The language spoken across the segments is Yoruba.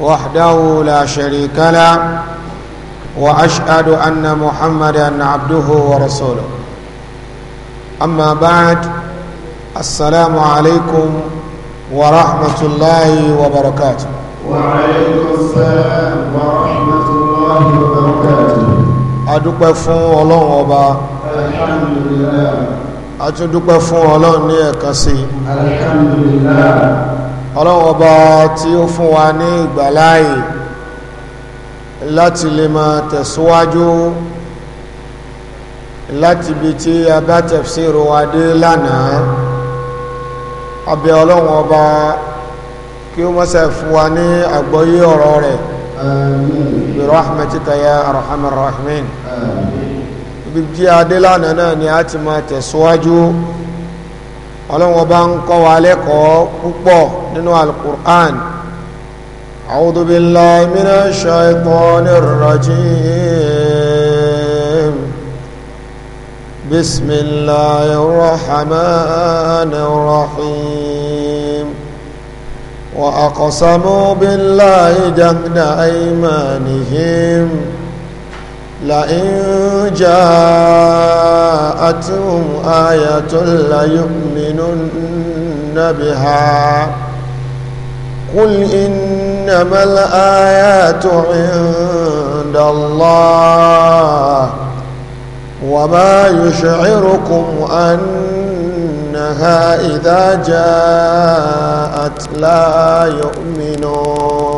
وحده لا شريك له واشهد ان محمدا عبده ورسوله اما بعد السلام عليكم ورحمه الله وبركاته وعليكم السلام ورحمه الله وبركاته adúpẹ́ fún ọlọ́run ọba alhamdulillah a tún dúpẹ́ fún ọlọ́run ní ẹ̀kan ọlọ́run ọba tí ó fún wa ní ìgbàláyè láti lè máa tẹ̀síwájú láti bí tí a bá tafsiru wa dé lánàá abẹ́ ọlọ́run ọba kí ó mọ́sẹ̀ fún wa ní àgbọ́yé ọ̀rọ̀ rẹ̀ bi rahmatika ibi tí a dé lánàá náà ni a ti máa tẹ̀síwájú ọlọ́run ọba ń kọ́ wa lẹ́kọ̀ọ́ púpọ̀ nínú alukur'an a'udhu billahi minash shaytanir rajim bismillahir rahmanir rahim wa aqsamu billahi jahda aymanihim. لئن جاءتهم آية ليؤمنن بها قل إنما الآيات عند الله وما يشعركم أنها إذا جاءت لا يؤمنون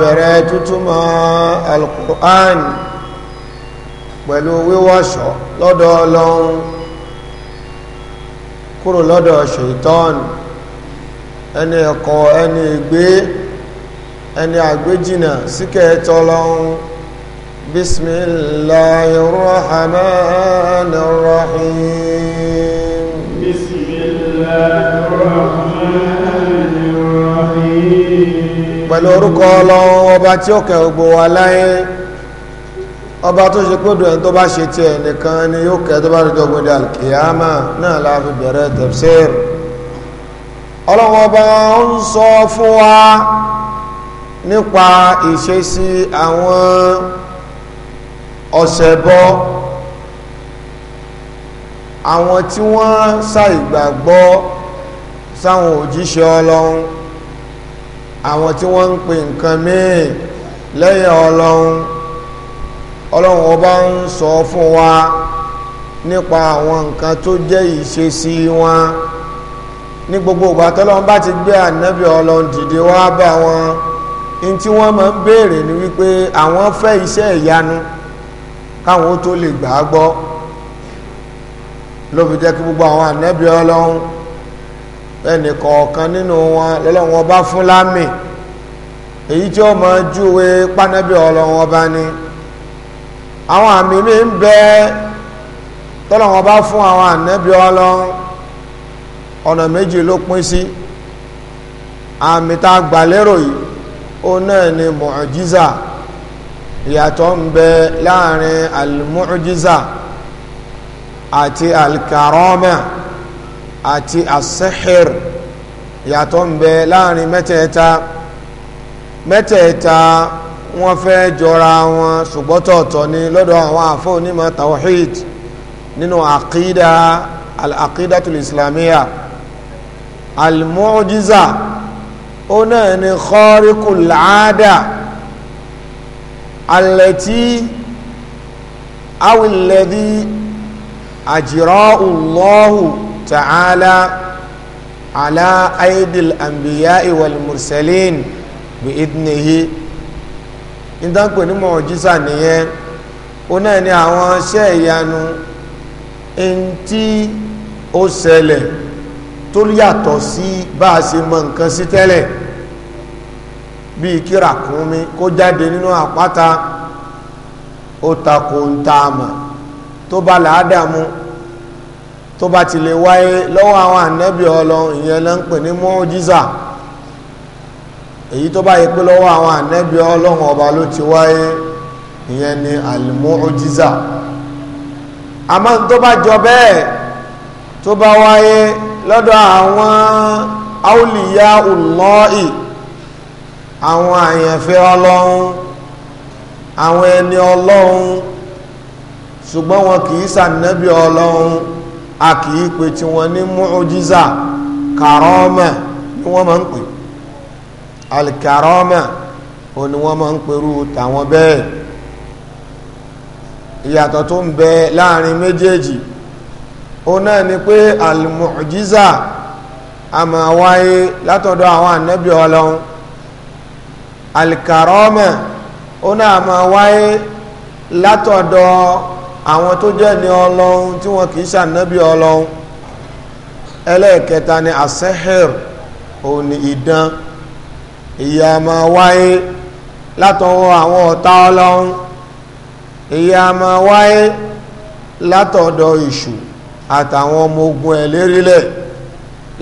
bẹ̀rẹ̀ tútúmọ̀ alukur'an pẹ̀lú wíwọ́ṣọ́ lọ́dọ̀ ọlọ́run kúrò lọ́dọ̀ ṣèitán ẹni ẹ̀kọ́ ẹni ìgbé ẹni àgbéjìnà síkẹ̀ tọ́lọ́run bismillahir rahmanir bismillah pẹ̀lú orúkọ ọlọ́run ọba tí ó kẹ gbogbo wa láyé ọba tó ṣe kó dùn ẹni tó bá ṣe tiẹ̀ nìkan ni yóò kẹ tó bá rí dọ́gbọ́n di alkiyama náà la bẹ̀rẹ̀ tafsir ọlọ́run ọba ń sọ fún wa nípa ìṣesí àwọn ọ̀sẹ̀bọ àwọn tí wọ́n ṣàìgbàgbọ́ sáwọn òjíṣẹ́ ọlọ́run àwọn tí wọ́n ń pè nǹkan míì lẹ́yìn ọlọ́run ọlọ́run ọba ń sọ fún wa nípa àwọn nǹkan tó jẹ́ ìṣesí wọn ní gbogbo ìgbà tọ́lọ́run bá ti gbé ànábì ọlọ́run dìde wá bá wọn in tí wọ́n máa ń béèrè ni wípé àwọn fẹ́ iṣẹ́ ìyanu káwọn ó tó lè gbà á gbọ́ ló jẹ́ kí gbogbo àwọn ànábì ọlọ́run ẹnì kọ̀ọ̀kan nínú wọn lọ́lọ́wọ́n bá fún lámì èyí tí ó mọ júwe pánábì ọlọ́wọ́n bá ní àwọn àmì mi ń bẹ tọ́lọ́wọ́n bá fún àwọn ànábì ọlọ́wọ́n ọ̀nà méjì ló pín sí àmì ni mọ̀ọ́jísà ìyàtọ̀ ń bẹ láàrin àlùmọ́ọ́jísà àti àlùkàrọ́mẹ́à. àti asehir yàtọ̀ ń bẹ láàrin mẹ́tẹ̀ẹ̀ta mẹ́tẹ̀ẹ̀ta wọ́n fẹ́ jọra wọn ṣùgbọ́n tọ̀ọ̀tọ̀ ni lọ́dọ̀ àwọn àfọ́ onímọ̀ tawhid nínú àkídà al-aqidatul islamiyya al ó náà ni khariqul 'ada allati awilladhi ajra'u Allahu ta'ala ala aidil anbiya iwal mursalin bi idnihi ìdánpẹ̀ ní mọ̀ọ́jísà nìyẹn ó náà ní àwọn iṣẹ́ ìyanu ntí ó ṣẹlẹ̀ tó yàtọ̀ sí bá a ṣe mọ nǹkan sí tẹ́lẹ̀ bíi kí ràkúnmí kó jáde nínú àpáta ó takò ń ta àmọ̀ tó bá làádàá mu tó bá ti lè wáyé lọ́wọ́ àwọn ànábì ọlọ́run ìyẹn ló ń pè ní mọ́jísà èyí tó bá yẹ pé lọ́wọ́ àwọn ànábì ọlọ́run ọba ló ti wáyé ìyẹn ni àlùmọ́jísà àmọ́ tó bá jọ bẹ́ẹ̀ tó bá wáyé lọ́dọ̀ àwọn áúlìyá ùlọ́ì àwọn àyànfẹ́ ọlọ́run àwọn ẹni ọlọ́run ṣùgbọ́n wọn kì í ṣànábì ọlọ́run a kì í pe tí wọ́n ní mu'jiza karama ni wọ́n máa ń pè alikarama o ni wọ́n máa ń perú tàwọn bẹ́ẹ̀ ìyàtọ̀ tó ń bẹ láàrin méjèèjì ó náà ni pé alimu'jiza a máa wáyé látọ̀dọ̀ àwọn ànábì ọlọ́run alikarama ó náà máa wáyé látọ̀dọ̀ àwọn tó jẹ́ ní ọlọ́run tí wọ́n kì í ṣànábì ọlọ́run ẹlẹ́ẹ̀kẹta ni asehir òun ni idán ìyà máa wáyé látọwọ́ àwọn ọ̀tá ọlọ́run ìyà máa wáyé látọ̀dọ̀ ìṣù àtàwọn ọmọ ogun ẹ̀ lérílẹ̀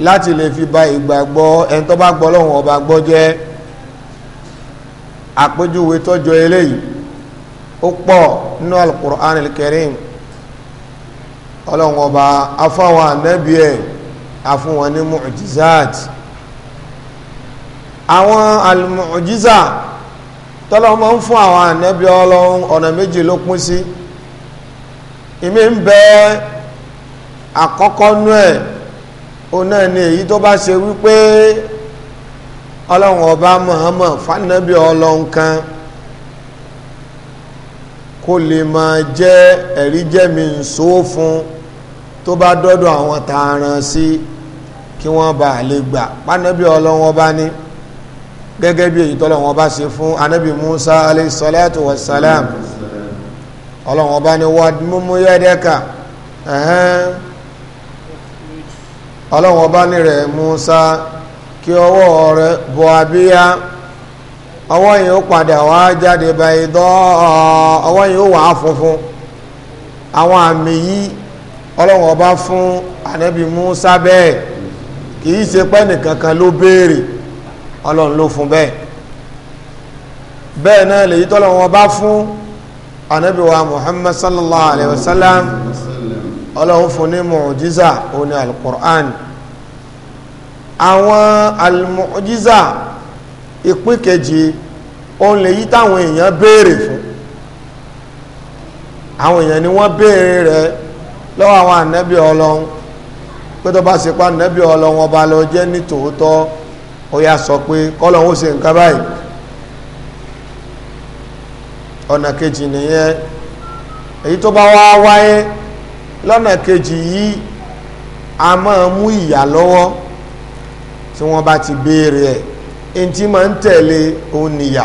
láti lè fi ba ìgbàgbọ́ ẹni tó bá gbọ́ lọ́wọ́ ọba gbọ́ jẹ́ àpéjúwe tọ́jọ́ eléyìí ó pọ̀ nínú alukur'an alkarim ọlọ́run ọba afáwọn ànábì ẹ̀ afúnwọn ní mu'jizat àwọn almu'jiza tọ́lọ́ máa ń fún àwọn ànábì ọlọ́run ọ̀nà méjì ló pín sí ìmí ń bẹ àkọ́kọ́ nú ẹ̀ òun ni kan kó lè máa jẹ́ ẹ̀rí jẹ́mi nsó fún tó bá dọ́dọ̀ àwọn tààràn sí kí wọ́n bá lè gbà pánábí ọlọ́wọ́n bá ní gẹ́gẹ́ bí èyí tọ́lọ́wọ́n bá ṣe fún anábì Musa alayhi salatu wassalam ọlọ́wọ́n bá ní wọ́n múmú yẹ́dẹ́ka ọlọ́wọ́n bá ní rẹ̀ Musa kí ọwọ́ rẹ̀ bọ́ abíyá ọwọ́ yìí ó padà wá jáde báyìí dọ́ ọwọ́ yìí ó wà á funfun àwọn àmì yìí ọlọ́run ọba fún ànábì Musa bẹ́ẹ̀ kì í ṣe pé nìkankan ló béèrè ọlọ́run ló fún bẹ́ẹ̀ bẹ́ẹ̀ náà lèyí tọ́lọ́run ọba fún ànábì wa Muhammad sallallahu alayhi wa sallam ọlọ́run fún ní mu'jiza òní alukur'an àwọn almu'jiza ìpín kejì òun lè yí táwọn èèyàn béèrè fún àwọn èèyàn ni wọ́n béèrè rẹ̀ lọ́wọ́ àwọn ànábì ọlọ́run pé tó bá ṣe pa ànábì ọlọ́run ọba lọ jẹ́ ní tòótọ́ ó yá sọ pé kọ́lọ́hún ó ṣe nǹkan báyìí ọ̀nà kejì nìyẹn èyí tó bá wá wáyé lọ́nà kejì yìí a máa mú ìyà lọ́wọ́ tí wọ́n bá ti béèrè ẹ̀ in tí ma ń tẹ̀lé òun nìyà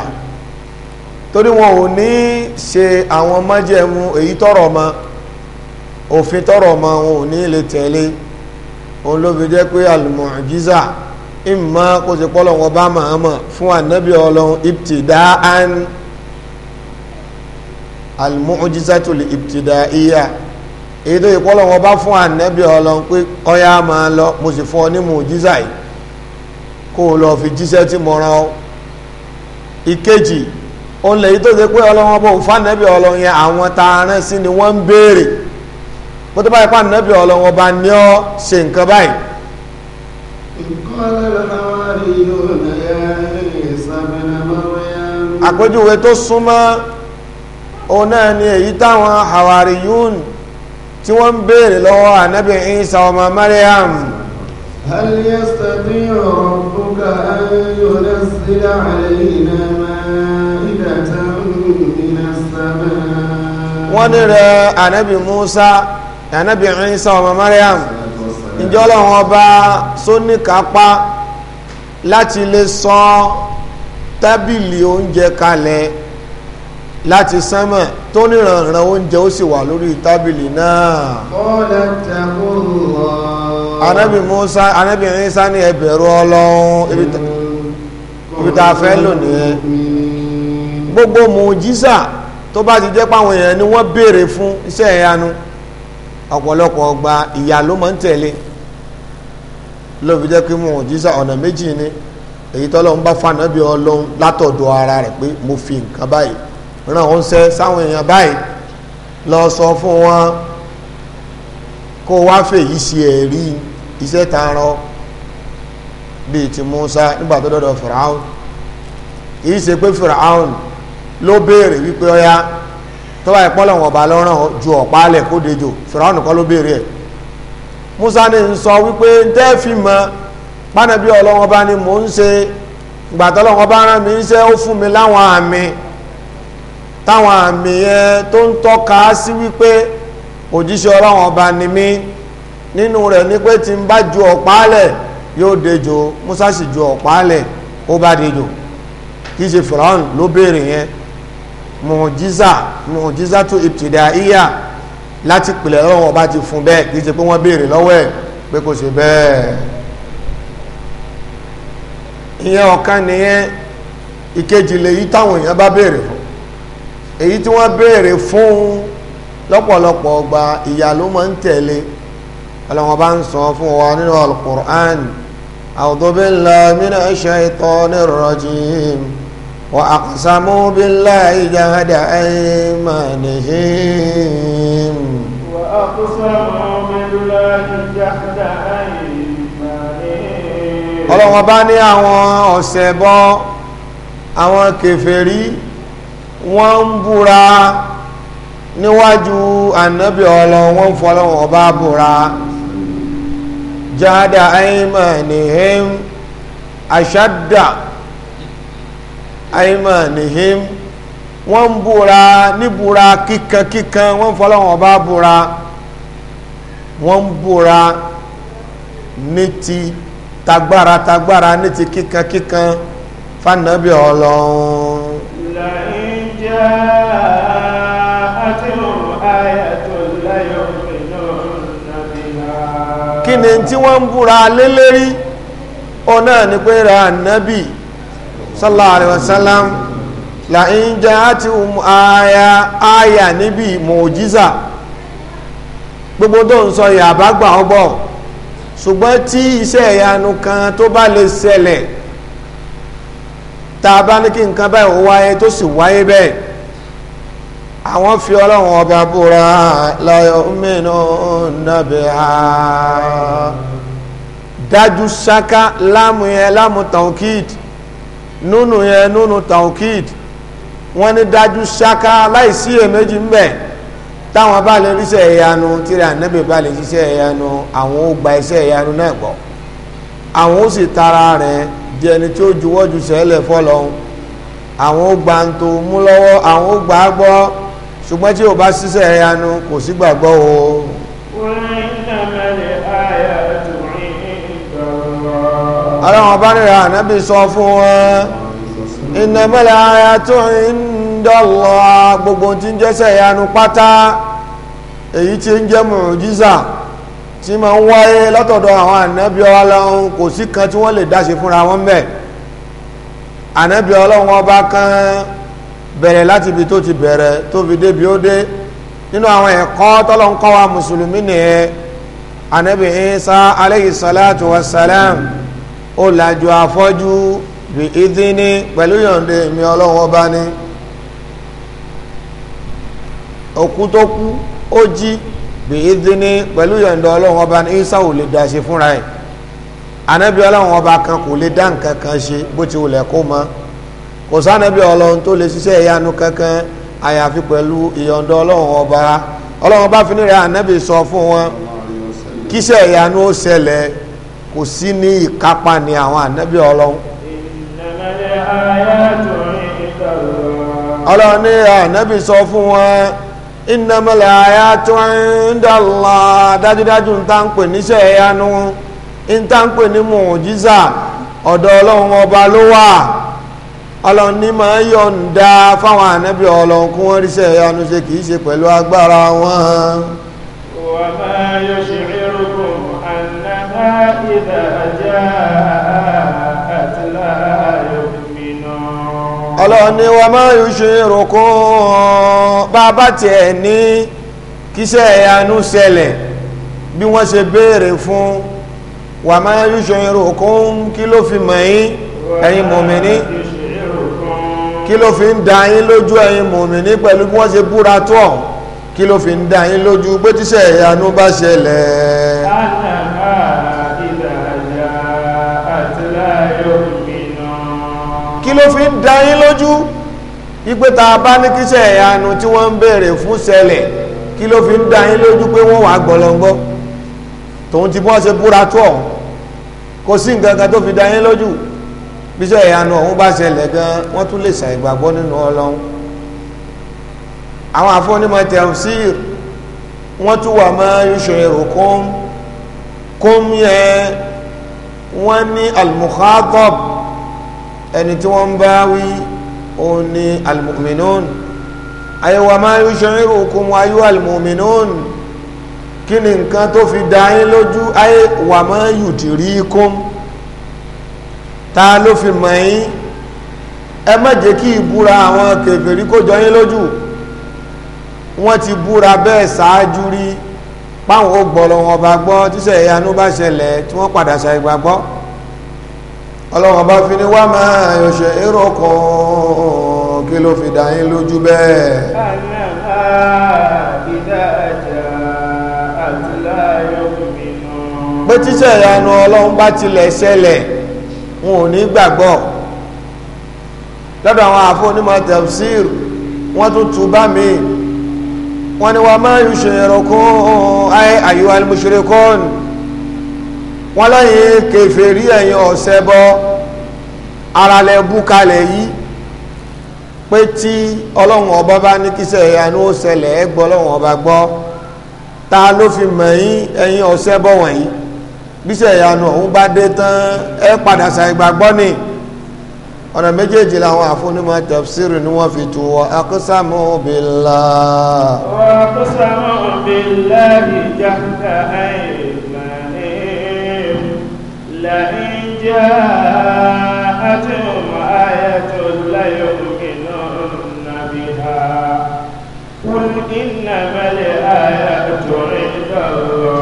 torí wọn ò ní ṣe àwọn májẹ̀mú èyí tọrọ mọ òfin tọrọ mọ wọn ò ní lè tẹ̀lé òun ló fi jẹ́ pé al-mu'jiza ìmọ̀ kó ti pọ́lọ̀ wọn bá máa mọ̀ fún ànábì ọlọ́run ibtida'an al-mu'jizatu li ibtida'iyya èyí tó ti pọ́lọ̀ wọn bá fún ànábì ọlọ́run pé ọyá máa lọ mo sì fún ọ ní mu'jiza yìí kó o lọ fi jíṣẹ́ tí mo rán ọ ìkejì òun lèyí tó ṣe pé ọlọ́wọ́n bò ń fànẹ́bí ọlọ́run yẹn àwọn tá a rán sí ni wọ́n ń béèrè bó tó bá yẹ fànẹ́bí ọlọ́wọ́n bá ní ọ ṣe nǹkan báyìí. àpèjúwe tó súnmọ́ òun náà ni èyí táwọn hawariyun tí wọ́n ń béèrè lọ́wọ́ ànábì Isa ọmọ Mariam. hal yastati rabbu. ربك أن ينزل علينا مائدة من السماء ونرى النبي موسى النبي عيسى ومريم ǹjẹ́ Ọlọ́run ọba sóníkápá láti lè sọ tábìlì oúnjẹ kalẹ̀ láti sánmọ̀ tó níranran oúnjẹ ó sì wà lórí tábìlì náà. kọ́lá anabi musa anabi isa ni ẹ bẹ̀rù ọlọ́run ibi tá a fẹ́ lò gbogbo mùjísà tó bá ti jẹ́ páwọn èèyàn ni wọ́n béèrè fún iṣẹ́ ìyanu ọ̀pọ̀lọpọ̀ ọgbà ìyà ló máa ń tẹ̀lé ló fi jẹ́ pé mùjísà ọ̀nà méjì ni èyí tọ́lọ́ ń bá fànàbí ọlọ́run látọ̀dọ̀ ara rẹ̀ pé mo fi nǹkan báyìí ràn ó ń sẹ́ sáwọn èèyàn báyìí lọ sọ fún wọn kó wá fèyí sí ẹ̀rí iṣẹ́ tààrọ bíi ti Musa nígbà tó dọ́dọ̀ Firaun kìí ṣe pé Firaun ló béèrè wípé ọya tó bá ìpọ́nlọ̀ wọn ọba ju ọ̀pá alẹ̀ kó dejò Firaun kọ́ ló béèrè ẹ̀ Musa ni ń sọ wípé ń tẹ́ fi mọ pánábí ọlọ́wọ́n bá ní mò ń ṣe ìgbà tọ́lọ́wọ́n bá rán mi iṣẹ́ ó fún mi láwọn àmì táwọn àmì yẹn tó ń nínú rẹ̀ ní pé tí ń bá ju ọ̀páálẹ̀ yóò dejò musa sì ju ọ̀páálẹ̀ ó bá dejò kì í ṣe fìràn ló béèrè yẹn mùjíza mùjíza tó ìbtìdá ìyá láti pìlẹ̀ lọ́wọ́ ọba ti fún bẹ́ẹ̀ kì í ṣe pé wọ́n béèrè lọ́wọ́ ẹ̀ pé kò ṣe bẹ́ẹ̀ ìyẹn ọ̀kan nìyẹn ìkejì lèyí táwọn èèyàn bá béèrè fún èyí tí wọ́n béèrè fún lọ́pọ̀lọpọ̀ ọgbà ìyà ló máa ń tẹ̀lé ọlọ́wọ́n bá ń sọ fún wa nínú alukur'an a'udhu billahi minash shaitonir rajim wa aqsamu billahi jahada aymanihim. wa aqsamu billahi jahada aymanihim. ọlọ́wọ́n bá ní àwọn ọ̀sẹ̀ bọ́ àwọn kèfèrí wọ́n ń búra níwájú ànábì ọlọ́ fọlọ́wọ́n ọba búra. جهد أيمانهم أشد أيمانهم wọ́n ń búra níbúra kíkankíkan wọ́n fọlọ́wọ́n bá búra wọ́n ń búra ní ti tagbára tagbára ní ti kíkankíkan fanabi ọlọ́run. lẹ́yìn jẹ́. kí ni tí wọ́n ń búra lé lérí ó náà ni pé ra ànábì sallallahu alaihi wasallam la aya aya níbi mùjíza gbogbo tó ń sọ yàbá gbà ọ bọ̀ ṣùgbọ́n tí iṣẹ́ ìyanu kan tó bá lè ṣẹlẹ̀ tá a bá ní kí nǹkan báyìí ó wáyé tó sì wáyé bẹ́ẹ̀ àwọn fi ọlọ́run ọba búra láyọ̀ mìíràn nàbẹ̀ ha dájú ṣáká láàmù yẹn láàmù taukid nínú yẹn nínú taukid wọ́n ní dájú ṣáká láìsí èméjì ń bẹ táwọn bá lè ríṣẹ́ ìyanu tíra ànábì bá lè ṣiṣẹ́ ìyanu àwọn ó gba iṣẹ́ ìyanu náà gbọ́ àwọn ó sì tara rẹ̀ di ẹni tí ó juwọ́ ju sẹ́lẹ̀ fọ́lọ́hún àwọn ó gba ń tó mú lọ́wọ́ àwọn ó gbà á gbọ́ ṣùgbọ́n tí o bá ṣiṣẹ́ ẹ̀yanu kò sí gbàgbọ́ o aláwọn bá rẹ̀ ànábì sọ fún wọn mẹ́lẹ̀ ara tó ń dọ̀lọ́ gbogbo tí ń jẹ́sẹ̀ pátá èyí tí ń jẹ́ mùjísà tí ma ń wáyé látọ̀dọ̀ àwọn ànábì ọlọ́run kò sí kan tí wọ́n fúnra wọn ànábì ọlọ́run ọba kan bẹ̀rẹ̀ láti ibi tó ti bẹ̀rẹ̀ tó fi débi ó dé nínú àwọn ẹ̀kọ́ tọ́lọ̀ ń kọ́ wa mùsùlùmí nìyẹn anabi isa aleyhi salatu salam ó làjò afọ́jú bí ìdíní pẹ̀lú yọ̀ǹde mi ọlọ́wọ́ bá ní òkú tó kú ó jí bí ìdíní pẹ̀lú yọ̀ǹde ọlọ́wọ́ bá ní isa ò lè dá ṣe fúnra ẹ̀ anabi ọlọ́wọ́ bá kan kò lè dá nǹkan kan ṣe bó ti wù lẹ̀ mọ́ kò sánàbí ọlọ́run tó lè ṣiṣẹ́ ìyanu kankan àyàfi pẹ̀lú ìyọ̀ǹda ọlọ́run ọba ọlọ́run bá fi nírẹ̀ ànábì sọ fún wọn kíṣẹ́ ìyanu ó ṣẹlẹ̀ kò sí ní ìkápá ni àwọn ànábì ọlọ́run ọlọ́run ní ànábì sọ fún wọn innamal ayatu indallah dájúdájú ń tá pè níṣẹ́ ìyanu ń tá pè ní mùjísà ọba ló wà ọlọ́run ní máa ń yọ̀ǹda fáwọn ànábì ọlọ́run kún wọ́n ríṣẹ́ ìyanu ṣe kìí ṣe pẹ̀lú agbára wọn wa ma yash'irukum annaha idha ja'at la yu'minun ọlọ́run wa ma yash'irukum bàbá tiẹ̀ ní kíṣẹ́ ìyanu ṣẹlẹ̀ bí wọ́n ṣe béèrè fún wa ma yash'irukum kí ló fi mọ̀ yín ẹ̀yin mọ̀mìnì kí ló fi ń da yín lójú ẹ̀yin mùmíní pẹ̀lú bí wọ́n ṣe búra tó ọ̀hún kí ló fi ń da yín lójú pé tíṣẹ̀ ìyanu bá ṣẹlẹ̀ kí ló fi ń da yín lójú ipé tá a bá ní kíṣẹ̀ ìyanu tí wọ́n ń béèrè fún ṣẹlẹ̀ kí ló fi ń da yín lójú pé wọ́n wà gbọ̀lọ́ngbọ́ tòun ti bọ́ ṣe búra tó ọ̀hún kò sí nǹkan kan tó fi da yín lójú bíṣẹ́ ìyanu ọ̀hún bá ṣẹlẹ̀ gan wọ́n tún lè ṣàìgbàgbọ́ nínú ọlọ́run àwọn àfọ́nímọ̀ tẹ̀síìr wọ́n tún wà mọ́ yushriru kum kum yẹn wọ́n ní al-mukhatab ẹni tí wọ́n ń bá wí òun ní al-mu'minun àyẹ̀wò ma yushirukum ayú al kí ni nǹkan tó fi dá yín lójú ayé wà mọ́ yudirikum ta ló fi mọ̀ yín ẹ má jẹ́ kí ìbúra àwọn kèfèrí kó jọ yín lójú wọ́n ti búra bẹ́ẹ̀ ṣáájú rí páwọn ó gbọ́ lọ́wọ́ ọba gbọ́ tíṣẹ̀ ìyanu bá ṣẹlẹ̀ tí wọ́n padà ṣe ìgbàgbọ́ ọlọ́wọ́n bá fi ní wá máa yọ̀ṣẹ̀ èrò kí ló fi dá yín lójú bẹ́ẹ̀. pé tíṣẹ̀ ìyanu ọlọ́run bá tilẹ̀ ṣẹlẹ̀ wọn ò ní gbàgbọ́ lọ́dọ̀ àwọn àfọ onímọ̀ tafsir wọ́n tún tú bá mi wọ́n ní wa ma yushrikun ayé ayyuhal mushrikun wọ́n lẹ́yìn kèfèrí ẹ̀yìn ọ̀sẹ̀ bọ́ ara lẹ bú kalẹ̀ yìí pé tí ọlọ́run ọba bá ní kíṣẹ́ ìyanu ó ṣẹlẹ̀ ẹ ọlọ́run ọba gbọ́ ta ló fi mọ̀ ẹ̀yìn ọ̀sẹ̀ bọ́ wọ̀nyí bíṣẹ̀ ìyanu ọ̀hún bá dé tán ẹ padà ṣàìgbàgbọ́ ni ọ̀nà méjèèjì làwọn àfúnimọ̀ tafsiri ni wọ́n fi tu wọ́n aqsamu billah. aqsamu billahi jahda aymanihim la'in ja'atuhum ayatun la yu'minunna biha qul innamal ayatu 'inda Allah.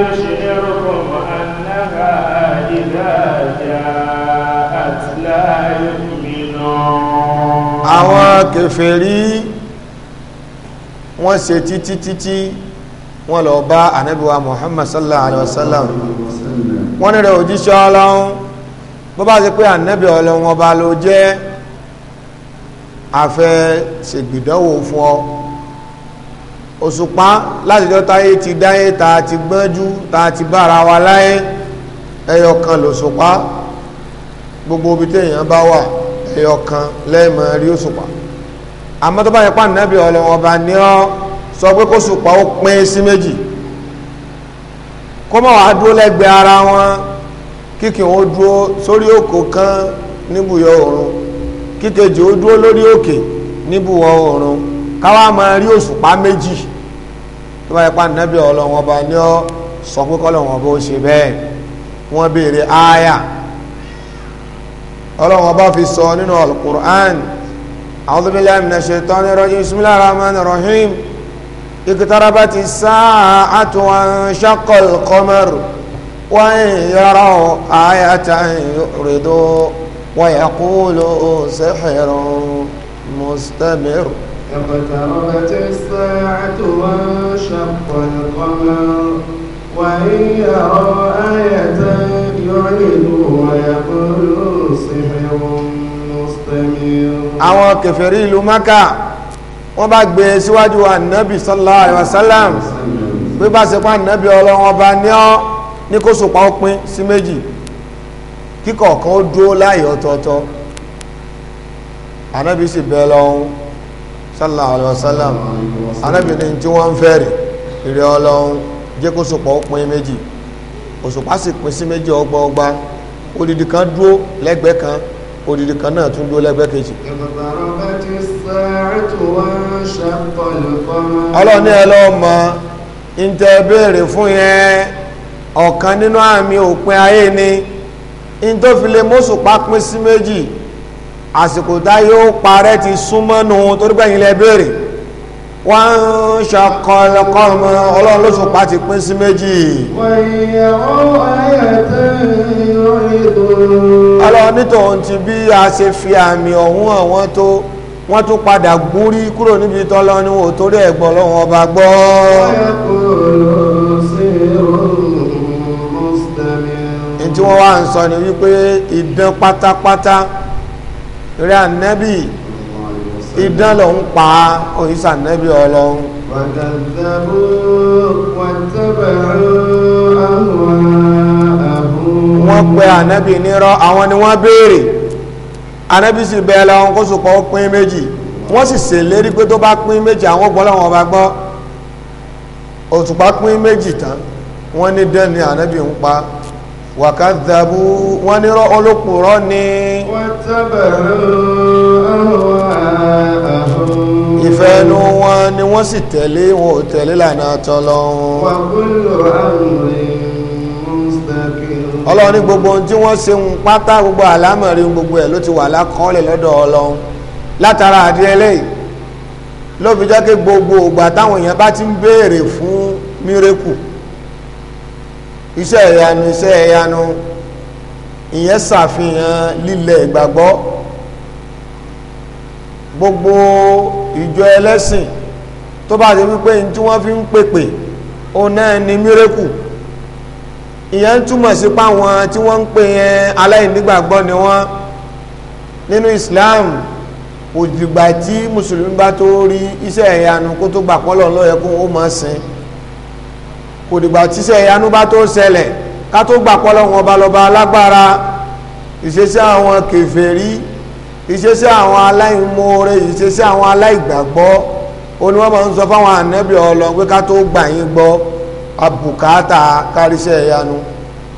يشعركم أنها إذا جاءت لا يؤمنون àwọn kèfèrí wọ́n ṣe títí títí wọ́n lọ bá ànábíwá Muhammad sallallahu alaihi wasallam wọ́n rẹ̀ òjíṣẹ́ ọlọ́run bó bá ṣe pé ànábí ọlọ́run ọba ló jẹ́ àfẹ́ ṣègbìdánwò fún ọ òṣùpá látijọ́ táyé ti dáyé ta ti gbọ́njú ta ti bára wa láyé ẹyọ kan lòṣùpá gbogbo ibi téèyàn bá wà ẹyọ kan lẹ́ẹ̀mọ rí òṣùpá àmọ́ tó bá yẹ pàdé nábì ọlọ́wọ́ ọba ní ọ́ sọ pé kó ṣùpá ó pín sí méjì kó má wàá dúró lẹ́gbẹ̀ẹ́ ara wọn kíkì wọn dúró sórí òkò kan níbùyọ oòrùn kíkejì ó dúró lórí òkè níbùwọ̀ oòrùn káwa máa rí òṣùpá méjì tó bá yẹ pa nàbí ọlọ́wọ́n bá ní ọ sọ pé kọ́lọ́wọ́n bó ṣe bẹ́ẹ̀ wọ́n béèrè ááyà ọlọ́wọ́n bá fi sọ nínú alukur'an a'udhu billahi minash shaitanir rajim bismillahir rahmanir rahim iqtarabati sa'atu wanshaqqal qamar wa in yaraw ayatan yuridu wa yaqulu sihrun mustamir. اقتربت الساعة وانشق القمر وإن يروا آية يعرضوا ويقولوا سحر مستمر àwọn kèfèrí ìlú Mákà wọ́n bá gbé e síwájú ànábì sallallahu alaihi wasallam pé bá ṣe pa ànábì ọlọ́wọ́n bá ní ọ́ ní kó sòpá ó pín sí méjì kíkọ̀ọ̀kan ó dúró láì ọ̀tọ̀ọ̀tọ̀ ànábì sì bẹ́ẹ̀ lọ́hún sallallahu alayhi wa sallam anábìnrin tí wọ́n ń fẹ́rẹ̀ ìrẹ́ ọlọ́run jẹ́ kó sopọ̀ ó pin méjì òṣùpá sì pin sí méjì ọgbà ọgbà odidi kan dúró lẹ́gbẹ̀ẹ́ kan odidi kan náà tún dúró lẹ́gbẹ̀ẹ́ kejì. ọlọ́run ní ẹ lọ́ọ́ mọ ìtẹ́ béèrè fún yẹn ọ̀kan nínú àmì òpin ayé ni ìtòfilé mọ́sùpá pín sí méjì àsìkò tá yóò parẹ́ ti súnmọ́ nù torí pé ẹ̀yin lẹ béèrè wọ́n ń ṣàkọlọ́kọ́ ọmọ ọlọ́run lóṣù pa ti pín sí méjì. ọlọ́run nítòun ti bí a ṣe fi àmì ọ̀hún àwọn tó wọ́n tún padà gúnrí kúrò níbi tọ́lọ́ ni wò torí ẹ̀gbọ́n ọlọ́run ọba gbọ́. ní tí wọ́n wá ń sọ ni wípé ìdán pátápátá torí ànábì idán ló ń pa òyìnbó ànábì ọlọ́run. wọ́n pe ànábì nírọ́ àwọn ni wọ́n béèrè ànábì sì bẹ́ẹ̀ lọ́wọ́n kó sùkọ́ pín méjì wọ́n sì ṣèlérí pé tó bá pín méjì àwọn ọgbọ́n làwọn ọba gbọ́ òtùpá pín méjì tán wọ́n ní dẹ́ni ànábì ń pa wàkàdàbù wọ́n ní rọ́ olókùnrọ́ ni ìfẹ́ inú wọn ni wọ́n sì tẹ̀lé wọn ò tẹ̀lé lànà tọ́lọ́hun ọlọ́run ní gbogbo ohun tí wọ́n ṣe ń pátá gbogbo àlámọ̀rí gbogbo ẹ̀ ló ti wà lákọọ́lẹ̀ lọ́dọ̀ ọlọ́run látara àdìẹ lẹ́yìn ló fi jẹ́ kí gbogbo ògbà táwọn èèyàn bá ti ń béèrè fún mírèkù iṣẹ́ ìyanu iṣẹ́ ìyanu ìyẹn ṣàfihàn lílẹ̀ ìgbàgbọ́ gbogbo ìjọ ẹlẹ́sìn tó bá ti wípé ní tí wọ́n fi ń pèpè ó náà ni mírèkù ìyẹn túmọ̀ sí páwọn tí wọ́n ń pè yẹn aláìnígbàgbọ́ ni wọ́n nínú Islam òdìgbà tí mùsùlùmí bá tó rí iṣẹ́ ìyanu kó tó gbà pọ́lọ́ lọ́yẹ kó ó máa sìn kò dìgbà tíṣẹ́ ìyanu bá tó ṣẹlẹ̀ ká tó gbà pọ́ lọ́wọ́ ọba lọ́ba alágbára ìṣesí àwọn kèfèrí ìṣesí àwọn aláìmoore ìṣesí àwọn aláìgbàgbọ́ oní wọ́n máa ń sọ fáwọn ànẹ́bí Ọlọ́run pé ká tó gbà yín gbọ́ àbùkátà káríṣẹ́ ìyanu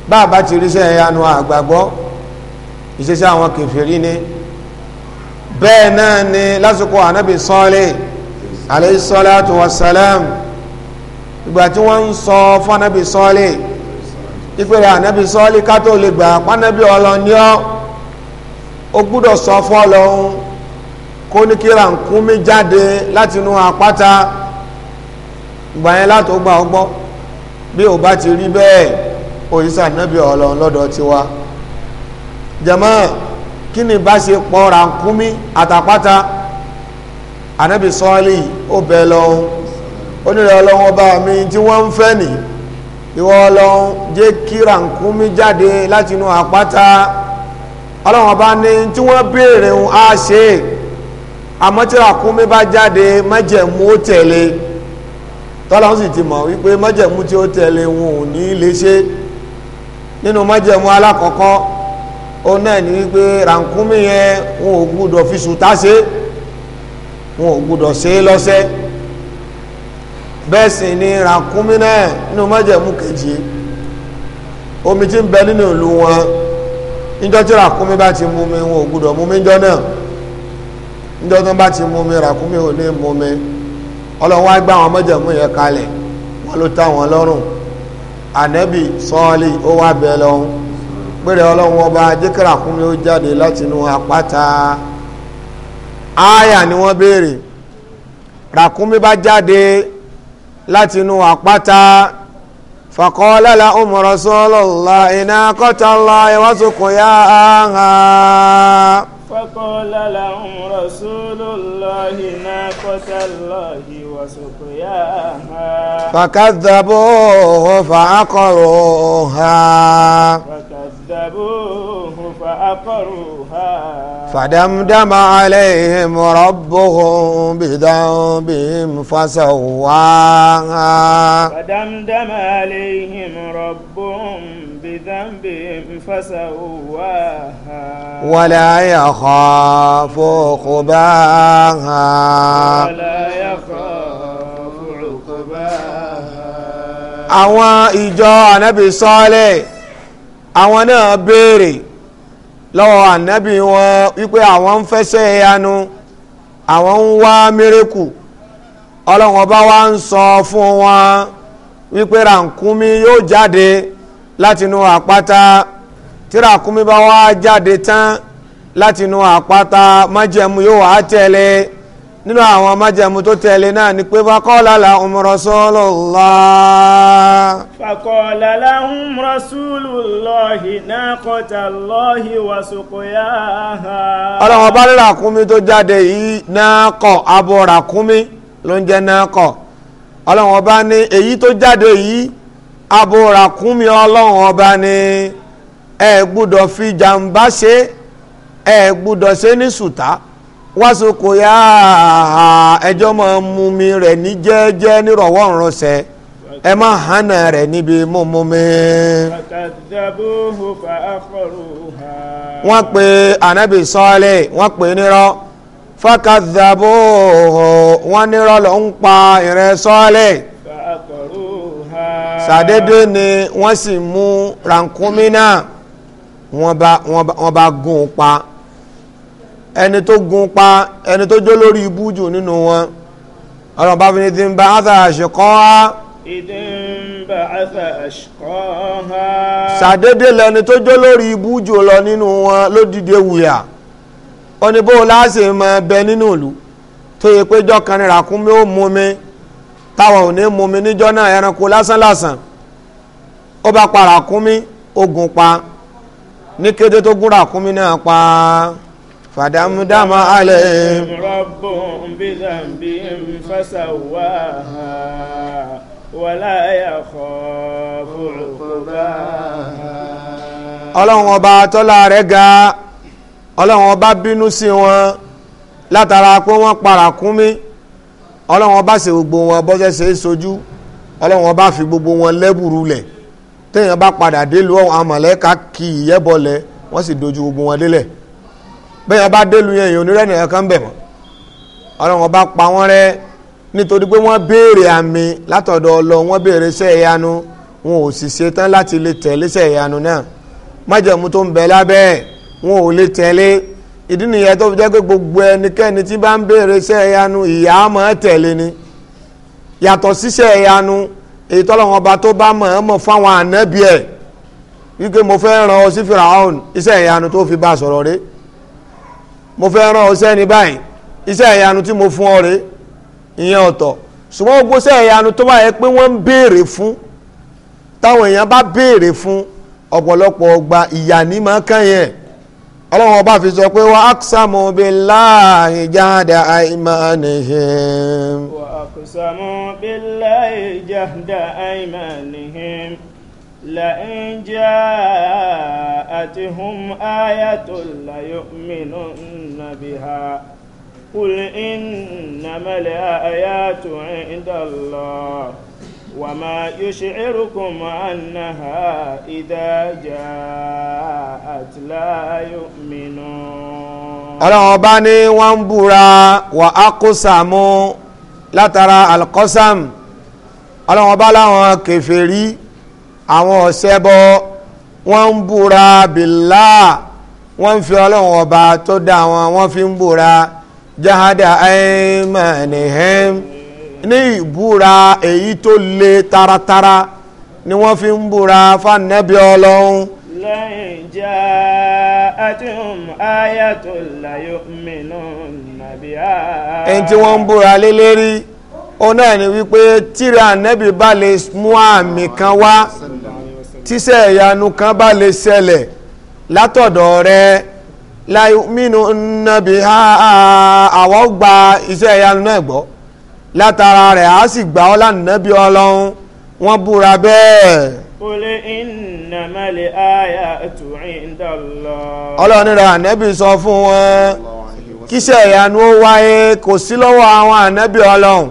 bá a bá ti ríṣẹ́ ìyanu àgbàgbọ́ ìṣesí àwọn kèfèrí ni bẹ́ẹ̀ náà ni lásìkò ànábì sọ́ọ́lẹ̀ alayhi salatu wassalam ìgbà tí wọ́n ń sọ fọ́nábì sọ́ọ́lì ìpèrè ànábì sọ́ọ́lì ká tó lè gbà pánábì ọlọ́niọ́ ó gbúdọ̀ sọ fọ́lọ́hún kó ní kí ràkúnmí jáde láti inú àpáta ìgbà yẹn látò gbà ọgbọ́ bí ò bá ti rí bẹ́ẹ̀ òyìṣà ànábì ọlọ́run lọ́dọ̀ tiwa jàmá kí ni bá ṣe pọ̀ ràkúnmí àtàpáta ànábì sọ́ọ́lì ó bẹ̀ lọ́hún onírẹ̀ ọlọ́run ọba mi tí wọ́n ń fẹ́ nì ìwọ ọlọ́run jẹ́ kí ràkúnmí jáde láti inú àpáta ọlọ́run ọba ní tí wọ́n béèrè ń á ṣe àmọ́ tí ràkúnmí bá jáde májẹ̀mú ó tẹ̀lé tọ́lọ́run sì ti mọ̀ wípé májẹ̀mú tí ó tẹ̀lé wọn ò ní lè ṣe nínú májẹ̀mú alákọ̀ọ́kọ́ ó náà ní wípé ràkúnmí yẹn wọn ò gbúdọ̀ fi sùtá ṣe wọn ò gbúdọ̀ ṣe é lọ́sẹ́ bẹ́ẹ̀ sì ni ràkúnmí náà nínú májẹ̀mú kejì omi tí ń bẹ nínú ìlú wọn níjọ́ tí ràkúnmí bá ti mú mi wọn ò gbúdọ̀ mú mi náà níjọ́ tí bá ti mú mi ràkúnmí ò ní mú mi ọlọ́run wá gbá àwọn májẹ̀mú yẹn kalẹ̀ wọn ló ta wọn lọ́rùn ànẹ́bì sọ́ọ́lì ó wá lọ́hún ọlọ́run ó jáde ni wọ́n béèrè ràkúnmí bá jáde láti inú àpáta faqala lahum rasulullahi naqatallahi wa suqyaha. faqala lahum rasulullahi naqatallahi wa suqyaha. fakadhabuhu fa'aqaruha. فكذبوه فعقروها فدمدم عليهم ربهم بذنبهم فسواها فدمدم عليهم ربهم بذنبهم فسواها ولا يخاف عقباها ولا يخاف عقباها àwọn ìjọ ànábì àwọn náà béèrè lọ́wọ́ ànábì wọn wípé àwọn ń fẹsẹ̀ yanu àwọn ń wá mírèkù ọlọ́run bá wá ń sọ fún wọn wípé ràkúnmí yóò jáde látinú àpáta tí ràkúnmí bá wá jáde tán látinú àpáta májẹ̀mú yóò wá tẹ̀lé. nínú àwọn májẹ̀mú tó tẹ̀lé náà ni pé faqala lahum rasulullah. faqala lahum rasulullahi naqatallahi wa suqyaha. ọlọ́wọ́n bá rí ràkúnmí tó jáde yìí náà kọ̀ abo ràkúnmí ló ń jẹ́ náà kọ̀ ọlọ́wọ́n bá ní èyí tó jáde yìí abo ràkúnmí ọlọ́wọ́n bá ní ẹ gbúdọ̀ fi jàǹbá ṣe ẹ gbúdọ̀ ṣe ní sùtá. wásùkò yá ẹjọ́ máa mú mi rẹ̀ ní jẹ́ẹ́jẹ́ nírọ̀wọ́ ìrọsẹ̀ ẹ má hànà rẹ̀ níbi mímú mi. wọ́n pe anabi sọ́ọ́lẹ̀ wọ́n pe nírọ́ fàkàdàbò wọ́n nírọ́ ló ń pa ìrẹ́ sọ́ọ́lẹ̀ sàdédé ni wọ́n sì mú rànkúmí náà wọ́n bá gún un ẹni tó gun pa ẹni tó jó lórí ibú jù nínú wọn ọ̀rọ̀ bá fi ní ti ń bá àṣà àṣekọ́ á. ìdí ń bá àṣà àṣekọ́ á. ṣàdédé lẹni tó jó lórí ibú jù lọ nínú wọn ló dìde wùyà ó ní bó láṣẹ mọ ẹbẹ nínú ìlú tó yẹ pé jọ kan ní ràkúnmí ó mú mi táwọn ò ní mú mi níjọ náà ẹranko lásán ó bá pa ràkúnmí ó gun pa ní kété tó gún ràkúnmí náà pa á. فدمدم عليهم ربهم بذنبهم فسواها ولا يخاف عقباها ọlọ́run ọba tọ́lá rẹ̀ ga ọlọ́run ọba bínú sí wọn látara pé wọ́n parakúnmí ọlọ́run ọba ṣe gbogbo wọn bọ́sẹ̀ ṣe é sojú ọlọ́run ọba fi gbogbo wọn lẹ́bùrú lẹ̀ téèyàn bá padà dé lu àwọn mọ̀lẹ́ka kì í yẹ́bọlẹ̀ wọ́n sì dojú gbogbo wọn délẹ̀ bẹ́ẹ̀ ọba délu yẹn èèyàn onírẹ́ nìyẹn kan bẹ̀ mọ́ ọlọ́run ọba pa wọ́n rẹ́ nítorí pé wọ́n béèrè àmì látọ̀dọ̀ ọlọ́run wọ́n béèrè iṣẹ́ ìyanu wọn ò sì ṣe tán láti lè tẹ̀lé iṣẹ́ ìyanu náà májẹ̀mú tó ń bẹ lábẹ́ wọn ò lè tẹ̀lé ìdí nìyẹn tó fi jẹ́ pé gbogbo ẹnikẹ́ni tí bá ń béèrè iṣẹ́ ìyanu ìyá máa tẹ̀lé ni yàtọ̀ síṣẹ́ ìyanu èyí tọ́lọ́run ọba tó bá mọ̀ ọ́n mọ̀ fáwọn ànábìẹ̀ wípé mo fẹ́ ràn ọ sí Fíráùn iṣẹ́ ìyanu tó fi bá sọ̀rọ̀ rèé mo fẹ́ rán ọ sẹ́ni báyìí iṣẹ́ ìyanu tí mo fún ọ rèé ìyẹn ọ̀tọ̀ ṣùgbọ́n gbogbo iṣẹ́ ìyanu tó bá yẹ pé wọ́n ń béèrè fún táwọn èèyàn bá béèrè fún ọ̀pọ̀lọpọ̀ ọgbà ìyà ní máa kàn yẹn ọlọ́run ọba fi sọ pé wa aksamu billahi jahda aymanihim. wa aksamu billahi jahda aymanihim. لئن جاءتهم آية ليؤمنن بها قل إنما الآيات عند الله وما يشعركم أنها إذا جاءت لا يؤمنون ọlọ́run ọba ní wọ́n ń búra wà á kó àwọn ọ̀sẹ́bọ wọ́n ń búra bìlá wọ́n ń fi ọlọ́run ọba tó dá wọn wọ́n fi ń búra jahada aymanihim ní ìbúra èyí tó le taratara ni wọ́n fi ń búra fanabi ọlọ́run. lẹ́yìn jẹ́ àtúm ayatul la yu'minun nàbíyà. ẹni tí wọ́n ń búra lé lérí òun náà ni wípé tíra ànẹ́bì bá lè mú àmì kan wá tíṣẹ́ ìyanu kan bá lè ṣẹlẹ̀ látọ̀dọ̀ rẹ láì mínú ha àwọn gba iṣẹ́ ìyanu náà gbọ́ látara rẹ̀ á sì gbà ọ́ lánàbì ọlọ́run wọ́n búra bẹ́ẹ̀. Qul innamal ayatu inda Allah. ọlọ́run nira ànẹ́bì sọ fún wọn kíṣẹ́ ìyanu ó wáyé kò sí lọ́wọ́ àwọn ànẹ́bì ọlọ́run.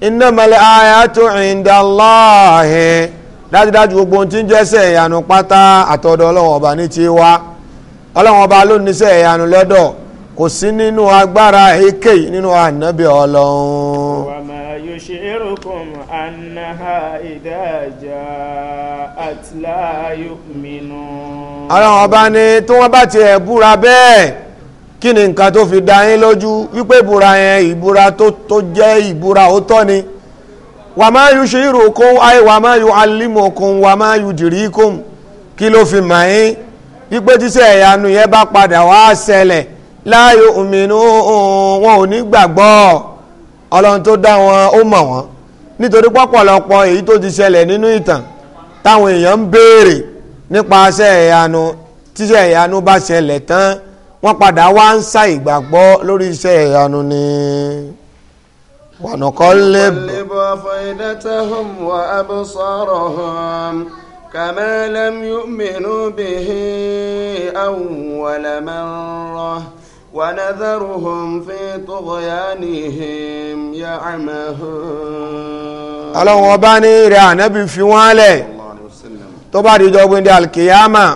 innamal ayatu indallahi dájúdájú gbogbo ohun tí ń jẹ́sẹ̀ ìyanu pátá àtọ̀dọ̀ ọlọ́run ọba ní ti wá ọba ló níṣẹ́ ìyanu lọ́dọ̀ kò sí nínú agbára èkéyìí nínú ànábì ọlọ́run. wa ma yushirukum annaha idha ja'at la yu'minun. ọlọ́run ọba ni tí wọ́n bá tiẹ̀ búra kí ni nǹkan tó fi dá yín lójú wípé ìbúra yẹn ìbúra tó tó jẹ́ ìbúra ó tọ́ ni wà má yú ṣírò kó ayé wà má yú alímọ̀kùn wà má yú dìríkùn kí ló fi mà yín wípé tíṣẹ́ ìyanu yẹn bá padà wá ṣẹlẹ̀ láàyò òmìnú wọn ò ní gbàgbọ́ ọlọ́run tó dá wọn ó mọ̀ wọ́n nítorí pọ́pọ̀lọpọ̀ èyí tó ti ṣẹlẹ̀ nínú ìtàn táwọn èèyàn ń béèrè nípasẹ̀ ìyanu tíṣẹ́ ìyanu bá ṣẹlẹ̀ tán wọ́n padà wá ń sá ìgbàgbọ́ lórí iṣẹ́ ìyanu ni wànàkọ́ lébọ̀ faidatahum wa absarahum kama lam yu'minu bihi awwal marrah wa nadharuhum fi tughyanihim ya'mahun. ọlọ́run ọba ní rẹ̀ ànábì fi wọ́n lẹ̀ tó bá di ọjọ́ gbẹ̀ndẹ̀ alkiyama.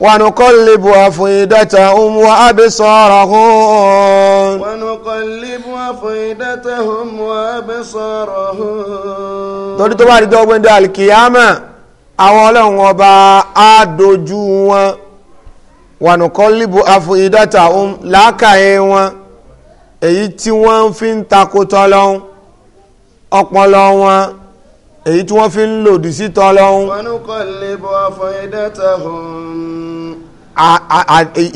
ونقلب أفئدتهم وأبصارهم ونقلب أفئدتهم وأبصارهم torí tó bá di dọ́gbọ́n dá alkiyama àwọn ọlọ́run ọba á dojú wọn wànùkọ́lìbù àfòyídàtà òun làákàyè wọn èyí tí wọ́n fi ń takò tọ́lọ́hún ọpọlọ wọn èyí tí wọ́n fi ń lòdì sí tọ́lọ́hún. wànùkọ́lìbù àfòyídàtà òun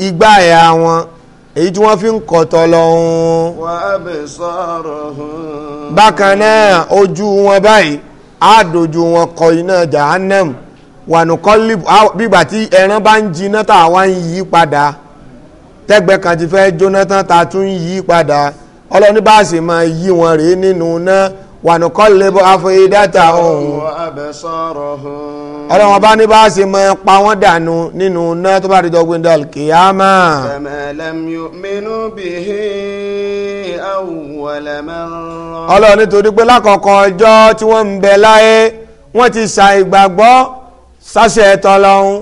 igbá ẹ̀yà wọn èyí tí wọ́n fi ń kọ̀tọ̀ lọ́hún. bákan náà ojú wọn báyìí á dojú wọn kọ iná jahannam wànúkọ́lì bígbà tí ẹran bá ń jiná tá a wá ń yí padà tẹ́gbẹ́ kan ti fẹ́ jóná tán ta tún ń yí padà ọlọ́ni bá sì máa yí wọn rèé nínú náà wànúkọ́lẹ́bọ̀ afọ́yédátà ọ̀hún ọlọ́wọ́n bá ní bá ṣe mọ pa wọ́n dànù nínú iná tó bá dìjọ gbendal kìyàmá. ọlọ́run nítorí pé lákọ̀ọ́kọ́ ọjọ́ tí wọ́n ń bẹ láyé wọ́n ti ṣàìgbàgbọ́ sáṣẹ tọlọ́hún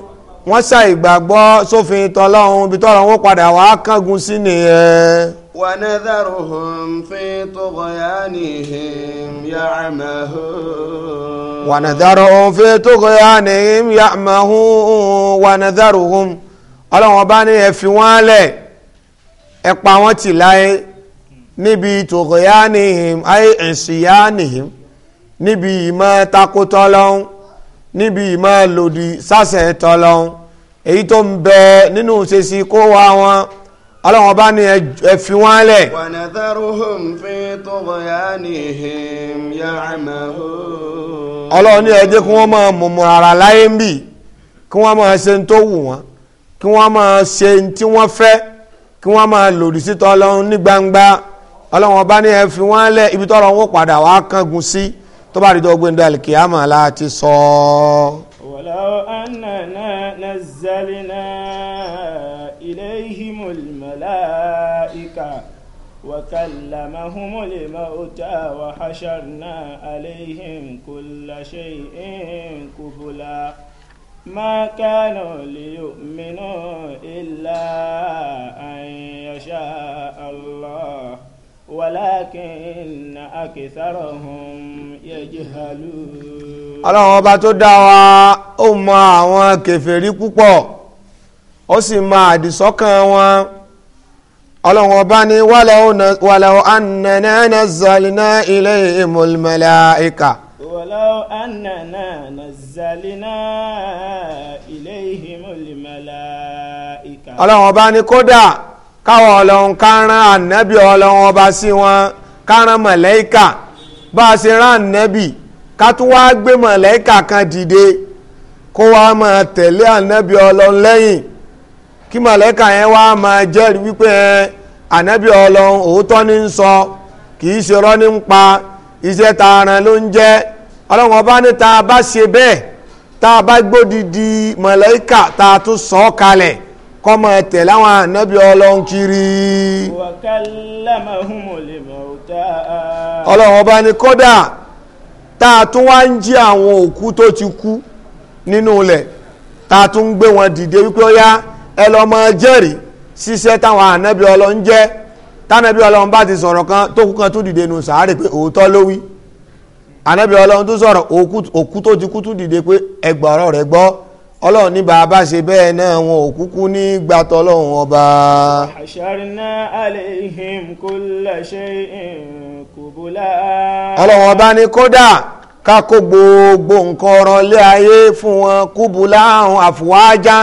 wọ́n ṣàìgbàgbọ́ sófin tọlọ́hún bí tọlọ́hún ó padà wàá kángun sí nìyẹn. ونذرهم في طغيانهم يعمهون ونذرهم في طغيانهم يعمهون ونذرهم ọlọ́run ọba ní ẹ fi wọ́n lẹ̀ ẹ pa wọ́n tì láyé níbi tòkòyánìhìm ayé ìsìyánìhìm níbi ìmọ̀ takótọ́ lọ́hún níbi ìmọ̀ lòdì sásẹ̀ tọ́ lọ́hún èyí tó ń bẹ nínú ṣèṣì kó wa wọn ọlọ́wọ́n bá ní ẹ wọ́n lẹ̀. ọlọ́wọ́n ní ẹ kí wọ́n máa mọ̀mọ́ ara láyé ń bì kí wọ́n máa ṣe tó wù wọ́n kí wọ́n máa ṣe tí wọ́n fẹ́ kí wọ́n máa lòdì síta ọlọ́run ní gbangba ọlọ́wọ́n bá ní ẹ wọ́n lẹ̀ ibi tọ́rọ̀ padà wàá kángun sí tó bá rí dọ́gbẹ́ndàlì kìámà láti sọ ọ́. وكلمهم الموتى وحشرنا عليهم كل شيء قبلا ما كانوا ليؤمنوا إلا أن يشاء الله ولكن أكثرهم يجهلون ọlọ́run ọba tó dá wa ó mọ àwọn kèfèrí púpọ̀ ọlọ́run ọba ni wàlọ́ ànànà nàzàlínà ilé ìmọ̀lẹ́mọ̀lẹ́ àìkà. wàlọ́ ànànà nàzàlínà ilé ìmọ̀lẹ́mọ̀lẹ́ àìkà. ọlọ́run ọba ni kódà káwọn ọlọ́run kárán ànábì ọlọ́run ọba sí wọn kárán mọ̀lẹ́kà bá a ṣe rán ànábì ká tún wá gbé mọ̀lẹ́kà kan dìde kó wá máa tẹ̀lé ànábì ọlọ́run lẹ́yìn kí mọ̀lẹ́kà yẹn wá máa jẹ́rìí wípé ẹ ànábì ọlọ́run òótọ́ ní ń sọ kì í ṣe rọ́ ní ń iṣẹ́ ló ń jẹ́ ọlọ́run ọba ní ta bá ṣe bẹ́ẹ̀ ta bá gbódì di mọ̀lẹ́kà tá tún sọ ọ́ kalẹ̀ àwọn òkú tó ti kú nínú ilẹ̀ dìde wípé ẹ lọ mọ jẹ́rìí ṣiṣẹ́ táwọn ànábì ọlọ́run jẹ́ tánàbí ọlọ́run bá ti sọ̀rọ̀ kan tó kú kan tó dìde nù sàárè pé òótọ́ ló wí ànábì ọlọ́run tó sọ̀rọ̀ òkú tó ti kú tó dìde pé ẹgbà ọ̀rọ̀ rẹ̀ gbọ́ ní bàbá ṣe bẹ́ẹ̀ náà wọn ò kúkú ní gbàtọ́ ọlọ́run ọba. àṣàrìnà àlehìm kò lẹ́ṣẹ̀ kò bọ́lá. ọlọ́run ọba ní kódà ká kó gbogbo nǹkan ọ̀rọ̀ lé ayé fún wọn kúbùlà àfùwájá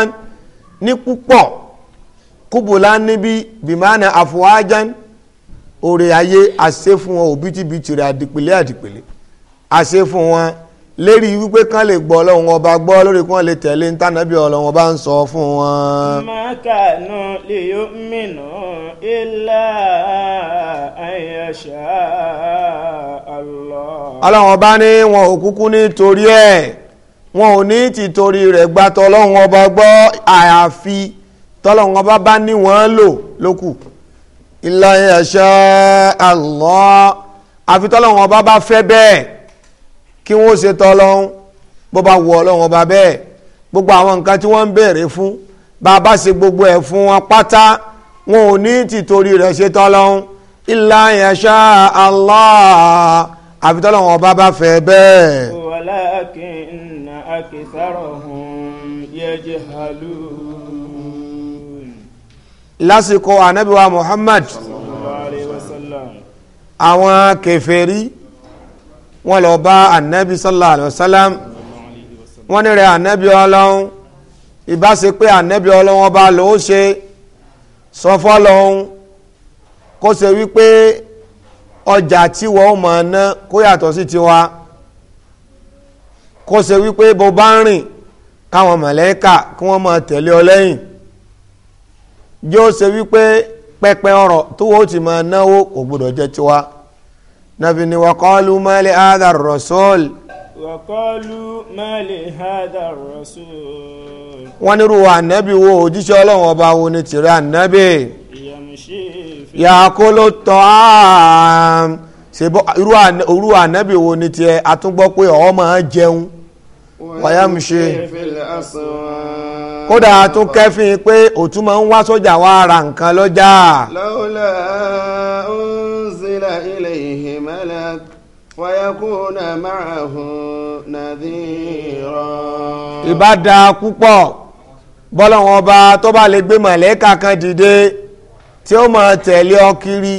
ní púpọ̀ kúbùlá níbi bìmánà àfọwáján òrè ayé àṣẹ fún wọn òbítíbitì rẹ̀ àdìpèlé àdìpèlé àṣẹ fún wọn lérí wípé kán lè gbọ́ ọlọ́run ọba gbọ́ lórí kán lè tẹ̀lé ntànàbí ọlọ́run ọba ń sọ fún wọn. mákànú lè yóò mìíràn ilá àyàṣà àlọ́. ọlọ́run ọba ní wọn ò kúkú nítorí ẹ̀ wọn ò ní ti torí rẹ̀ gba tọ́lọ́hun ọba gbọ́ àyàfi tọ́lọ́hun ọba bá ní wọ́n lò lókù illa yasha Allah àfi tọ́lọ́hun ọba bá fẹ́ bẹ́ẹ̀ kí wọ́n ṣe tọ́lọ́hun bó bá wọ ọlọ́hun ọba bẹ́ẹ̀ gbogbo àwọn nǹkan tí wọ́n ń béèrè fún bá a bá ṣe gbogbo ẹ̀ fún wọn pátá wọn ò ní ti torí rẹ̀ ṣe tọ́lọ́hun illa yasha Allah àfi tọ́lọ́hun ọba bá fẹ́ bẹ́ẹ̀ akisarahum yajhalun. lásìkò anabiwa muhammad sallallahu alayhi wa sallam àwọn kèfèrí wọ́n lọ bá anabi sallallahu alayhi wa sallam wọ́n ní rẹ̀ anabi ọlọ́run ìbá ṣe pé anabi ọlọ́run ọba ló ṣe sọ fọ́lọ́run kó ṣe wípé ọjà tiwọn ó máa ná kó yàtọ̀ sí tiwa. kó ṣe wípé bó bá ń rìn káwọn mọ̀lẹ́kà kí wọ́n máa tẹ̀lé ọ lẹ́yìn yóò ṣe wípé pẹpẹ ọ̀rọ̀ tó wọ́n ti máa náwó kò gbọdọ̀ jẹ́ tiwa nàbì ni wàkọ́lù mali hadha rasul. wàkọ́lù mali hadha rasul. wọ́n nírú ànábì wo òjíṣẹ́ ọlọ́run ọba wo ni tìrẹ ànábì. irú ànábì wo ni tiẹ̀ àtúngbọ́ pé ọ̀ wàyàmùṣe kódà tún kẹ́fìn pé òtún máa ń wá sójà wá ra nǹkan lọ́jà. lọ́wọ́lá unzila ilayhi malak wayakuna ma'ahu nadhira. ìbádà púpọ̀ bọ́lọ́wọ́n ọba tó bá lè gbé mọ̀lẹ́kà kan dìde tí ó máa tẹ̀lé ọ kiri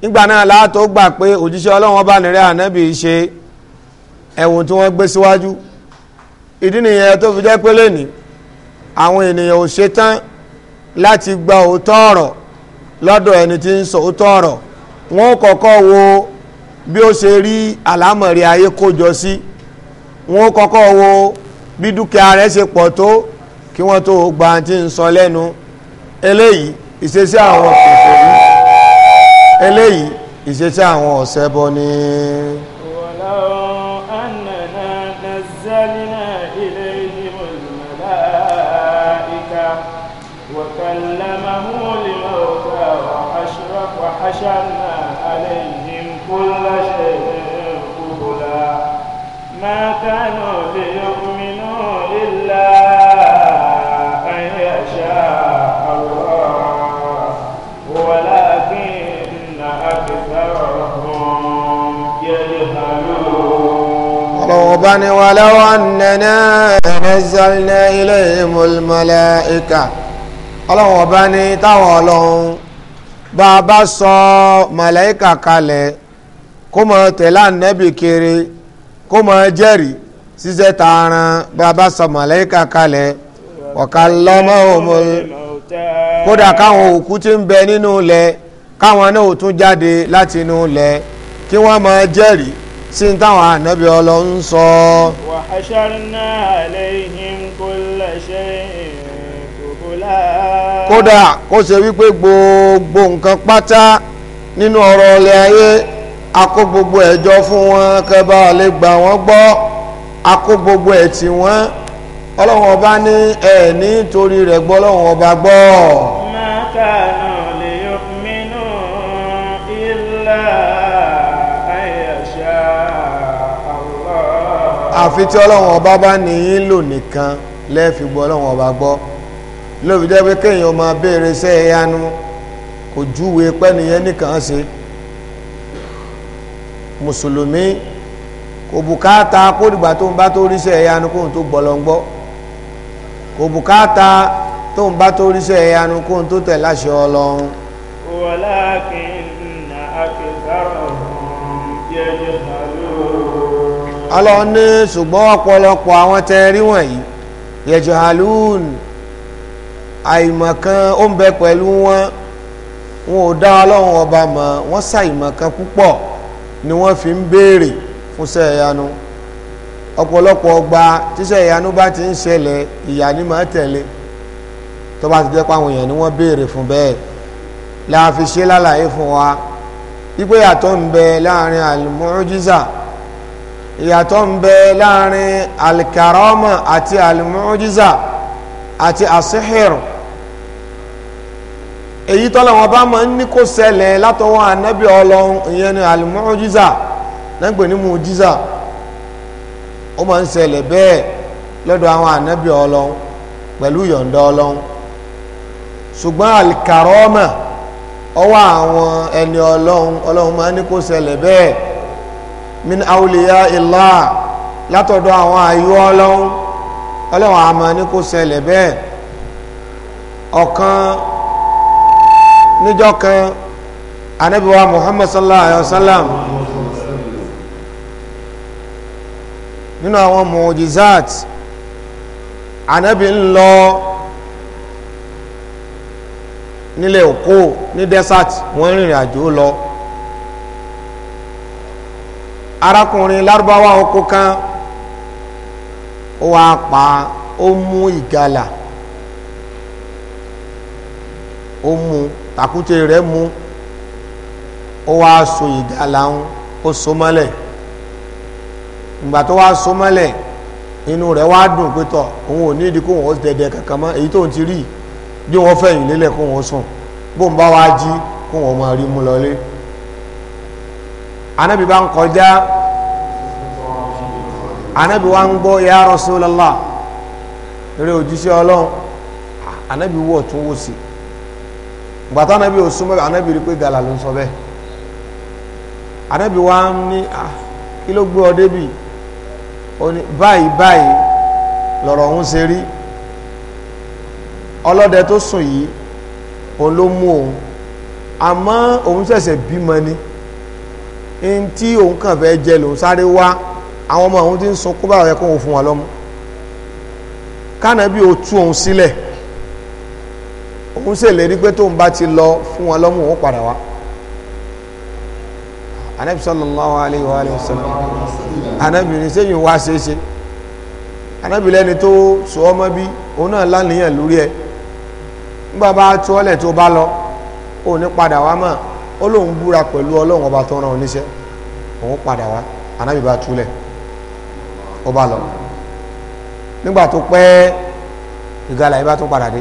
nígbà náà látó gbà pé òjíṣẹ́ ọlọ́wọ́n ọba nìrẹ́ ànábì ṣe ẹ̀wọ̀n tí wọ́n gbé síwájú. Si ìdí nìyẹn tó fi jẹ́ pé lẹ́ni àwọn ènìyàn ò ṣetán láti gba òótọ́ ọ̀rọ̀ lọ́dọ̀ ẹni tí ń sọ òótọ́ ọ̀rọ̀ wọ́n kọ́kọ́ wo bí ó ṣe rí àlámọ̀rí ayé kójọ sí wọ́n kọ́kọ́ wo bí dúkìá rẹ̀ ṣe pọ̀ tó kí wọ́n tó gba tí ń sọ lẹ́nu eléyìí ìṣesí àwọn kòkòrò eléyìí ìṣesí àwọn ọ̀sẹ̀ bọ ni. ربنا ولو أننا نزلنا إليهم الملائكة ọlọ́run ọba ní táwọn ọlọ́run bá a bá sọ màláìkà kalẹ̀ kó mọ tẹ̀lé ànẹ́bì a kódà káwọn òkú ń bẹ nínú ilẹ̀ káwọn náà tún jáde kí wọ́n mọ jẹ́rìí sí ní táwọn ànábì ọlọ́run sọ. wa hasharna alayhim kulla shay'in qubula. kódà kó ṣe wípé gbogbo nǹkan pátá nínú ọ̀rọ̀ ọ̀lẹ́ ayé a kó gbogbo ẹ̀jọ́ fún wọn kẹba lè gbà wọ́n gbọ́ a gbogbo ẹ̀ tì wọ́n ọlọ́run ọba ní ẹ̀ nítorí rẹ̀ gbọ́ ọlọ́run ọba gbọ́. máa àfi tí ọlọ́run ọba bá ní yín lò nìkan lẹ́ẹ̀fi gbọ́ ọlọ́run ọba gbọ́ lóbi jẹ́ pé kéèyàn máa béèrè iṣẹ́ ìyanu kò júwe pẹ́niyẹn nìkan ṣe mùsùlùmí kò bùkátà kó dìgbà tó ń bá tó ríṣẹ́ ìyanu kóhun tó gbọ́ lọ́n gbọ́ kò bùkátà tó ń bá tó ríṣẹ́ ìyanu kóhun tó tẹ̀ láṣẹ ọlọ́run. wọ́lá alọ́ọ̀ni ṣùgbọ́n ọ̀pọ̀lọpọ̀ àwọn tẹ́rí wọ̀nyí yẹ̀jọ̀hálùún àìmọ̀kan ó ń bẹ pẹ̀lú wọn wọn ò dá ọlọ́run ọba mọ̀ wọ́n ṣàìmọ̀kan púpọ̀ ni wọ́n fi ń béèrè fúnṣẹ́ ìyanu ọ̀pọ̀lọpọ̀ ọgbà tíṣẹ́ ìyanu bá ti ń ṣẹlẹ̀ ìyà ni máa tẹ̀lé tó bá ti jẹ́ páwọn èèyàn ni wọ́n béèrè fún bẹ́ẹ̀ la fi ṣe lálàyé fún wa wípé yàtọ̀ ń bẹ láàrin àlùmọ́rọ́jísà ìyàtọ̀ ń bẹ láàrin alikarama àti alimujiza àti asihir èyí wọn bá máa ń ní kó ṣẹlẹ̀ látọwọ́ ànábì ọlọ́run ìyẹn ni alimujiza náà ní mujiza ó máa ń ṣẹlẹ̀ bẹ́ẹ̀ lọ́dọ̀ àwọn ànábì ọlọ́run pẹ̀lú yọ̀ǹda ọlọ́run ṣùgbọ́n ọwọ́ min awliya illah látọ̀dọ̀ àwọn àyú ọlọ́run ọlọ́run àmọ́ ní kò ṣẹlẹ̀ bẹ́ẹ̀ ọ̀kan níjọ́ kan ànábì wa muhammad sallallahu alayhi wa sallam nínú àwọn mujizat ànábì ń nílẹ̀ òkú ní desert wọ́n rìnrìn àjò lọ. arákùnrin lárúbáwá oko kan ó wá pa ó mú ìgalà ó mú tàkúté rẹ̀ mú ó wá so ìgalà ń ó so mọ́lẹ̀ ìgbà tó wá so mọ́lẹ̀ inú rẹ̀ wá dùn pé tọ̀ òun ò ní ìdí kó wọn kankan èyí tó ń ti rí bí wọ́n fẹ̀yìn lélẹ̀ kó wọn sùn bóun bá wá jí kó wọn máa anabi bá ń kọjá anabi wa ń gbọ́ ya Rasulullah eré òjíṣẹ́ ọlọ́run anabi wọ̀ tún wò sí gbàtà anabi ò súnmọ́ anabi rí pé gàlà ló ń sọ bẹ́ẹ̀ anabi wa ń ní kí ló gbé ọ débì ó ní báyìí báyìí lọ̀rọ̀ ọ̀hún ṣe rí ọlọ́dẹ tó sùn yìí òun ló mú òun àmọ́ òun ṣẹ̀ṣẹ̀ bímọ ni n tí òun kàn fẹ́ jẹ lòun sáré wá àwọn ọmọ òun ti ń sunkún báwọn ẹ̀kọ́ òun fún wọn lọ́mú kánàbí o tú òun sílẹ̀ òun ṣèlérí pé tóun bá ti lọ fún wọn lọ́mú òun padà wá anabi sallallahu alayhi wa alayhi wa sallam anabi ni sẹ́yìn wá ṣeéṣe anabi lẹ́ni tó sọ ọmọ bí òun náà lánìyàn lórí ẹ̀ nígbà bá tú ọlẹ̀ tó bá lọ òun ní padà wá mọ́ ó lóun búra pẹ̀lú ọlọ́run ọba tó rán oníṣẹ́ òun padà wá anábì túlẹ̀ ó lọ nígbà tó pẹ́ ìgalà yìí bá padà dé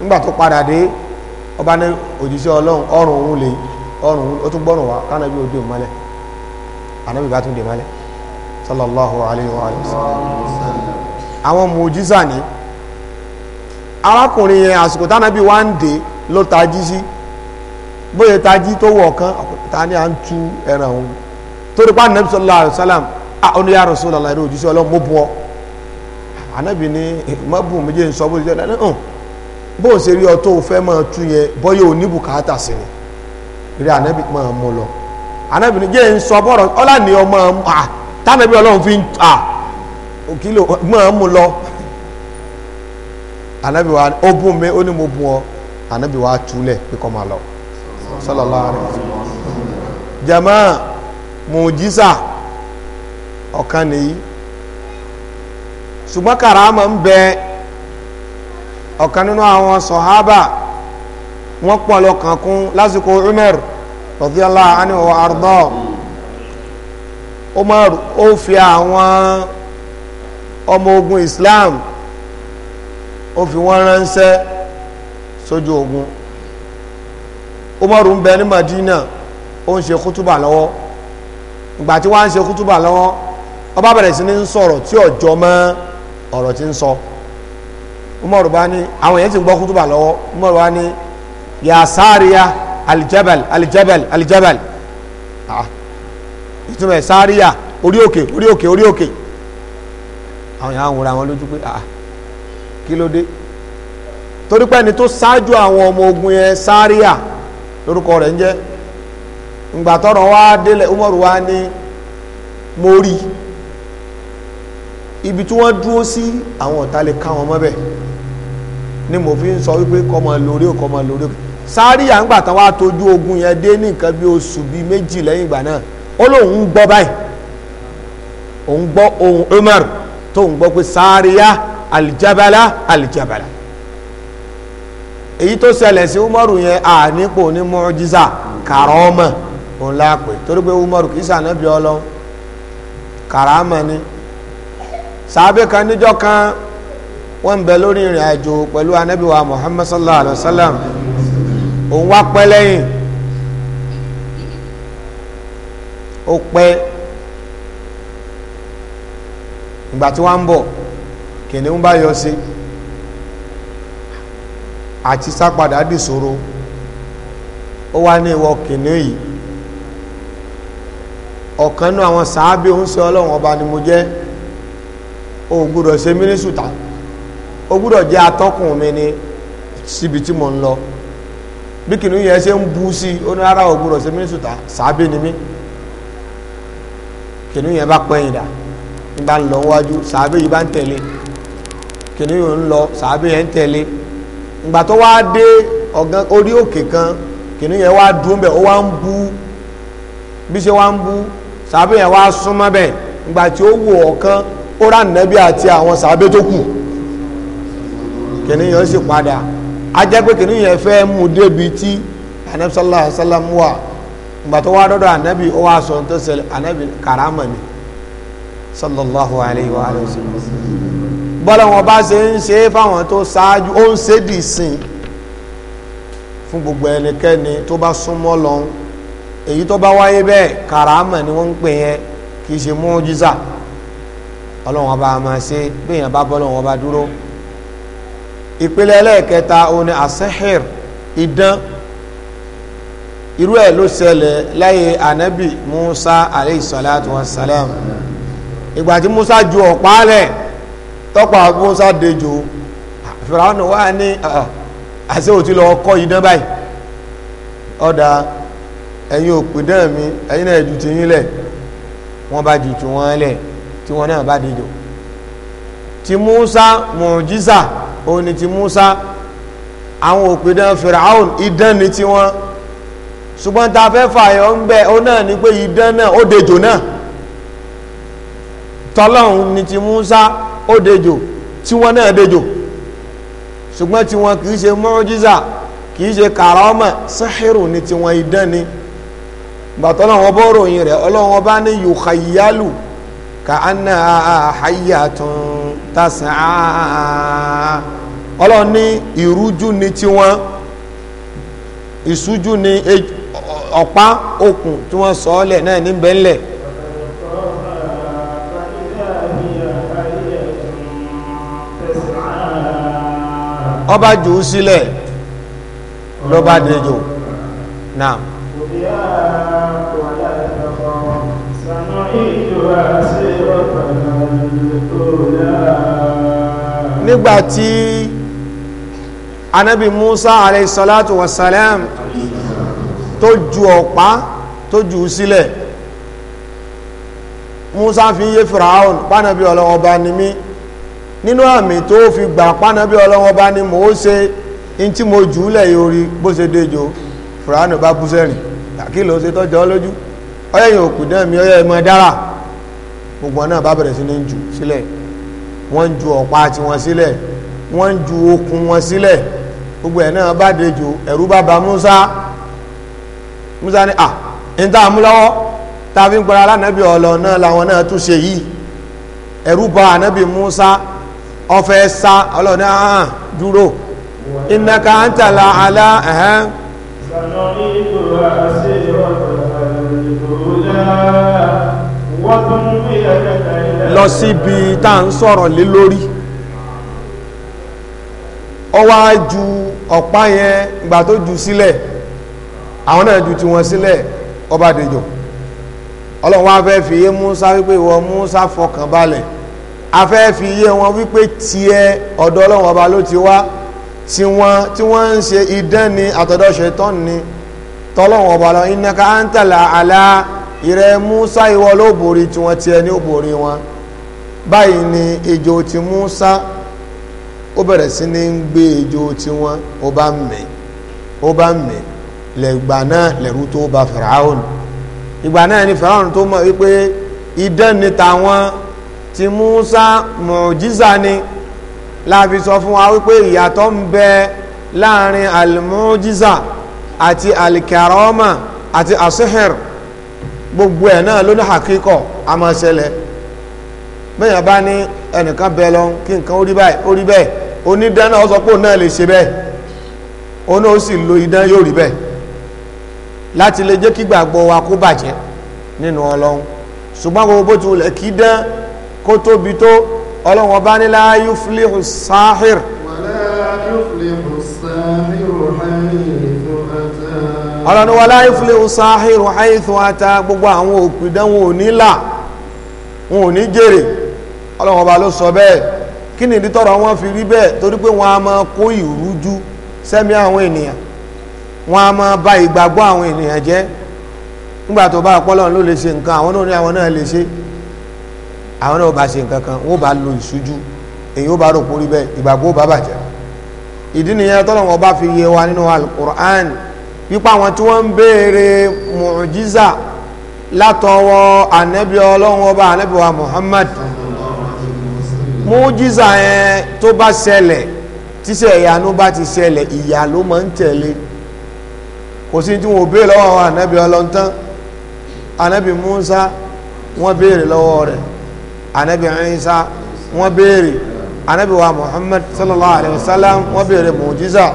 nígbà tó padà dé ọba ní òjíṣẹ́ ọlọ́run ọrùn òun lè ọrùn ó tún gbọ́rùn wá wa sallam àwọn mùjísà arákùnrin yẹn àsìkò wá ń bóyá tají tó wọ̀ kan ta ni à ń tu ẹran òun torí pa anabi sallallahu alayhi wa sallam ah ọ̀nà ya Rasulullah ẹ̀rọ òjíṣẹ́ ọlọ́run mo bu ọ anabi ni mọ́bù méjì ń sọ bó ṣe dáná hàn bó ṣe rí ọ tó fẹ́ máa tu yẹn bóyá ò ní bùkátà sí ni rí anabi máa mú lọ anabi ni jẹ́ ń sọ bọ́rọ̀ ọlá ni ọmọ ah tánàbí ọlọ́run fi ń ah kìlò máa mú lọ anabi wa ó bùn mi ó ní mo bùn ọ anabi wa túlẹ̀ pé kọ́ máa lọ sallallahu alayhi wa sallam jama mùjísà ọ̀kan nìyí ṣùgbọ́n karama ń bẹ ọ̀kan nínú àwọn sọ̀hábà wọ́n pọ̀ lọ́kàn kún lásìkò Umar radiyallahu anhu wa arda Umar ó fi àwọn ọmọ ogun Islam ó fi wọ́n ránṣẹ́ sójú ogun. So umaru ń bẹ ní madina ó ń ṣe kútúbà lọ́wọ́ ìgbà tí wọ́n ń ṣe kútúbà lọ́wọ́ ọba bẹ̀rẹ̀ sí ní ń sọ̀rọ̀ tí ọjọ́ mọ́ ọ̀rọ̀ tí ń sọ umaru bá ní àwọn èèyàn ti ń gbọ́ kútúbà lọ́wọ́ umaru bá ní ya sáríya alijabal alijabal alijabal ah ìtumọ̀ ẹ̀ sáríya orí òkè orí òkè orí òkè àwọn èèyàn wòra wọn lójú pé ah kí ló dé torí pé ẹni tó ṣáájú àwọn ọmọ ogun yẹn sáríya lórúkọ rẹ̀ ń jẹ́ ìgbà tọ́rọ̀ wá délẹ̀ Umaru wá ní mo rí ibi tí wọ́n dúró sí àwọn ọ̀tá lè ká wọn mọ́bẹ̀ ni mo fi ń sọ wípé kọ́mọ lórí ò kọ́mọ lórí ò sáríyà ń gbà tán wá tójú ogun yẹn dé ní nǹkan bí oṣù bíi méjì lẹ́yìn ìgbà náà ó lóun ń gbọ́ báyìí òun gbọ́ ohun Umar tóun gbọ́ pé sáríyà aljabala aljabala èyí tó ṣẹlẹ̀ sí umaru yẹn a nípò ní mọ́jísà kàrọ́mà òun lápè torí pé umaru kì í sànábì ọlọ́run kàràmà ni sàábé kan níjọ́ kan wọ́n ń bẹ lórí ìrìn àjò pẹ̀lú anábì sallallahu alayhi wa sallam òun wá pẹ́ lẹ́yìn ó pẹ́ ìgbà tí wọ́n ń yọ sí àti sápadà dìṣòro ó wá ní ìwọ kìnìún yìí ọ̀kan náà àwọn sàábé ń sọ ọlọ́run ọba ni mo jẹ́ o gbúdọ̀ ṣe mínísùtà o gbúdọ̀ jẹ́ atọ́kùn mi ni síbi tí mo ń lọ bí kìnìún yẹn ṣe ń bú sí ó ní rárá o gbúdọ̀ ṣe mínísùtà sàábé ni mí kìnìún yẹn bá pẹ́yìn dà ń bá wájú sàábé yìí bá ń tẹ̀lé kìnìún yẹn ń lọ sàábé yẹn ń tẹ̀lé ìgbà tó wá dé ọ̀gán orí òkè kan kìnnì yẹn wá dúró bẹ́ẹ̀ ó wá ń bú bí ṣe wá ń bú sàbẹ̀ yẹn wá súnmọ́ bẹ́ẹ̀ ìgbà tí ó wò ọ̀kan ó rà nẹ́bí àti àwọn sàbẹ̀ tó kù yẹn sì a jẹ́ pé kìnnì yẹn fẹ́ mú débi tí anabi sallallahu asalamu wa wà ìgbà anabi ó wa sọ tó anabi karama ni sallallahu alayhi wa sallam. bọ́lá wọn bá ṣe ń ṣe fáwọn tó ṣáájú ó ń ṣe dì sìn fún gbogbo ẹnikẹ́ni tó bá súnmọ́ lọ́hún èyí tó bá wáyé bẹ́ẹ̀ kàràmà ni wọ́n ń pè yẹn kì í ṣe mùjísà ọlọ́wọ́n bá máa ṣe bẹ́ẹ̀yàn bá bọ́lá wọn bá dúró ìpele ẹlẹ́ẹ̀kẹta òun ni asehir idán irú ẹ̀ ló ṣẹlẹ̀ láyé anabi musa aleyhisalatu wasalam ìgbà tí musa ju ọ̀pá lẹ̀ tọ́pọ̀ àbúnsá dejò fìràánù wà ní ah, ah, àṣẹ òtí lọ kọ́ idán báyìí ọ̀dà ẹ̀yin òpìdán mi ẹ̀yin náà ju ti yín lẹ̀ wọ́n bá ju ti wọ́n lẹ̀ tí wọ́n náà bá dejò ti Musa mùjísà òun ni ti Musa àwọn òpìdán fìràánù idán ni ti wọ́n ṣùgbọ́n ta fẹ́ fààyàn ń bẹ ó náà ni pé idán náà ó dejò náà tọ́lọ́hún ni ti Musa ó dejò tí wọ́n náà dejò ṣùgbọ́n tí wọ́n kìí ṣe mọ́rọ́jísà kìí ṣe kàràmà sáhírù ní tí wọ́n idán ni gbàtọ́ náà wọ́n bọ́ ròyìn rẹ̀ ọlọ́wọ́n bá ní yukhayyalu ka anna hayyatun tas'a ọlọ́run ní ìrújú ni tí wọ́n ìṣújú ni e-, ọ̀pá okùn tí wọ́n sọ ọ́ lẹ̀ náà ní bẹ́ńlẹ̀ ọba jù ú sílẹ̀ lọ́ba dẹjọ́ náà. nígbà tí anabi musa aleyhisalatu wasalam tó ju ọ̀pá tó jù ú sílẹ̀ musa fi yé firaun bánabi ọlọ́wọ́ bá ní nínú àmì tó fi gbà pánábí ọlọ́wọ́ bá ní mò ó ṣe in tí mo jù ú lẹ̀ yìí orí bó ṣe déjò fúránù bá bú sẹ́rìn kí ló ṣe tọ́jọ́ lójú ọyẹ́yìn òkú náà mi ọyẹ́ ẹ̀mọ dára gbogbo náà bá bẹ̀rẹ̀ sí ní jù sílẹ̀ wọ́n ń ju ọ̀pá tiwọn sílẹ̀ wọ́n ju okùn wọn sílẹ̀ gbogbo ẹ̀ náà bá déjò ẹ̀rú bá ba Musa Musa ní à ń tá mú lọ́wọ́ tá fi ń gbọ́ra alánàbí ọ̀lọ́ náà làwọn náà tún ṣe yìí ẹ̀rú bá ànábì Musa ọfẹ sá ọlọ́ọ̀ni ahàn ah, dúró ala ń tàlà àlà ẹ̀hẹ́n. sànọ́rí ìlú àṣẹ lọ síbi tá à ń sọ̀rọ̀ lé lórí ó wá ju ọ̀pá yẹn ìgbà tó ju sílẹ̀ àwọn náà ju tiwọn sílẹ̀ ọba àdèjọ ọlọ́run wá fẹ́ fi yé Musa wípé ìwọ Musa fọkàn balẹ̀ afẹ́ fi yé wọn wípé tiẹ̀ ọ̀dọ̀ ọlọ́run ọba ló ti wá tí wọ́n tí wọ́n ń ṣe idán ni àtọ̀dọ̀ ṣetán ni tọ́lọ́run ọba lọ innaka antala àlá ìrẹ Musa ìwọ ló borí tiwọn tiẹ̀ ní ó wọn báyìí ni ejò ti Musa ó bẹ̀rẹ̀ sí ní ń gbé ejò tiwọn ó bá mẹ́ ó bá mẹ́ lẹ́gbà náà lẹ́rú tó bá Fìràhùn ìgbà náà ni Fìràhùn tó mọ̀ wípé idán ni tàwọn ti Musa mùjíza ni láàfi sọ fún wa wípé ìyàtọ̀ ń bẹ láàrin almujiza àti alkaroma àti asihir gbogbo ẹ̀ náà ló ní hakíkọ̀ a máa ṣẹlẹ̀ bẹ́yàn bá ní ẹnìkan bẹ lọ kí nǹkan ó rí báyìí ó rí bẹ́ẹ̀ onídán náà sọ náà lè ṣe bẹ́ẹ̀ òun ó sì lo idán yóò rí bẹ́ẹ̀ láti lè jẹ́ kí gbàgbọ́ wa kó bàjẹ́ nínú ọlọ́run ṣùgbọ́n gbogbo bó ti wulẹ̀ kí dán kó tóbi tó ọlọ́run ọba ní la yuflihu sáhìr ọlọ́run wa la yuflihu sáhìr haythu ata gbogbo àwọn òpìdán wọn ò ní là wọn ò ní jèrè ọlọ́run ọba ló sọ bẹ́ẹ̀ kí ni ìdí tọrọ wọn fi rí bẹ́ẹ̀ torí pé wọn a máa kó ìrújú sẹ́mi àwọn ènìyàn wọn a máa ba ìgbàgbọ́ àwọn ènìyàn jẹ́ nígbà tó bá pọ́lọ́run ló lè ṣe nǹkan àwọn náà ní àwọn náà lè ṣe àwọn náà bá ṣe nǹkan kan wọ́n bá lo ìṣújú èyí ó bá rò pórí bẹ́ẹ̀ ìgbàgbọ́ bá bàjẹ́ ìdí nìyẹn tọ́lọ̀ wọn bá fi yé wa nínú alukur'an pípa àwọn tí wọ́n ń béèrè mùjíza látọwọ́ anabi ọlọ́run ọba anabi wa muhammad mùjíza yẹn tó bá ṣẹlẹ̀ tíṣẹ̀ ìyanu bá ti ṣẹlẹ̀ ìyà ló máa ń tẹ̀lé kò sí tí wọn béèrè lọ́wọ́ anabi ọlọ́ntán anabi musa wọ́n béèrè lọ́wọ́ rẹ̀ anabi Isa wọ́n béèrè anabi wa Muhammad sallallahu alayhi wa sallam wọ́n béèrè mùjísà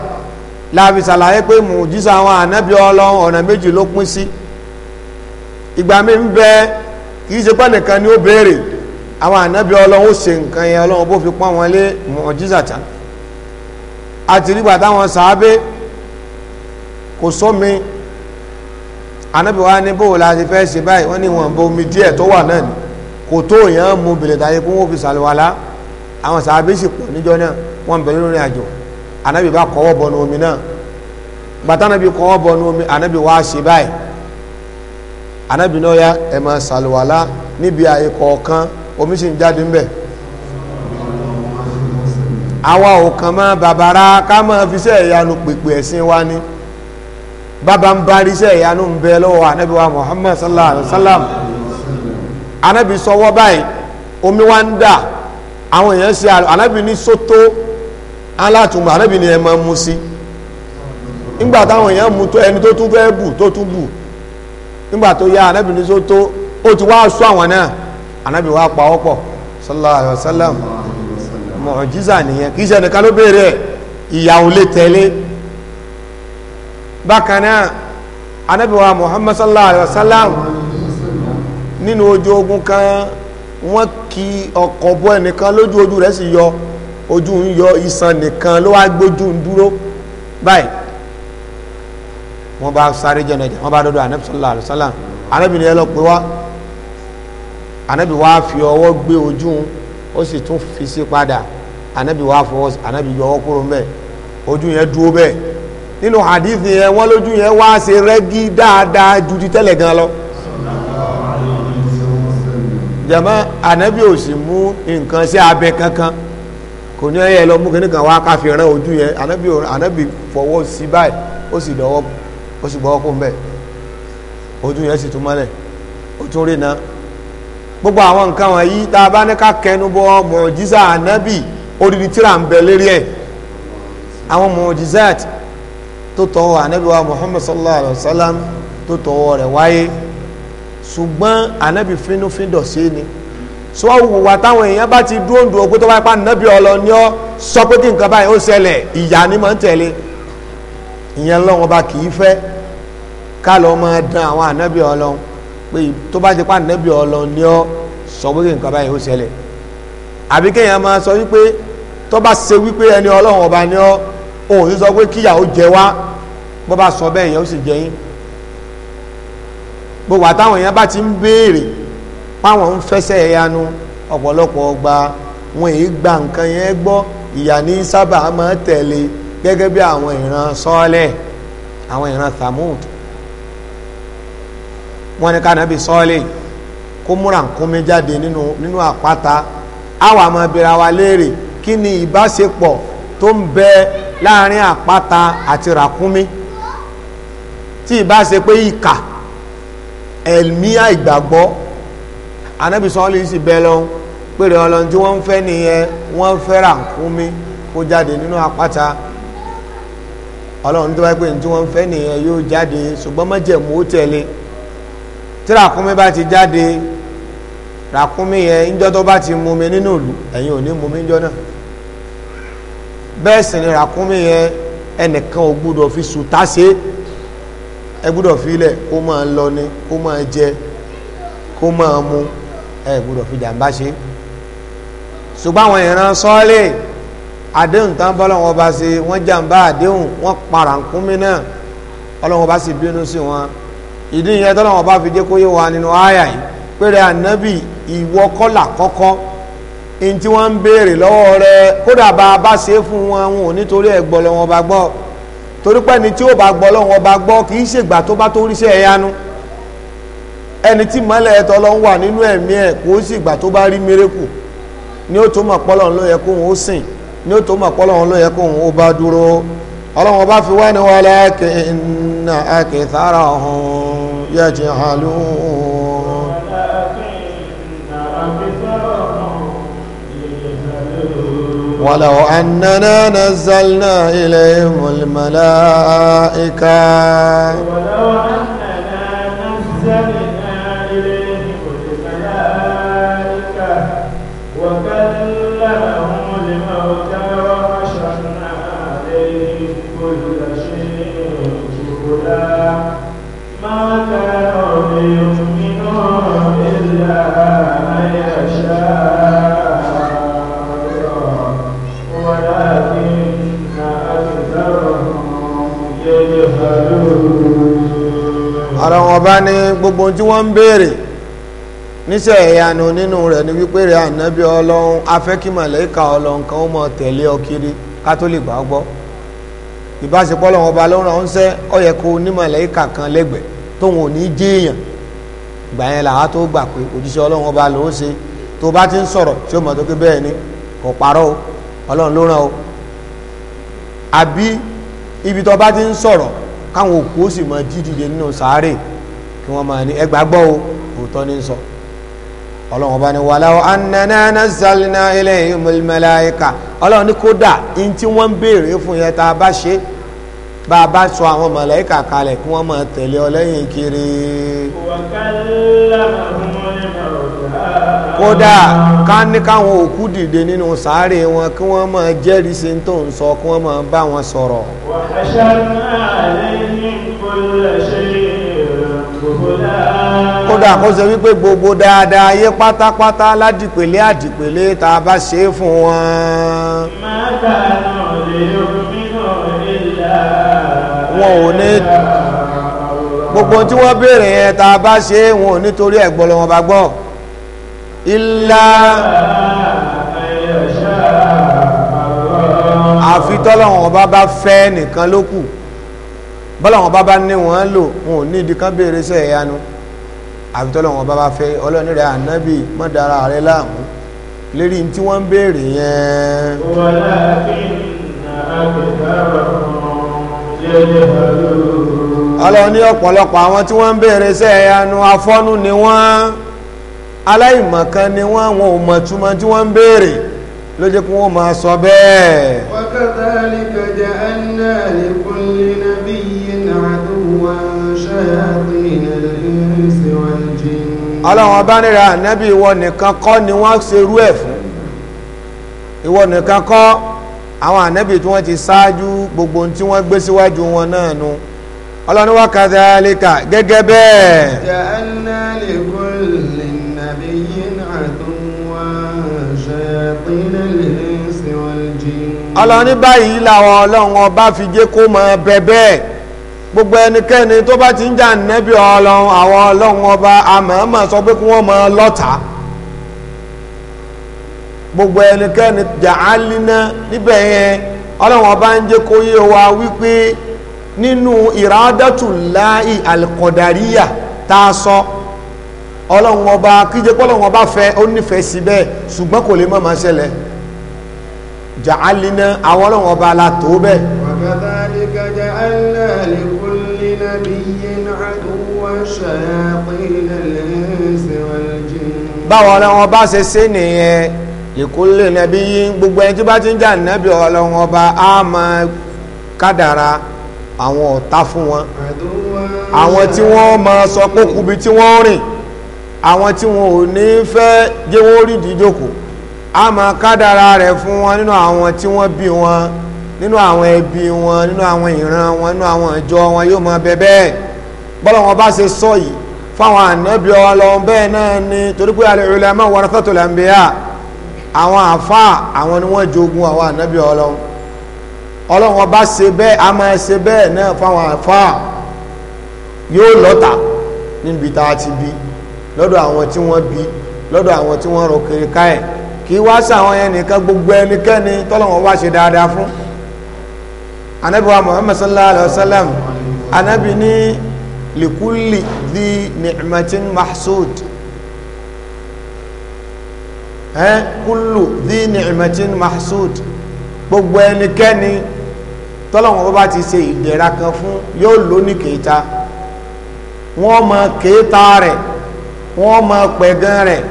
láàbí sàlàyé pé mùjísà àwọn anabi ọlọ́run ọ̀nà méjì ló pín sí ìgbà mi ń bẹ kì í ṣe pẹ́ nìkan ni ó béèrè àwọn anabi ọlọ́run ó ṣe nǹkan yẹn ọlọ́run bó fi pọ́n wọn lé mùjísà tán àti nígbà táwọn sàábé kò sómi anabi wa ní bóòlù àti fẹ́ ṣe báyìí wọ́n ní wọn bomi díẹ̀ tó wà náà ni kò tó yẹn mú bèlè táyé kó wọ́n fi sàlùwàlá àwọn sàbí sì pọ̀ níjọ́ náà wọ́n bẹ̀rẹ̀ lórí àjò ànábì bá kọ́wọ́ bọnu omi náà gbàtà ànábì kọ́wọ́ bọnu omi ànábì wá ṣe báyìí ànábì náà yá ẹ̀ máa sàlùwàlá níbi àyè kọ̀ọ̀kan omi sì ń jáde ńbẹ̀ àwa ò kàn mọ́ bàbára ká máa fi iṣẹ́ ìyanu pèpè ẹ̀sìn wa ni bàbá ń bá iṣẹ́ ìyanu ń bẹ lọ́wọ́ ànábì wa Muhammad sallallahu alayhi wa sallam anábì sọwọ́ báyìí omi wá ń dà àwọn èèyàn ṣe anábì ní sótó alátùmọ̀ anábì ní ẹ máa mú sí nígbà táwọn èèyàn mú tó ẹni tó tún fẹ́ bù tó tún bù nígbà tó yá anábì ní sótó ó ti wá sọ àwọn náà anábì wá pa ọ́ pọ̀ sallallahu alaihi wasallam mọ̀jísà nìyẹn kì í ṣe ẹnìkan ló béèrè ẹ̀ ìyàwó lè tẹ̀lé bákan náà anábì wa muhammad sallallahu alaihi wasallam nínú ojú ogun kan wọ́n kí ọkọ̀ bọ́ ẹnìkan lójú ojú rẹ̀ sì yọ ojú ń yọ iṣan nìkan ló wá gbójú ń dúró báyìí wọ́n bá sáré jẹ́nàjà wọ́n bá dọ́dọ̀ anabi sallallahu alayhi wa sallam anabi ni ẹ lọ pé wá anabi wá fi ọwọ́ gbé ojú ó sì tún fi sí padà anabi wá fọwọ́ anabi yọ ọwọ́ kúrò mbẹ́ ojú yẹn dúró bẹ́ẹ̀ nínú hadith yẹn wọ́n lójú yẹn wá ṣe rẹ́gí dáadáa ju ti tẹ́lẹ̀ gan lọ jama anabi ò sì mú nǹkan sí abẹ kankan kò ní ẹyẹ lọ mú kíní kan wá káfí rán ojú yẹn anabi anabi fọwọ́ sí báyìí ó sì dọwọ́ ó sì gbọ́wọ́ kó ń bẹ̀ ojú yẹn sì tún mọ́lẹ̀ ó tún rí náà gbogbo àwọn nǹkan wọ̀nyí tá a bá ní ká kẹnu bọ mọ̀jísà anabi odidi tíra ń bẹ lérí ẹ̀ àwọn mọ̀jísà tó tọwọ́ anabi wa muhammad sallallahu alayhi wa sallam tó tọwọ́ rẹ̀ wáyé ṣùgbọ́n ànábì fínúfíndọ̀ sí ni sọ wùwà táwọn èèyàn bá ti dúró dùn ọgbẹ́ tó bá pa ànábì ọlọ ni ọ sọ pé tí nǹkan báyìí ó ṣẹlẹ̀ ìyá ni máa ń tẹ̀lé ìyẹn lọ́wọ́n bá kì í fẹ́ ká lọ máa dán àwọn ànábì ọlọ pé tó bá ti pa ànábì ọlọ ni ọ sọ pé tí nǹkan báyìí ó ṣẹlẹ̀ àbí kéèyàn máa sọ wípé tó bá ṣe wípé ẹni ọlọ́run ọba ni ọ òun sọ pé kíyà jẹ wá bó bá sọ bẹ́ẹ̀ yẹn ó sì jẹ yín bó wà táwọn èèyàn bá ti ń béèrè páwọn ń fẹsẹ̀ yanu ọ̀pọ̀lọpọ̀ gba wọn èyí gba nǹkan yẹn gbọ́ ìyà ní sábà máa tẹ̀lé gẹ́gẹ́ bí àwọn ìran sọ́ọ̀lẹ̀ àwọn ìran thamud wọn ni kànábì sọ́ọ̀lẹ̀ kó múra nkúmi jáde nínú nínú àpáta àwọn àmọ́ abira wa léèrè kí ni ìbáṣepọ̀ tó ń bẹ láàrin àpáta àti ràkúnmí tí ìbá ìkà ẹ̀mí àìgbàgbọ́ anábì sọ́ọ́lì sì bẹ́ẹ̀ lọ pèrè ọlọ́run tí wọ́n ń fẹ́ nìyẹn wọ́n fẹ́ ràkúnmí kó jáde nínú àpáta ọlọ́run tó bá pè ní tí wọ́n ń fẹ́ nìyẹn yóò jáde ṣùgbọ́n májẹ̀mú ó tẹ̀lé tí ràkúnmí bá ti jáde ràkúnmí yẹn níjọ́ tó bá ti mumi nínú ìlú ẹ̀yin ò ní mumi níjọ́ náà bẹ́ẹ̀ sì ni ràkúnmí yẹn ẹnìkan ò gbúdọ̀ fi sùtá ṣe é ẹ gbọ́dọ̀ filẹ̀ kó máa lọ ní kó máa jẹ kó máa mu ẹ gbọ́dọ̀ fi jàǹbá ṣe ṣùgbọ́n àwọn ìran sọ́ọ́lẹ̀ àdéhùn tán bọ́lọ́wọ́n bá ṣe wọ́n jàǹbá àdéhùn wọ́n para nkúnmí náà ọlọ́wọ́n bá sì bínú sí wọn ìdí ìyẹn tọ́lọ́wọ́n bá fi jẹ́ kó yé wa nínú àyà yìí péré ànábì ìwọ kọ́kọ́ ní tí wọ́n ń béèrè lọ́wọ́ rẹ kódà bá a bá ṣe é fún wọn wọn ò nítorí ẹ̀gbọ́ lọ́wọ́n bá gbọ́ torí pé ẹni tí ó bá gbọ́ lọ́wọ́ bá gbọ́ kì í ṣègbà tó bá tó ríṣẹ́ ẹ̀yánu ẹni tí mọ́lẹ̀ ẹ̀tọ́ lọ ń wà nínú ẹ̀mí ẹ̀ kò ó ṣègbà tó bá rí mérekù ní ó tó mọ̀ pọ́lọ̀ ló yẹ kóhun ó sìn ní ó tó mọ̀ pọ́lọ̀ ló yẹ kóhun ó bá dúró ọlọ́wọ́n bá fi wá ní wàhálà kẹ́ ẹ̀ ń nà á sára ọ̀hún yẹ jẹ́ hàn lóhùn. ولو أننا نزلنا إليهم الملائكة ولو أننا نزلنا ọ̀rọ̀ wọn bá ní gbogbo tí wọ́n ń béèrè níṣẹ́ ìyanu nínú rẹ̀ ni wípé rẹ̀ ànábì ọlọ́run afẹ́kímọ̀lẹ́ka ọlọ́run kan ó mọ̀ tẹ̀lé ọ kiri ká tó lè gbà gbọ́ ìbáṣepọ̀ ọlọ́run ọba lọ́run ọ̀hún ṣẹ́ ọ yẹ kó onímọ̀lẹ́ka kan lẹ́gbẹ̀ẹ́ tóun ò ní jéèyàn gbà yẹn làwọn tó gbà pé òjíṣẹ́ ọlọ́run ọba ló ṣe tó bá ti ń sọ̀rọ̀ tí ó mọ̀ tó ké bẹ́ẹ̀ ni kò parọ́ o ọlọ́run ló ràn o àbí ibi tó bá ti ń sọ̀rọ̀ káwọn òkú ó sì mọ jídìde nínú sàárè kí wọ́n máa ní ẹgbàgbọ́ o òótọ́ ní sọ ọlọ́run ọba ni wàláwọ́ anana nazalina ilayhimul malaika ọlọ́run ní kódà ní tí wọ́n ń béèrè fún yẹn tá a bá ṣe bá a bá sọ àwọn màláíkà kalẹ̀ kí wọ́n máa tẹ̀lé ọ lẹ́yìn kiri. wàkàlà àwọn kódà ká ní káwọn òkú dìde nínú sàárè wọn kí wọ́n máa jẹ́rìí sí tó ń sọ kí wọ́n máa bá wọn sọ̀rọ̀. kódà kó ṣe wípé gbogbo dáadáa ayé pátápátá ládìpẹ̀lẹ́ àdìpẹ̀lẹ́ tá a bá ṣe é fún wọn. wọn ò ní gbogbo tí wọ́n béèrè yẹn tá a bá ṣe é wọn ò nítorí ẹ̀gbọ́n lọ́wọ́ bá gbọ́ ilá àfi tọ́lọ́wọ̀n ọba bá fẹ́ nìkan ló kù bọ́lọ́wọ̀n ọba bá ní wọ́n lò wọn ò ní ìdí kan béèrè sọ ẹ̀yánu àfi tọ́lọ́wọ̀n ọba bá fẹ́ ọlọ́ni rẹ̀ ànábì má dára rẹ̀ láàmú lérí tí wọ́n ń béèrè yẹn. ọlọ́ni ọ̀pọ̀lọpọ̀ àwọn tí wọ́n ń béèrè sẹ́yanu afọ́nú ni wọ́n. aláìmọ̀kan ni wọ́n àwọn ò tí wọ́n ń béèrè ló jẹ́ kí wọ́n máa sọ bẹ́ẹ̀. wa kadhalika ja'alna ìwọ nìkan kọ́ ni wọ́n ṣe ẹ̀ fún ìwọ nìkan kọ́ àwọn ànábì tí wọ́n ti ṣáájú gbogbo tí wọ́n gbé síwájú wọn náà nu ọlọ́run wa gẹ́gẹ́ bẹ́ẹ̀. ọlọ́ni báyìí làwọn ọlọ́run ọba fi jẹ́ kó mọ bẹ́bẹ́ gbogbo ẹnikẹ́ni tó bá ti ń jà nẹ́bí ọlọ́run àwọn ọlọ́run ọba àmọ́mọ́ sọ pé kí wọ́n mọ lọ́ta gbogbo ẹnikẹ́ni jà á líná níbẹ̀ yẹn ọlọ́run ọba ń jẹ́ kó yé wa wípé nínú ìrádàtù láì alkọ̀dàríyà tá a sọ ọlọ́run ọba kíjẹ́ pọ́lọ́run ọba fẹ́ ó nífẹ̀ẹ́ síbẹ̀ ṣùgbọ́n kò lè mọ̀ máa ṣẹlẹ̀ ja'alina àwọn ọlọ́run ọba la tó bẹ́ẹ̀. wa kadhalika ja'alna li kulli nabiyyin aduwwan shayatinal insi wal jinn. báwo ọlọ́run ọba ṣe ṣe nìyẹn li kulli nabiyyin gbogbo ẹni tí bá ti ń jà nábì ọlọ́run ọba á máa kádàrà àwọn ọ̀tá fún wọn àwọn tí wọ́n máa sọ pé kúbi tí wọ́n rìn àwọn tí wọn ò ní fẹ́ jẹ́wọ́ rí ìdíjókòó a máa kádàrá rẹ̀ fún wọn nínú àwọn tí wọ́n bí wọn nínú àwọn ẹbí wọn nínú àwọn ìran wọn nínú àwọn ìjọ wọn yóò máa bẹ bẹ́ẹ̀ bọ́lá wọn bá ṣe sọ yìí fáwọn ànábì ọlọ́run bẹ́ẹ̀ náà ni torí pé al-ulama warathatul anbiya àwọn àfáà àwọn ni wọ́n jogun àwọn ànábì ọlọ́run ọlọ́run ọba ṣe bẹ́ẹ̀ a máa ṣe bẹ́ẹ̀ náà fáwọn àfáà yóò lọ́ta níbi tá a ti bí lọ́dọ̀ àwọn tí wọ́n bí lọ́dọ̀ àwọn tí wọ́n rọ kiri káyẹ̀ kì í wá sáwọn ẹnìkan gbogbo ẹnikẹ́ni tọ́lọ́wọ́n wá ṣe dáadáa fún anabi wa muhammad sallallahu alaihi wasallam anabi ní likulli di ni'matin mahsud ẹ́n kullu di ni'matin mahsud gbogbo ẹnikẹ́ni tọ́lọ́wọ́n bá ti ṣe ìdẹ̀ra kan fún yóò lò ní kéta wọ́n mọ kéta rẹ̀ wọ́n mọ pẹ̀gàn rẹ̀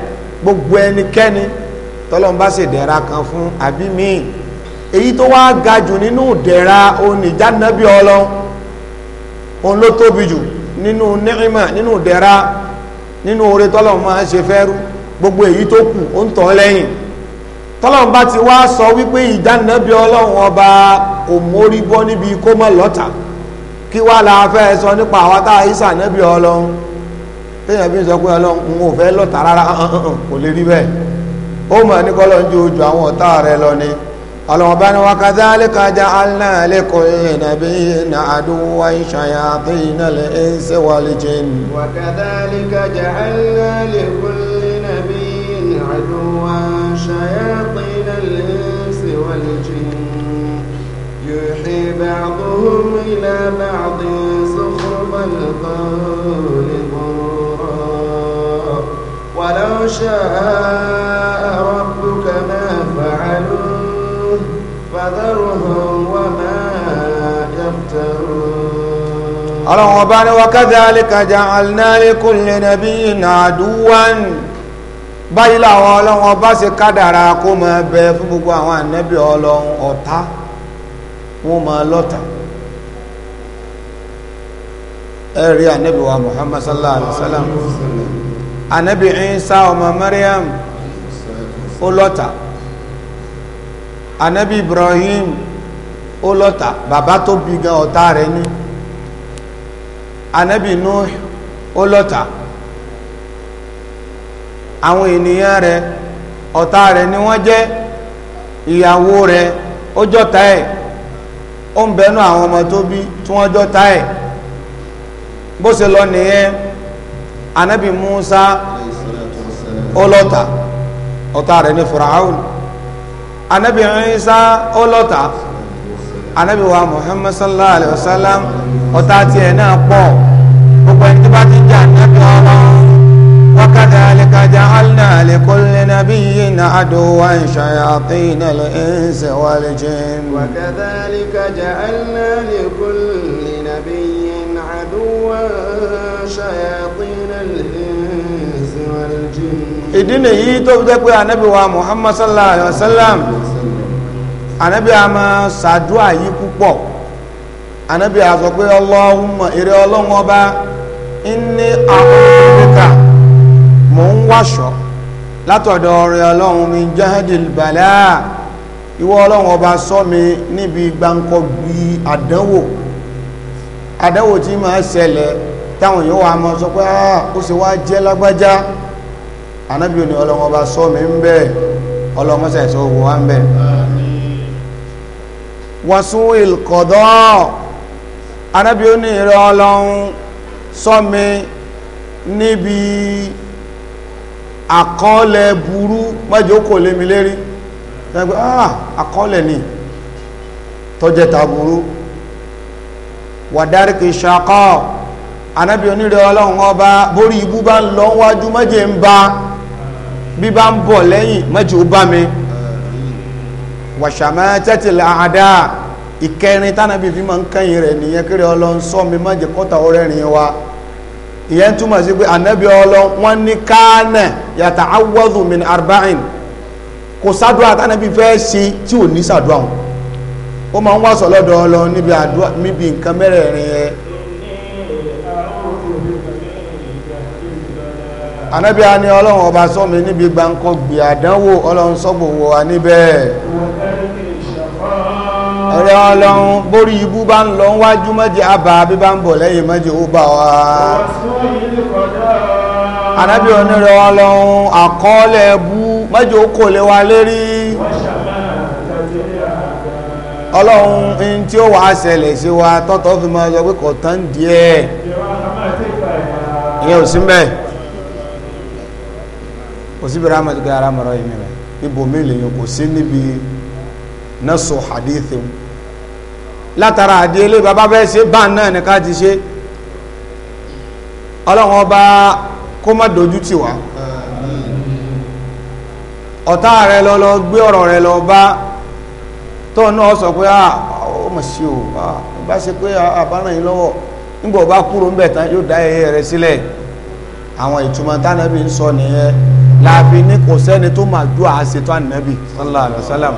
gbogbo ẹnikẹ́ni tọ́lọ́n bá ṣe dẹ̀ra kan fún àbí míì èyí tó wá ga jù nínú dẹ̀ra oníjànàbí ọlọ́run òun ló tóbi jù nínú nírìmà nínú dẹ̀ra nínú oore tọ́lọ́n máa ń ṣe fẹ́rú gbogbo èyí tó kù ó ń tọ́ lẹ́yìn tọ́lọ́n bá ti wá sọ wípé ìjànàbí ọlọ́run ọba kò mórí bọ́ níbi kó mọ̀ lọ́ta kí wá la fẹ́ sọ nípa àwọn tá àìsàn nábì ọlọ́run téèyàn fi ń sọ pé ọlọ́run òun ò fẹ́ lọ́ta rárá kò lè rí bẹ́ẹ̀ ó mọ̀ ní kọ́lọ̀ ń ju ojú àwọn ọ̀tá rẹ̀ lọ ni ọlọ́wọ́n bá ní wa kadhalika ja'alna likulli nabiyyin aduwwan shayatina al-insi wal jinni. wa kadhalika ja'alna likulli nabiyyin aduwwan shayatina al-insi wal jinni yuhi ba'duhum ila ba'din zukhrufal qawli ghurra walau sha'a فذرهم وما يفترون الله وبارك وكذلك جعلنا لكل نبي عدوا báyìí làwọn ọlọ́run ọba ṣe kádàrà kó mọ ẹbẹ fún gbogbo àwọn ànẹ́bí ọlọ́run ọ̀tá wọn mọ lọ́tà ẹ̀rí ànẹ́bí wa Muhammad sallallahu alaihi wasallam ànẹ́bí anabi ibrahim ó lọ́ta bàbá tó bí gan ọ̀tá rẹ̀ ní anabi nuh ó lọ́ta àwọn ènìyàn rẹ̀ ọ̀tá rẹ̀ ni wọ́n jẹ́ ìyàwó rẹ̀ ó jọ́ta ẹ̀ ó ń bẹnu àwọn ọmọ tó bí tí wọ́n jọ́ta ẹ̀ bó ṣe lọ nìyẹn anabi musa ó lọ́ta ọ̀tá rẹ̀ ní fúráhùn anabi Isa ọlọ́ta anabi wa Muhammad sallallahu alayhi wa sallam ọ̀tá tiẹ̀ náà pọ̀ gbogbo ẹni tó bá ti jà nábì ọlọ́run wa kadhalika ja'alna li kulli nabiyyin aduwwan shayatina al-insi wal jinn. wa kadhalika ja'alna li kulli nabiyyin aduwwan shayatina. ìdí nìyí tó fi jẹ́ pé ànábì wa muhammad sallallahu alayhi wa sallam ànábì a yìí púpọ̀ ànábì sọ pé ọlọ́run ọba inni àwọn bika ń wáṣọ látọ̀dọ̀ ọ̀rẹ́ ọlọ́run mi mi níbi bí àdánwò àdánwò tí ṣẹlẹ̀ táwọn yóò mọ́ sọ pé ah, ó sì wá anabi ò ní ọlọ́wọ́ bá sọ mi ń bẹ́ẹ̀ ọlọ́wọ́ sẹ̀ sọ òwò ń bẹ́ẹ̀. wọ́n sún ìkọ̀dọ́ anabi ò ìrẹ́ sọ mi níbi àkọọ́lẹ̀ burú kò lé mi lérí ẹgbẹ́ ah, àkọọ́lẹ̀ ni tọ́jẹta burú wàdárìkì ṣàkọ́ anábì onírẹ̀ ọlọ́run ọba borí ibú bá ń lọ wájú ń bí bá ń bọ̀ lẹ́yìn mẹ́jọ bá mi wàṣàmẹ́ tẹ́tì làádá ìkẹrin tánàbí fi máa ń kẹ́yìn rẹ̀ nìyẹn kéré ọlọ́run sọ mi má jẹ́ kọ́ta ọ̀rẹ́ rìn wa ìyẹn túmọ̀ sí pé ànábì ọlọ́run wọ́n ní káánà yàtà awọ́dù min arba'in kò sádùá tánàbí fẹ́ ṣe tí ò ní sádùá wọn ó máa ń wá sọ lọ́dọ̀ ọlọ́run níbi nǹkan mẹ́rẹ̀ẹ̀rin yẹn anábí a ní ọlọ́run ọba sọ́mi níbi gbáǹkọ́ gbì àdánwò ọlọ́run sọ́bò wọ wa níbẹ̀ ọlọ́run bórí ibú bá ń lọ wájú méje àbá bí bá ń bọ̀ lẹ́yìn méje ó bá wa anábí onírẹ̀ ọlọ́run àkọọ́lẹ̀ bú méje ó kò lé wa lérí ọlọ́run in tí ó ṣẹlẹ̀ sí wa tọ́tọ́ kò síbi rahmat gbé ara mọ̀rọ̀ yìí mìíràn ibòmí lèyìn kò sí níbi nọ́ọ̀sù hadithi látara àdíyelé bàbá bẹ́ẹ̀ ṣe bá náà ní ká ti ṣe ọlọ́run wá ọ̀tá rẹ lọ lọ gbé ọ̀rọ̀ rẹ lọ bá tó náà sọ pé ah, ó mọ̀ sí o bá ṣe pé àbáràn yìí lọ́wọ́ nígbà ọba kúrò ń bẹ̀ tán yóò dá ẹyẹ rẹ sílẹ̀ àwọn ìtumọ̀ tánàbí ń sọ nìyẹn láàfin ní kò sẹ́ni tó máa dúà àṣetò ànábì sallallahu alaihi wasallam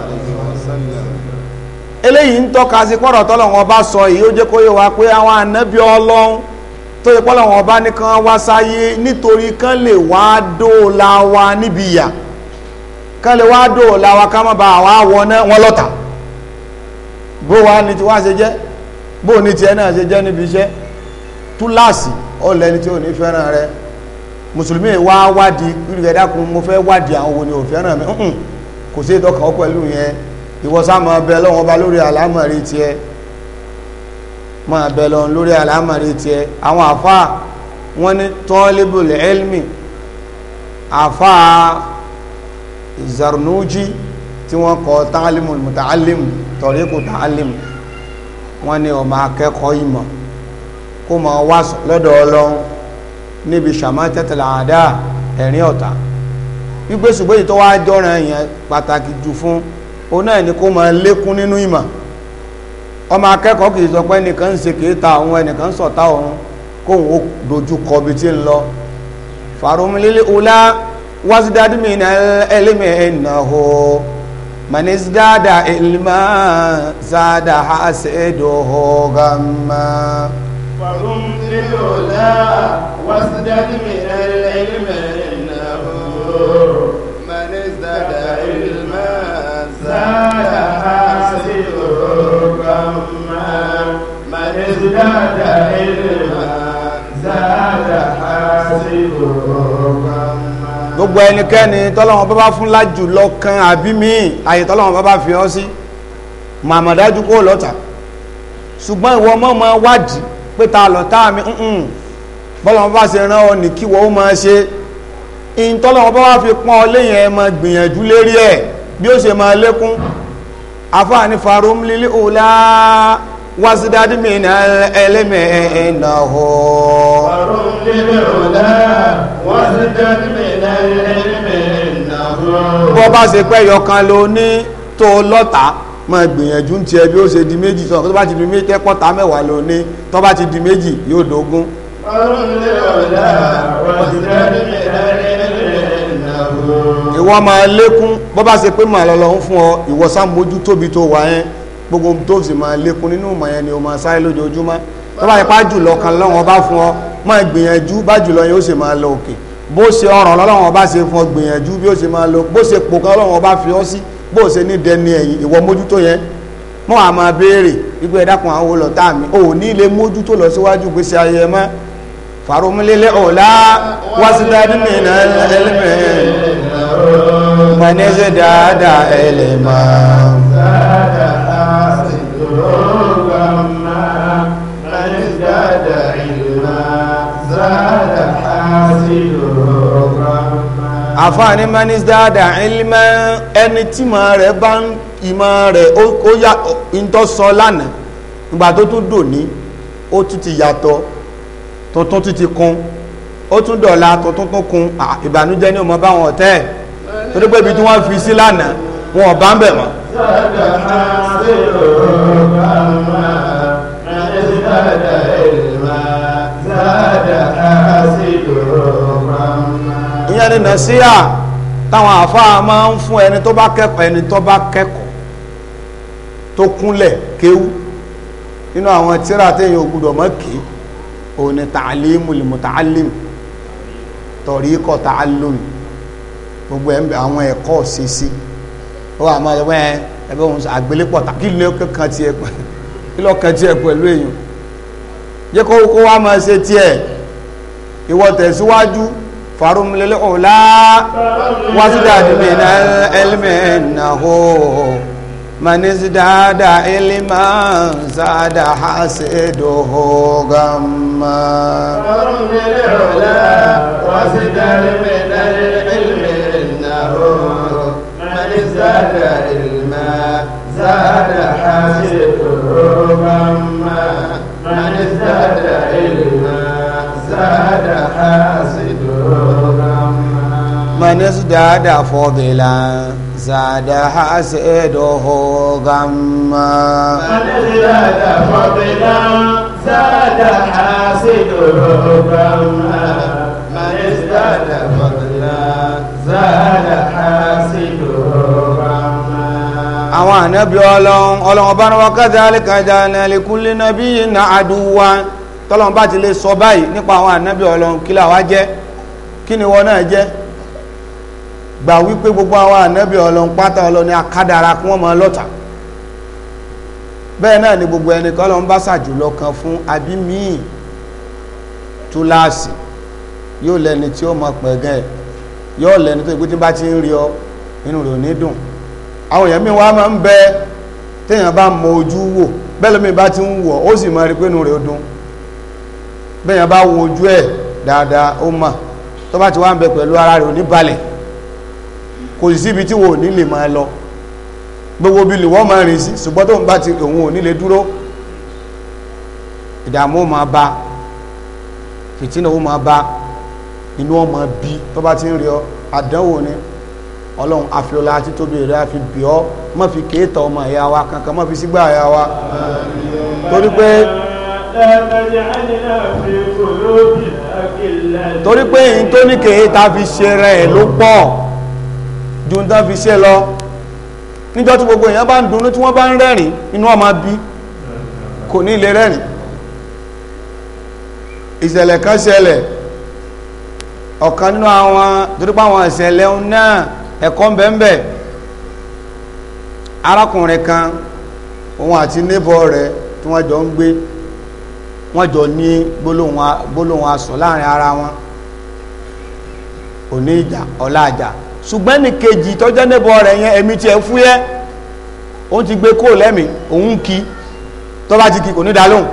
eléyìí ń tọ́ka sí pọ́rọ̀ tọ́lọ́wọ́n bá sọ yìí ó jẹ́ kó yẹ wa pé àwọn ànábì ọlọ́run tó yẹ bá nìkan wá sáyé nítorí kán lè wá dóòlà wa níbi ìyà kán lè wá wa ká má ba wọn lọ́ta bó wa ni ṣe jẹ́ bó ni tiẹ̀ náà ṣe jẹ́ níbi mùsùlùmí wá wádìí ìrẹ̀dàkùn mo fẹ́ wádìí àwọn wo ni ò fẹ́ràn mi kò sí ìtọ́kàn pẹ̀lú yẹn ìwọ sá máa bẹ lọ́wọ́ ọba lórí àlámọ̀rí tiẹ̀ máa bẹ lọ́wọ́ lórí àlámọ̀rí tiẹ̀ àwọn àfa wọn ní tọ́lébùl elmi àfa Zarnuji tí wọ́n kọ taalimul mutaalim tọ̀ríkù taalim wọ́n ní ọmọ akẹ́kọ̀ọ́ ìmọ̀ kó máa wá lọ́dọ̀ ọlọ́run níbi shamatatul aada ẹ̀rín ọ̀tá wípé ṣùgbọ́n èyí tó wá dọ́ran èèyàn pàtàkì jù fún òun náà ni kó máa lékún nínú ìmọ̀ ọmọ akẹ́kọ̀ọ́ kì í sọ pé ẹnìkan ń ṣe kéta òun ẹnìkan ń sọ̀tá òun kóun ó dojú kọ tí ń lọ farumlili ula wasidadi mi na elimi inahu manisdada ilma zada hasedoho gamma farumlili ula. وازدد من العلم إنه من ازدد علما زاد حاسبه كما من ازداد علما زاد حاسبه كما gbogbo ẹnikẹ́ni tọ́lọ́wọ́n bá fún lájù lọ́kàn àbí míì àyè tọ́lọ́wọ́n bá fi ọ́ sí màmàdájú kó lọ́ta ṣùgbọ́n ìwọ mọ́ mọ́ wádìí pé ta lọ́ta mi bọ́lọ́wọ́n bá ṣe rán ọ ní kí wọ́n máa ṣe ìntọ́lọ́wọ́n bá wá fi pọ́n ọ léyìn ẹ gbìyànjú lérí ẹ̀ bí ó ṣe máa lékún afáàní ní ẹlẹ́mẹ̀ ẹ̀nàhó farum wáṣídájú mi ní ẹlẹ́mẹ̀ ẹ̀nàhó bọ́ bá ṣe pẹ́ yọkan ló ní tó lọ́ta máa gbìyànjú ń tiẹ̀ bí ó ṣe di méjì sọ̀rọ̀ tó bá ti di méjì tẹ́pọ̀ta mẹ́wàá ló ní tó bá ti di méjì yóò dógún ìwọ máa lékún bọ́ bá ṣe pé màá lọ́lọ́ ń fún ọ ìwọ sá mójú tóbi tó wà yẹn gbogbo tó sì máa lékún nínú ìmọ̀ yẹn ni o máa sáré lójoojúmọ́ tó bá yẹn pa jùlọ kan lọ́wọ́ bá fún ọ máa gbìyànjú bá jùlọ yẹn ó sì máa lọ òkè bó ṣe ọ̀ràn lọ́wọ́ bá ṣe fún ọ gbìyànjú bí ó ṣe máa lọ bó ṣe pò kan lọ́wọ́ bá fi ọ sí bó ṣe ní dẹni ẹ̀yìn ìwọ mójú tó yẹn mọ́ àmọ́ béèrè wípé ẹ̀dákun àwọn olọ́tà mi ò ní ilé mójú tó lọ síwájú gbèsè ayẹyẹ mọ́ farumlili ọ̀la wasidadi nina ẹlẹmẹ manese dada ẹlẹmọ. àfààní manis dada ẹlẹmẹ ẹni tí màá rẹ bá ìmọ̀ rẹ̀ ó yà ń tọ́ sọ lánàá ìgbà tó tuntun ti ti kun ó tún dọ̀la tuntun tún kun ìbànújẹ́ ní ọmọ báwọn ọ̀tẹ́ torí pé ibi tí wọ́n fi sí lánàá wọn ò bá ń bẹ̀ mọ́. ìyẹn ni nàṣíà táwọn àáfàá máa ń fún ẹni tó bá kẹ́kọ̀ọ́ ẹni tó bá kẹ́kọ̀ọ́ tó kúnlẹ̀ kéwú nínú àwọn tíra téèyàn ò mọ́ kéwú òní tààlímù lìmùtàálìm tọ̀ríkọ̀ tààlùm gbogbo àwọn ẹ̀kọ́ sísí ó wà máa ẹgbẹ́ ẹgbẹ́ òun àgbélépọ̀ kí ló kàn tiẹ̀ kí ló kàn tiẹ̀ pẹ̀lú èèyàn jẹ́ kó kó wá máa ṣe tiẹ̀ ìwọ tẹ̀síwájú farumlẹ́lẹ́ ọ̀la wá sí mi náà ẹlẹ́mẹ̀ẹ́ náà hóò. من ازداد علما زاد حسده غما ورب العلا وازداد من العلم انه من ازداد علما زاد حسده غما من ازداد علما زاد حسده غما من ازداد فضلا زاد حسده غما من زاد فضلا زاد حاسده غما من ازداد فضلا زاد حاسده غما àwọn ànábì ọlọ́run ọlọ́run ọba ní wákàtí alikàjà nàlẹ́ kúlẹ̀ nàbí nà àdúwà tọ́lọ́run bá ti lè sọ báyìí nípa àwọn ànábì ọlọ́run kí làwa jẹ́ kí ni wọn náà jẹ́ gbà wípé gbogbo àwọn ànábì ọlọ́run pátá ọlọ́run ní akádàra kí wọ́n mọ lọ́tà bẹ́ẹ̀ náà ni gbogbo ẹni kọ́lọ́ ń bá sàjùlọ kan fún àbí míì túláàsì yóò lẹni tí ó mọ pẹ̀gẹ́ yóò lẹni tó ìpín tí bá ti ń rí ọ inú rẹ̀ ò ní dùn àwọn èèyàn mi wá máa ń bẹ téèyàn bá mọ ojú wò bẹ́ẹ̀ lómi bá ti ń wọ̀ ó sì mọ rí pé inú rẹ̀ ó dùn bẹ́ẹ̀yàn bá wo ojú ẹ̀ dáadáa ó mọ̀ tó bá ti wá ń bẹ pẹ̀lú ara rẹ̀ ò ní balẹ̀ kò sí ibi tí wò ní lè máa lọ gbogbo bí lè wọ́n máa rìn sí ṣùgbọ́n tó ń bá ti òun ò ní lè dúró ìdààmú máa bá fìtínà ó máa bá inú ọmọ bí tó bá ti ń rí ọ àdánwò ni ọlọ́run àfiọlá àti tóbi rẹ̀ àfi bì ọ́ má fi kéètọ̀ ọmọ ìyá wa kankan má fi sígbà ìyá wa torí pé torí pé èyí tó ní kéèta fi ṣe rẹ̀ ló pọ̀ ju ń tán lọ níjọ́ tí gbogbo èèyàn bá ń tí wọ́n bá ń rẹ́rìn inú ọmọ bí kò ní ilé rẹ̀rìn ìṣẹ̀lẹ̀ kan ṣẹlẹ̀ ọ̀kan nínú àwọn torípa àwọn ìṣẹ̀lẹ̀ náà ẹ̀kọ́ bẹ́ẹ̀ arákùnrin kan òun àti rẹ̀ tí wọ́n jọ ń gbé wọ́n jọ ní gbólóhùn asọ̀ láàrin ara wọn òní ìjà ṣùgbọ́n ní kejì tọ́jọ́ níbọ̀ rẹ̀ yẹn ẹ̀mí tiẹ̀ fúyẹ́ ó ti gbé kó lẹ́mí òun kí tó bá ti kí kò ní dá lóhùn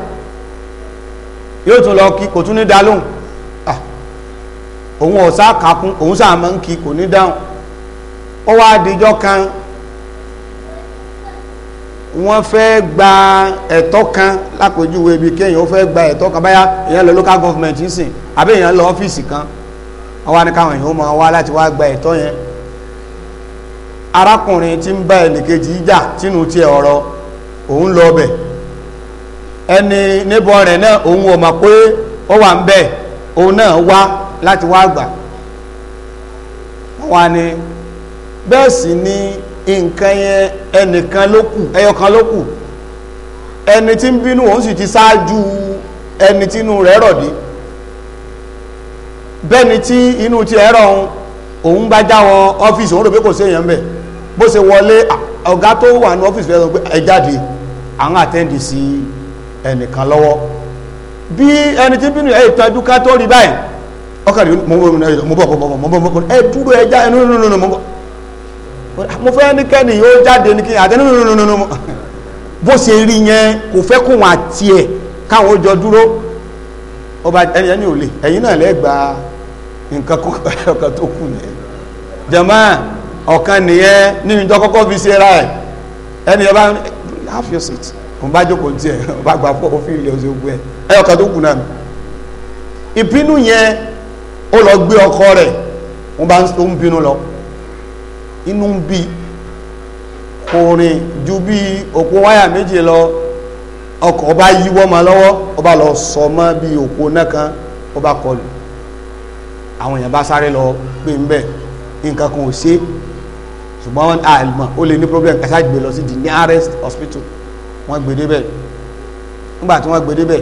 yóò tún lọ kí kò tún ní dá lóhùn ah, òun ọ̀sá kakún òun sáà máa ń kí kò ní dáhùn ó wá dijọ́ kan wọ́n fẹ́ gba ẹ̀tọ́ kan lápèjúwe ibi kéèyàn ó fẹ́ gba ẹ̀tọ́ kan báyá èèyàn lọ local government ń sìn àbí èèyàn lọ ọ́fíìsì kan àwọn anìkàwọn èèyàn máa wá láti wá gba ẹ̀tọ́ yẹn arákùnrin tí ń bá ẹnìkejì jà tínú ti ọrọ òun lọ bẹ ẹni níbọn rẹ náà òun ò pé ó wà ń bẹ òun náà wá láti wá gbà wá ní bẹ́ẹ̀ ni nǹkan yẹn ẹnìkan ló kù ẹyọkan ló kù ẹni tí ti ṣáájú ẹni rẹ bẹ́ẹ̀ni tí inú ti ẹ̀rọ òun òun bá já wọn ọ́fíìsì òun rò pé kò sí èèyàn bẹ̀ bó ṣe wọlé ọ̀gá tó wà ní ọ́fíìsì fẹ́ sọ pé ẹ jáde àwọn àtẹ́ǹdì sí ẹnìkan lọ́wọ́ bí ẹni tí bínú ẹ̀ tọ́jú ká tó rí báyìí ọkàrí mo bọ̀ bọ̀ bọ̀ bọ̀ ẹ dúró ẹ já ẹnu nínú nínú mo bọ̀ mo fẹ́ ní kẹ́ni yóò jáde ní kí àtẹ́nu nínú nínú bó ṣe rí yẹn kò fẹ́ kó wọn àti ẹ̀ káwọn jọ dúró ọba ẹni ẹni ò lè ẹ̀yin náà lẹ́gbàá nǹkan ọ̀kan tó kù ní jama ọ̀kan nìyẹn ní ìjọ kọ́kọ́ fi ṣe ra ẹ̀ ẹni ọba half your seat òun bá jókòó tiẹ̀ ọba gbà fọ́ òfin ilé ọ̀sẹ̀ ogun ẹ̀ ẹ̀ ọ̀kan tó kù náà nù ìbínú yẹn ó lọ gbé ọkọ rẹ̀ wọ́n bá ń bínú lọ inú ń bí kò ju bí òpó wáyà méje lọ ọkọ̀ ọba yíwọ́ ma lọ́wọ́ ọba lọ sọ mọ́ bí òpó náà kan ọba kọlù àwọn èèyàn bá sáré lọ pé ń bẹ̀ nǹkan kan ò ṣe ṣùgbọ́n àìmọ̀ ó lè ní problem kàṣà gbé lọ sí the nearest hospital wọ́n gbé débẹ̀ nígbà tí wọ́n gbé débẹ̀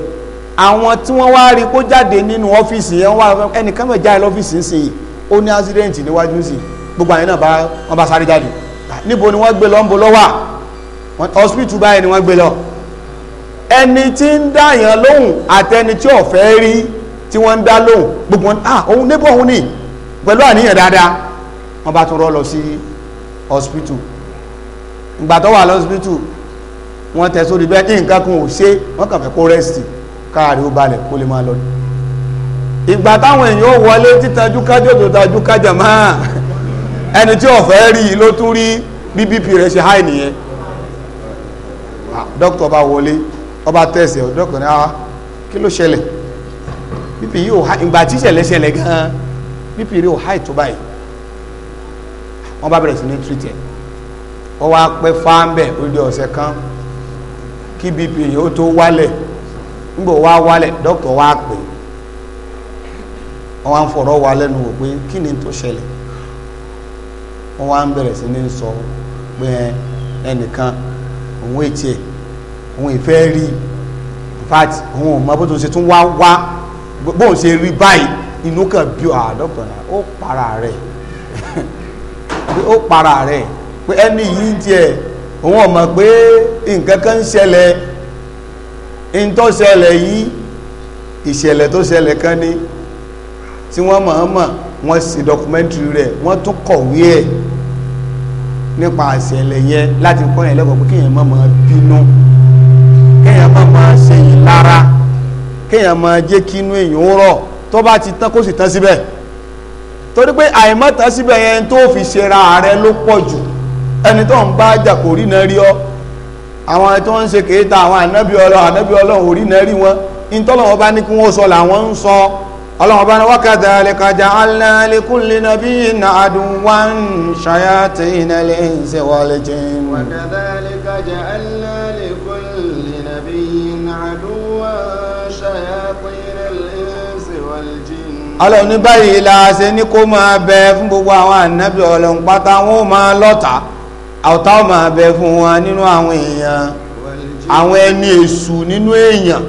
àwọn tí wọ́n wá rí kó jáde nínú ọ́fíìsì yẹn wá ẹnìkan mọ̀ jáde lọ́fíìsì ń sìn ó ní accident níwájú sí gbogbo àyẹ̀nà bá wọ́n bá sáré jáde níbo ni wọ́n gbé lọ ń bo lọ́wà hospital báyìí ni wọ́n gbé lọ ẹni tí ń dáyàn lóhùn àtẹni tí ò fẹ́ rí tí wọ́n ń dá lóhùn gbogbo ah òun débò òun ni pẹ̀lú àníyàn dáadáa wọ́n bá tún rọ́ lọ sí hospital ìgbà tó wà lọ́sibítù wọ́n tẹ̀ sórí bẹ́ẹ̀ ní nǹkan kan ò ṣe wọ́n kàn fẹ́ kó rẹ́sìtì káàrí ó balẹ̀ kó lè máa lọ ìgbà táwọn èèyàn ó wọlé títajú kájọ tó tajú kájà máa ẹni tí ọ̀fẹ́ rí ló tún rí bí bp ṣe háì nìyẹn dókítà ọba wọlé ọba tẹ̀sẹ̀ ọ̀dọ́kùnrin ah kí ló ṣẹlẹ̀ bp e yìí ò ha ìgbà tí ìṣẹ̀lẹ̀ ṣẹlẹ̀ gan-an bp e rẹ̀ ò ha ìtò báyìí wọ́n bá bẹ̀rẹ̀ sí ní treat ẹ̀ wọ́n wá pẹ́ fáńbẹ̀ orí ọ̀sẹ̀ kan kí bp yìí ó tó wálẹ̀ nígbà wá wálẹ̀ dókítà wá pè wọ́n wá ń fọ̀rọ̀ wá lẹ́nu wò pé kí ni tó ṣẹlẹ̀ wọ́n wá ń bẹ̀rẹ̀ sí ní sọ pé ẹnìkan òun ètì ẹ̀ òun ìfẹ́ rí in fact òun ò mọ bó tó ṣe tún wá wá bóun ṣe rí báyìí inú kan bí ọ àdọ́kọ̀ náà ó para rẹ̀ ó para rẹ̀ pé ẹni yìí ń tiẹ̀ òun ọ̀mọ̀ pé nǹkan kan ń ṣẹlẹ̀ ń tó ṣẹlẹ̀ yìí ìṣẹ̀lẹ̀ tó ṣẹlẹ̀ kan ní tí wọ́n mọ̀ ọ́n mọ̀ wọ́n sì dọkumẹ́ntìrì rẹ̀ wọ́n tún kọ̀wé ẹ̀ nípa ìṣẹ̀lẹ̀ yẹn láti kọ́ yẹn lẹ́kọ̀ọ́ pé kéèyàn má máa bínú kéèyàn má máa ṣe lára kéèyàn máa jẹ́ kí inú èèyàn rọ̀ tó bá ti tán kó sì tán síbẹ̀ torí pé àìmọ́tán síbẹ̀ yẹn tó fi ṣera rẹ ló pọ̀ jù ẹni tó ń bá jà kò rí náà rí ọ àwọn tó ń ṣe kéèta àwọn ànábì ọlọ́run ànábì ọlọ́run ò rí náà rí wọn ìtọ́lọ́wọ́ bá ní kí wọ́n sọ làwọn ń sọ ọlọ́wọ́ bá ní wa kadhalika ja'alna li kulli nabiyyin aduwwan shayatina al-insi wal jinn wa kadhalika ja'alna ọlọ́run ní báyìí la ṣe ní kó máa bẹ fún gbogbo àwọn ànábì ọlọ́run pátá wọn ó máa lọ́ta ọ̀tá ó máa bẹ fún wọn nínú àwọn èèyàn àwọn ẹni èṣù nínú èèyàn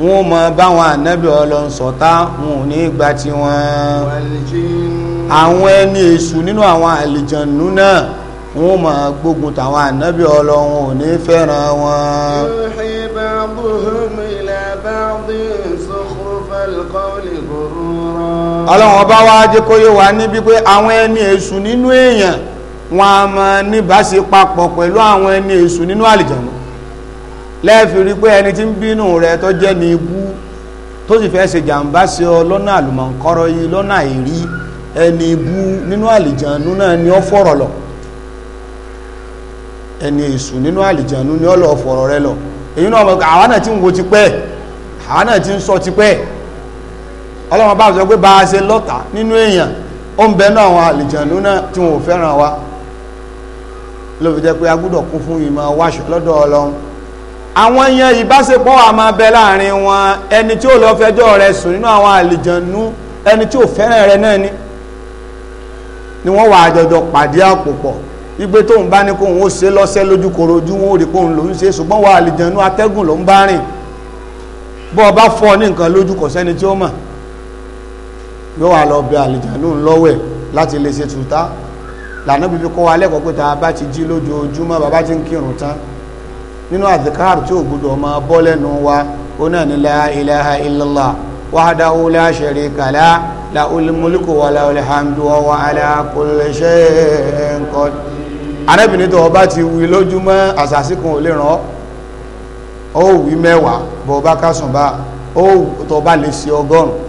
wọn ó máa bá àwọn ànábì ọlọ́run ṣọ̀tá wọn ò ní gba ti àwọn ẹni èṣù nínú àwọn àlìjànú náà wọn ó máa gbógun tàwọn ànábì ọlọ́run ò ní fẹ́ràn wọn. ọlọ́run ọba wa jẹ́ kó níbi pé àwọn ẹni èṣù nínú èèyàn wọn a mọ níbàṣe papọ̀ pẹ̀lú àwọn ẹni èṣù nínú àlìjàmú lẹ́ẹ̀fì rí pé ẹni tí ń bínú rẹ tó jẹ́ ní ibú tó sì fẹ́ ọ lọ́nà àlùmọ̀ǹkọ́rọ̀ yìí lọ́nà àìrí ẹni ibú nínú náà ni ọ fọ̀rọ̀ lọ ẹni èṣù nínú ni ọ lọ fọ̀rọ̀ rẹ lọ èyí náà náà ti ń wo tipẹ́ náà ti ń sọ tipẹ́ ọlọ́run bá sọ pé bá a ṣe lọ́ta nínú èèyàn ó ń bẹnu àwọn àlìjànú náà tí wọn ò fẹ́ràn wa ló fi jẹ́ pé a gbọ́dọ̀ kún fún ìmọ̀ wáṣọ lọ́dọ̀ ọlọ́run àwọn yẹn ìbáṣepọ̀ wa máa bẹ láàrin wọn ẹni tí ó lọ fẹjọ́ rẹ̀ sùn nínú àwọn àlìjànú ẹni tí ò fẹ́ràn rẹ̀ náà ni ni wọ́n wà àjọjọ pàdé àpòpọ̀ wípé tóun bá ní kóun ó ṣe lọ́sẹ̀ lójú korojú wọn ò rí kóun lòún ṣe ṣùgbọ́n wà àlìjànú atẹ́gùn ló ń bá rìn bọ́ ọ bá ní nǹkan lójú kò sẹ́ni tí ó mọ̀ yóò wà lọ bẹ àlìjànú lọ́wẹ̀ láti lè ṣe tùtá lànà bíbí kọ́ wa lẹ́kọ̀ọ́ pé tá bá ti jí lójoojúmọ́ bàbá ti ń kírun tán nínú àdìkáàrù tí ò gbọdọ̀ máa bọ́ lẹ́nu wa ó náà ní la ilaha illallah wahdahu la sharika lah lahul mulku wa lahul hamdu wa huwa ala kulli shay'in qadir arábìnrin tó ọba ti wí lójúmọ́ àsàsí ò lè ràn ó wí mẹ́wàá bọ̀ ọba kásùn ó tọba lè ṣe ọgọ́rùn-ún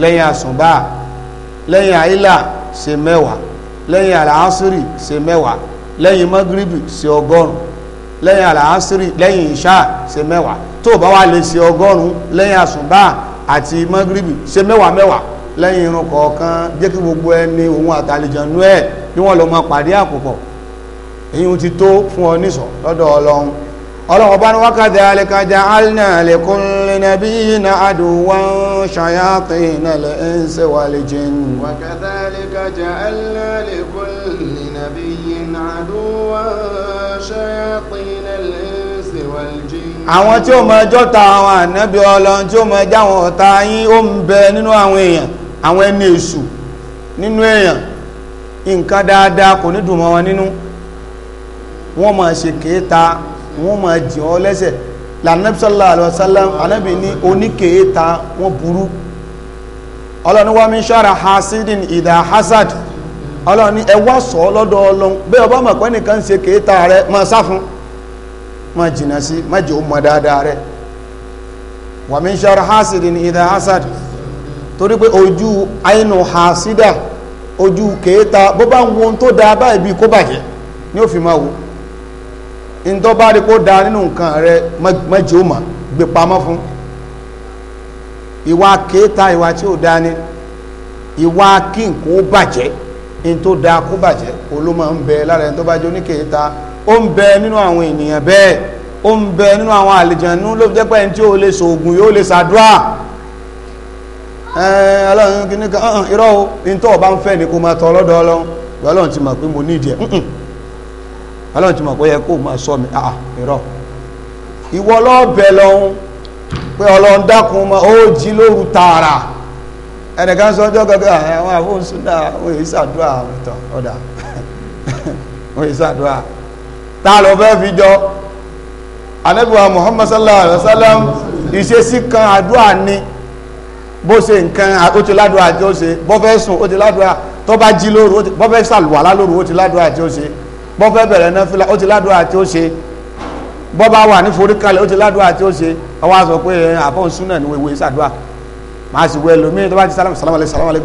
lẹ́yìn àsùnbà lẹ́yìn àìlà ṣe mẹ́wàá lẹ́yìn àlàásírì ṣe mẹ́wàá lẹ́yìn mọ́gíríbì ṣe ọgọ́rùn lẹ́yìn àlàásírì lẹ́yìn ìṣá ṣe mẹ́wàá tó bá wà lè ṣe ọgọ́rùn lẹ́yìn àsùnbà àti mọ́gíríbì ṣe mẹ́wàá mẹ́wàá lẹ́yìn irun kọ̀ọ̀kan jẹ́ kí gbogbo ẹni òun àtàlejànú ẹ̀ bí wọ́n lọ máa pàdé àkùkọ èyí ti tó fún ọ níṣọ̀ lọ́dọ̀ ọlọ́run ọlọ́wọ́ bá ní wa kadhalika ja'alna likulli nabiyyin aduwwan shayatinal insi wal jinn. wa kadhalika ja'alna likulli nabiyyin aduwwan shayatinal insi wal jinn. àwọn tí ó mọ ẹjọ́ ta àwọn ànábì ọlọ́run tí ó mọ ẹjọ́ àwọn ọ̀tá yín ó ń bẹ nínú àwọn èèyàn àwọn ẹni èṣù nínú èèyàn nǹkan dáadáa kò ní dùn wọn nínú wọ́n máa ṣe kéèta wọ́n ma jì ọ́ lẹ́sẹ̀ lànàbí sallallahu alaihi ni ní oníkèéta wọ́n burú ọlọ́ni wa mi hasidin ìdá hasad ọlọ́ni ẹ wá sọ lọ́dọ̀ ọlọ́n bí ọba mọ̀ pé nìkan ṣe kèéta rẹ máa sá fún máa sí má jẹ́ ó dáadáa rẹ mi hasidin ìdá hasad torí pé ojú àìnù hasida ojú kèéta bó bá ń wo ohun tó dáa báyìí bí kó bàjẹ́ ni ó fi ma ntọ́ bá rí kó da nínú nǹkan rẹ mẹ́jọ mà gbé pamọ́ fún ìwà kéta ìwà tí ò da ni ìwà kí nǹkan ó bàjẹ́ ntọ́ da kó bàjẹ́ olóma ń bẹ lára ntọ́ bá jẹ́ oníkèéta ó ń bẹ nínú àwọn ènìyàn bẹ́ẹ̀ ó ń bẹ nínú àwọn àlejànú ló jẹ́ pé ẹni ó lè ṣoògùn yóò lè ṣàdúrà ọlọ́run kìíní kan irọ́ o ntọ́ ọba ń fẹ́ ni kó máa tọ́ ọlọ́dọ̀ ọlọ́run ìwà ọlọ́run ti mọ̀ pé mo ní ìdí ẹ̀ ọlọ́run ti mọ̀ pé yẹ kó o máa sọ mi àà ah, ah, irọ́ ìwọ ọlọ́ọ̀bẹ lọ́hún pé ọlọ́run dákun mọ́ ó jí lóru tààrà ẹnìkan sọ ọjọ́ gẹ́gẹ́ ah, àwọn àfọ̀nsúnà àwọn èyí ṣàdúrà àwọn ìtàn ọ̀dà àwọn èyí tá a lọ fẹ́ fi jọ anabiwa muhammad sallallahu alaihi wasallam ìṣesí kan àdúrà ni bó ṣe nǹkan ó ti ládùúrà tí ó ṣe bó fẹ́ sùn ó ti ládùúrà tó bá jí lóru bó fẹ́ ṣàlùwàlá lóru ó ti ládùúrà tí ó ṣe bọ́ fẹ́ bẹ̀rẹ̀ náà fìlà ó ti ládùúrà tí ó ṣe bọ́ bá wà ní ó ti ládùúrà tí ó ṣe ọwọ́ àṣọ pé ẹ̀ àbọ̀n súnà ní wíwí sàdúrà màá sì wọ ẹlòmíì tó bá ti sálámù sálámù alẹ́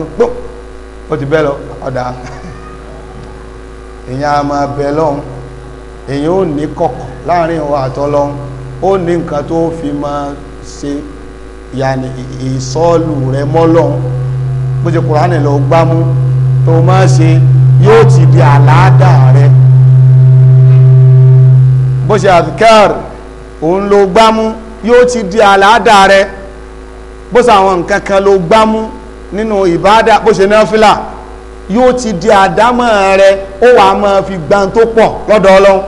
ti bẹ́ẹ̀ lọ ọ̀dà èèyàn á máa lọ́hùn èèyàn ó ní kọ̀kọ̀ láàrin ó ní nǹkan tó fi máa ṣe yàní ìsọ́ọ̀lù di rẹ bó ṣe àdìkẹ́rì òun ló gbámú yóò ti di àlàáda rẹ bó ṣe àwọn nǹkan kan ló gbámú nínú ìbáàdà bó ṣe yóò ti di àdámọ̀ rẹ ó wà á máa fi gbàn tó pọ̀ lọ́dọ̀ ọlọ́run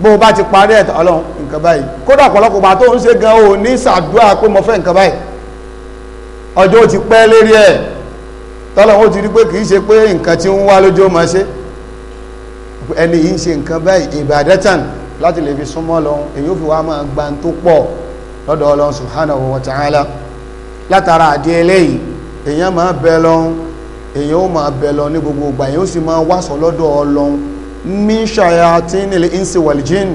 bó o bá ti parí ẹ̀ ọlọ́run nǹkan báyìí kódà ọ̀pọ̀lọpọ̀ bá tó ń ṣe gan o ní sàdúrà pé mo fẹ́ nǹkan báyìí ọjọ́ ti pẹ́ lérí ẹ̀ tọ́lọ́run ó ti rí pé kì í ṣe pé nǹkan ẹni yìí ń ṣe nǹkan báyìí ìbàdẹ́tàn láti lè fi súnmọ́ lọ́hún èyí ò fi wá máa gba tó pọ̀ lọ́dọ̀ ọlọ́run subhanahu wa ta'ala látara àdí eléyìí èyàn máa bẹ ó máa bẹ lọ ní gbogbo ìgbà èyàn sì máa wàsọ̀ lọ́dọ̀ ọlọ́run min shayatinil insi wal jinn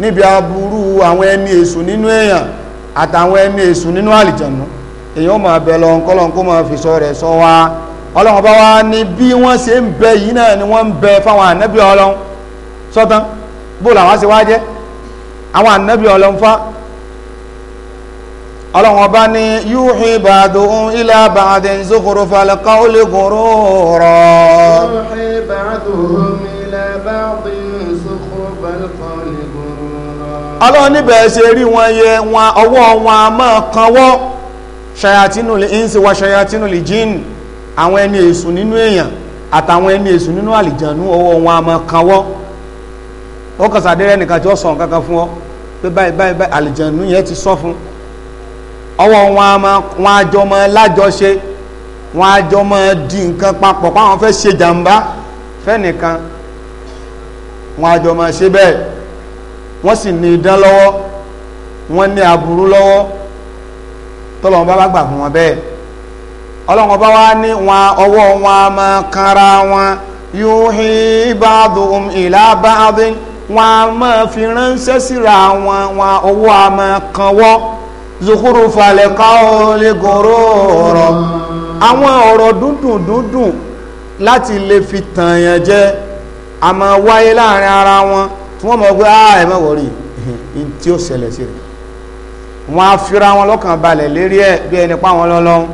níbi aburú àwọn ẹni èṣù nínú èèyàn àtàwọn ẹni èṣù nínú ó máa bẹ ọlọ́run bá wá ní bí wọ́n ṣe ń bẹ yìí náà ni wọ́n ń bẹ fáwọn ànábì ọlọ́run sọ́tán bó làwọn ṣe wá jẹ́ àwọn ànábì ọlọ́run fá ọlọ́run ọba ní yúhì ba'duhum ila ba'din zukhrufal qawli ghurura. yúhì ba'duhum ila ba'din zukhrufal qawli ọlọ́run níbẹ̀ ṣe rí wọn yẹ ọwọ́ wọn a máa kanwọ́ ṣayatinul insi wa ṣayatinul jinn àwọn ẹni èṣù nínú èèyàn àtàwọn ẹni èṣù nínú àlìjànú ọwọ́ wọn a máa kanwọ́ ó kàn sàdéré ẹnìkan tí ó sọ nǹkan fún ọ pé báyìí báyìí báyìí àlìjànú yẹn ti sọ fún ọwọ́ wọn a máa wọn àjọ máa lájọṣe wọn àjọ máa di nǹkan papọ̀ páwọn fẹ́ ṣe jàǹbá fẹ́nìkan wọn àjọ máa ṣe bẹ́ẹ̀ wọ́n sì ní idán lọ́wọ́ wọ́n ní aburú lọ́wọ́ tọ́lọ́wọ́n bá bá gbà fún wọn bẹ́ẹ̀ ọlọ́run ọba wa ní wọn ọwọ́ wọn a máa kanra wọn yuhi ba'duhum ila ba'din wọn a máa fi ránṣẹ́ síra wọn wọn ọwọ́ a máa kanwọ́ zukhrufal qawli gurura àwọn ọ̀rọ̀ dúndùn dúndùn láti lè fi tàyàn jẹ àmọ́ wáyé láàrin ara wọn tí wọ́n mọ̀ pé ah ẹ̀ mọ̀ wọ̀rí tí ó ṣẹlẹ̀ sí rẹ̀ wọ́n á fira wọn lọ́kàn balẹ̀ lérí ẹ̀ bí ẹni pa wọn lọ́lọ́run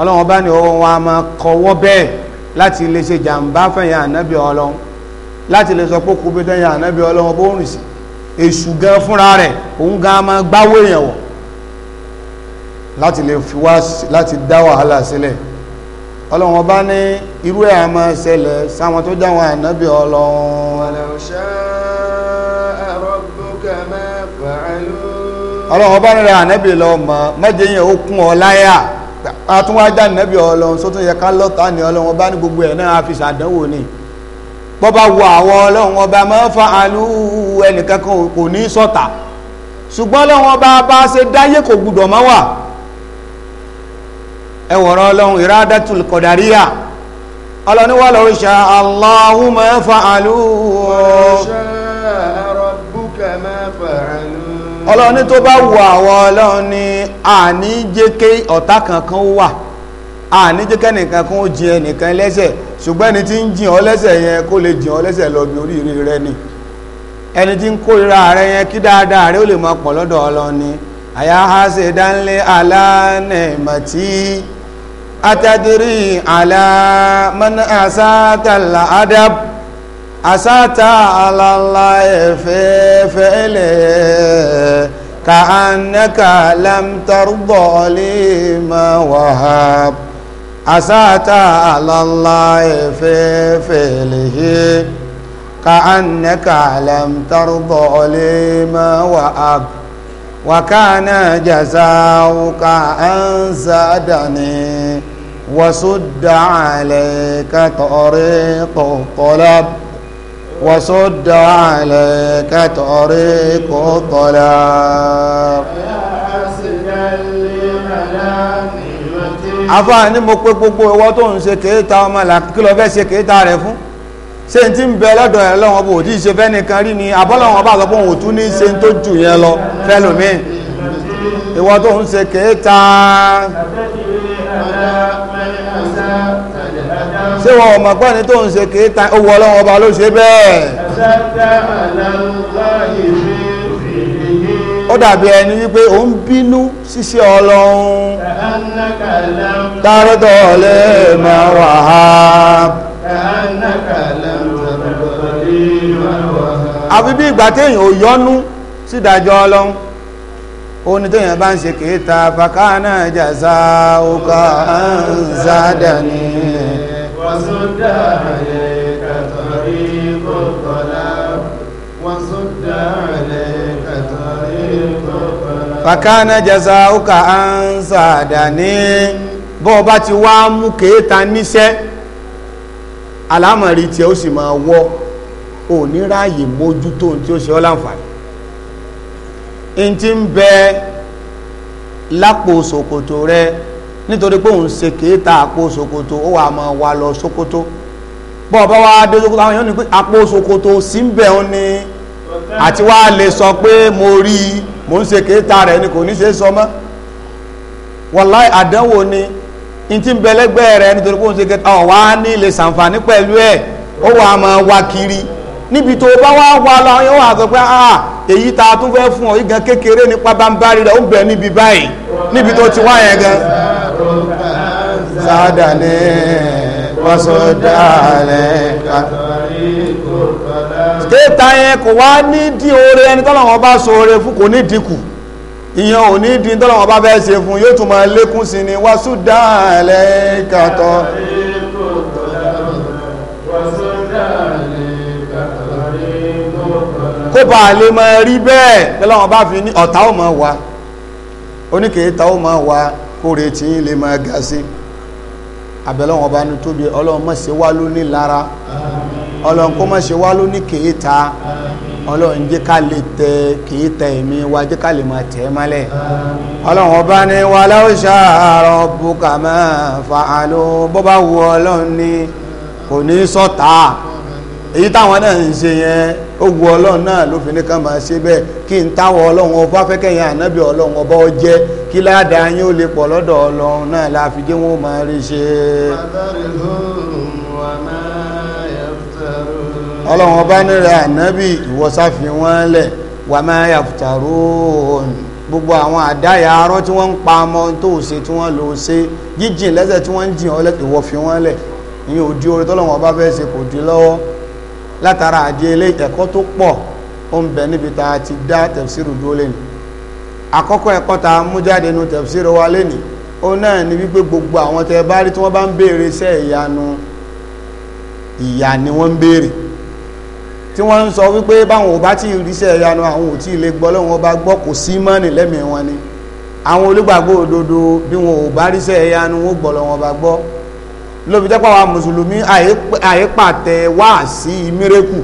ọlọ́run ọba ní ọwọ́ wọn a máa kọwọ́ bẹ́ẹ̀ láti lè ṣe jàǹbá fẹ̀yìn ànábì ọlọ́run láti lè sọ pé kò bí dẹ́yìn ànábì ọlọ́run bó rìn sí èṣù gan fúnra rẹ̀ òun gan máa gbáwó èèyàn wọ̀ láti lè fi wá láti dá wàhálà sílẹ̀ ọlọ́run ọba ní irú ẹ̀ a máa ṣẹlẹ̀ sáwọn tó dáwọn ànábì ọlọ́run. walau sha'a rabbuka ma ànábì lọ́ọ́ mọ̀ mọ́jẹ́yìn ó kún láyà àtúnwájá nẹ́bí ọlọ́run sótún yẹ ká lọ́ta ní ọlọ́run ọba ní gbogbo ẹ̀ náà a fi ṣàdánwò ni bọ́bá wo àwọn ọlọ́run ọba máa ń fa àlú ẹnìkan kò ní sọ̀tà ṣùgbọ́n ọlọ́run ọba bá ṣe dáyé kò gbúdọ̀ má wà ẹ wọ̀rọ̀ ọlọ́run ìrádàtul kọ̀dáríyà ọlọ́run wà lọ́rùn ṣe Allahu máa fa àlú ọ̀ṣẹ́ ọlọ́run ní tó bá wù àwọn ọlọ́run ní àní jẹ́kẹ́ ọ̀tá kankan wà àní jẹ́kẹ́ nìkan kan ó jìn ẹnìkan lẹ́sẹ̀ ṣùgbọ́n ẹni tí ń jìn ọ lẹ́sẹ̀ yẹn kó lè jìn ọ lẹ́sẹ̀ lọ bí oríire rẹ ni ẹni tí ń kórira rẹ yẹn kí dáadáa rẹ ó lè máa pọ̀ lọ́dọ̀ ọlọ́run ní àyà ha ṣe dánlé alánẹ̀mọ̀tì atadiri alámọ́nà àṣà tàlà ádàbù أساتا على الله في فعله كأنك لم ترضى لي ما وهب أساتا على الله في فعله كأنك لم ترضى لي ما وهب وكان جزاؤك أن زادني وسد عليك طريق الطلب وصد عليك طريق الضلال àfáà ní mo pé gbogbo ìwọ tó ń ṣe kéèta ọmọ làkì kí ló fẹ́ ṣe kéèta rẹ̀ fún ṣé n ti ń bẹ lọ́dọ̀ ẹ̀ lọ́wọ́ bò tí ì ṣe fẹ́nìkan rí ni àbọ́lọ́wọ́ bá sọ fún òun tún ní ṣe tó jù yẹn lọ fẹ́lòmíì ìwọ tó ń ṣe ṣé wọn ọmọ pẹ́ ní tó ń ṣe kìí ta owó ọlọ́wọ́ ọba ló ṣe bẹ́ẹ̀ ó dàbí ẹni wípé ó ń bínú ṣíṣe ọlọ́run tààrọ́tọ̀ lè máa wà á àfi bí ìgbà téèyàn ò yọnu sídàjọ́ ọlọ́run ó ní tóyàn bá ń ṣe kéta fàkánà jàzá òkà ń zádà وسد عليك طريق الظلام وسد عليك طريق الظلام فكان جزاؤك أن سعدني bó o bá ti wá mú kéèta níṣẹ́ alámọ̀rí tí ó sì máa wọ́ ò ní mójútó tí ó ṣe ọ́ láǹfààní n ti ń bẹ lápò ṣòkòtò rẹ nítorí pé òun ṣe kìí ta àpò ṣòkòtò ó wà máa wà lọ ṣòkòtò bọ́ ọba wa dé ṣòkòtò àwọn èèyàn ní pé àpò ṣòkòtò sí ń bẹ̀ òun ni àti wá lè sọ pé mo rí i mo ń ṣe kìí ta rẹ̀ ni kò ní ṣe é sọ mọ́ wàláì àdánwò ni n ti bẹ lẹ́gbẹ́ rẹ̀ nítorí pé òun ṣe kìí ta ọ̀wá ní lè ṣàǹfààní pẹ̀lú ẹ̀ ó wà máa wá kiri níbi tó bá wá wà lọ àwọn èèyàn wà sọ pé ah èyí tá a tún fẹ́ fún ọ igan kékeré nípa bá ń bá rí rẹ̀ ó ń bẹ níbi báyìí níbi tó ti wá yẹn gan. سعدني وصد عليك déta yẹn kò wá ní dí oore ẹni tọ́lọ̀wọ́n bá so oore fún kò ní dínkù ìyẹn ò ní dín tọ́lọ̀wọ́n bá fẹ́ ṣe fún yóò tún máa lékún sí ni wàsúdà lẹ́kàtọ́ kó bá lè máa rí bẹ́ẹ̀ tọ́lọ̀wọ́n bá fi ní ọ̀tá ò máa wá oníkèé ta ò máa wá kóre tí yín lè ma ga sí abẹ́lọ́wọ̀n ọba ní tóbi ọlọ́run má ṣe wá lóní lára ọlọ́run kó má ṣe wá kèéta ọlọ́run tẹ kèéta ma fa'alu bó bá wù ọlọ́run ní kò ní sọ́ta èyí táwọn náà ń ṣe yẹn ó wù ọlọ́run náà ló fi ní ká máa ṣe bẹ́ẹ̀ kí n táwọn ọlọ́run ọba ànábì ọlọ́run ọba kí ládàá yín ó lè pọ̀ lọ́dọ̀ ọlọ́run náà láfi dé wọn ó máa rí ṣe ọlọ́run ọba nírẹ̀ ànábì ìwọ́sáfi wọ́n lẹ̀ wà máa yàfùtàrò gbogbo àwọn àdáyà arọ́ tí wọ́n ń pa ọmọ tó ṣe tí wọ́n lò ṣe jíjìn lẹ́sẹ̀ tí wọ́n ń jìn ọlẹ́ fi wọ́n lẹ̀ ìyẹn ò orí tọ́lọ́run ọba fẹ́ ṣe kò di lọ́wọ́ látara àdí ilé ẹ̀kọ́ tó pọ̀ ó ń bẹ níbi tá ti dá tẹ̀síìrù lẹ́nu àkọ́kọ́ ẹ̀kọ́ ta mú jáde nu tafsir wa lẹ́ni ó náà ni wípé gbogbo àwọn tẹ bá rí tí wọ́n bá ń béèrè iṣẹ́ ìyanu ìyà ni wọ́n ń béèrè tí wọ́n ń sọ wípé báwọn ò bá tí ì ríṣẹ́ ìyanu àwọn ò tí ì lè gbọ́ lọ́wọ́ wọn bá gbọ́ kò sí mọ́nì lẹ́mìí wọn ni àwọn olùgbàgbọ́ òdodo bí wọn ò bá ríṣẹ́ ìyanu wọn gbọ́ lọ́wọ́ bá gbọ́ lóbi jẹ́ pàwọn mùsùlùmí àyípàtẹ wá sí mírèkù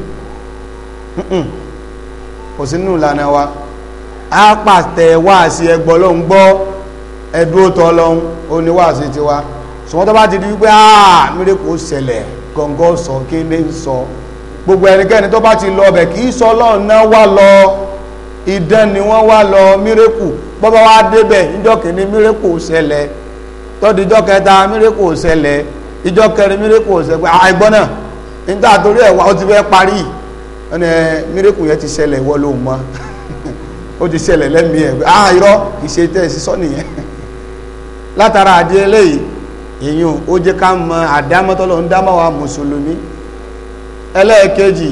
kò sínú ìlànà wa. Mm -mm. á pàtẹ wáàsí ẹgbọ ló ń gbọ́ ẹdúró tọ́ lọ́hún oníwáàsí tiwa ṣùgbọ́n tó bá ti di wípé áà mírè kò ṣẹlẹ̀ sọ kí ń sọ gbogbo ẹnikẹ́ni tó bá ti lọ ọbẹ̀ kì í sọ náà wà lọ ni wọ́n lọ bọ́bá débẹ̀ kìíní ṣẹlẹ̀ kẹta ṣẹlẹ̀ ìjọ kẹrin àìgbọ́n náà nígbà torí ẹ̀ wá ó ti ó ti ṣẹlẹ̀ mi ẹ̀ pé ah irọ́ ìṣe tẹ́ ẹ sísọ nìyẹn látara àdé eléyìí èyàn ó jẹ́ ká mọ àdámọ́tọ́lọ́ ń dámọ́ wa mùsùlùmí ẹlẹ́ẹ̀kejì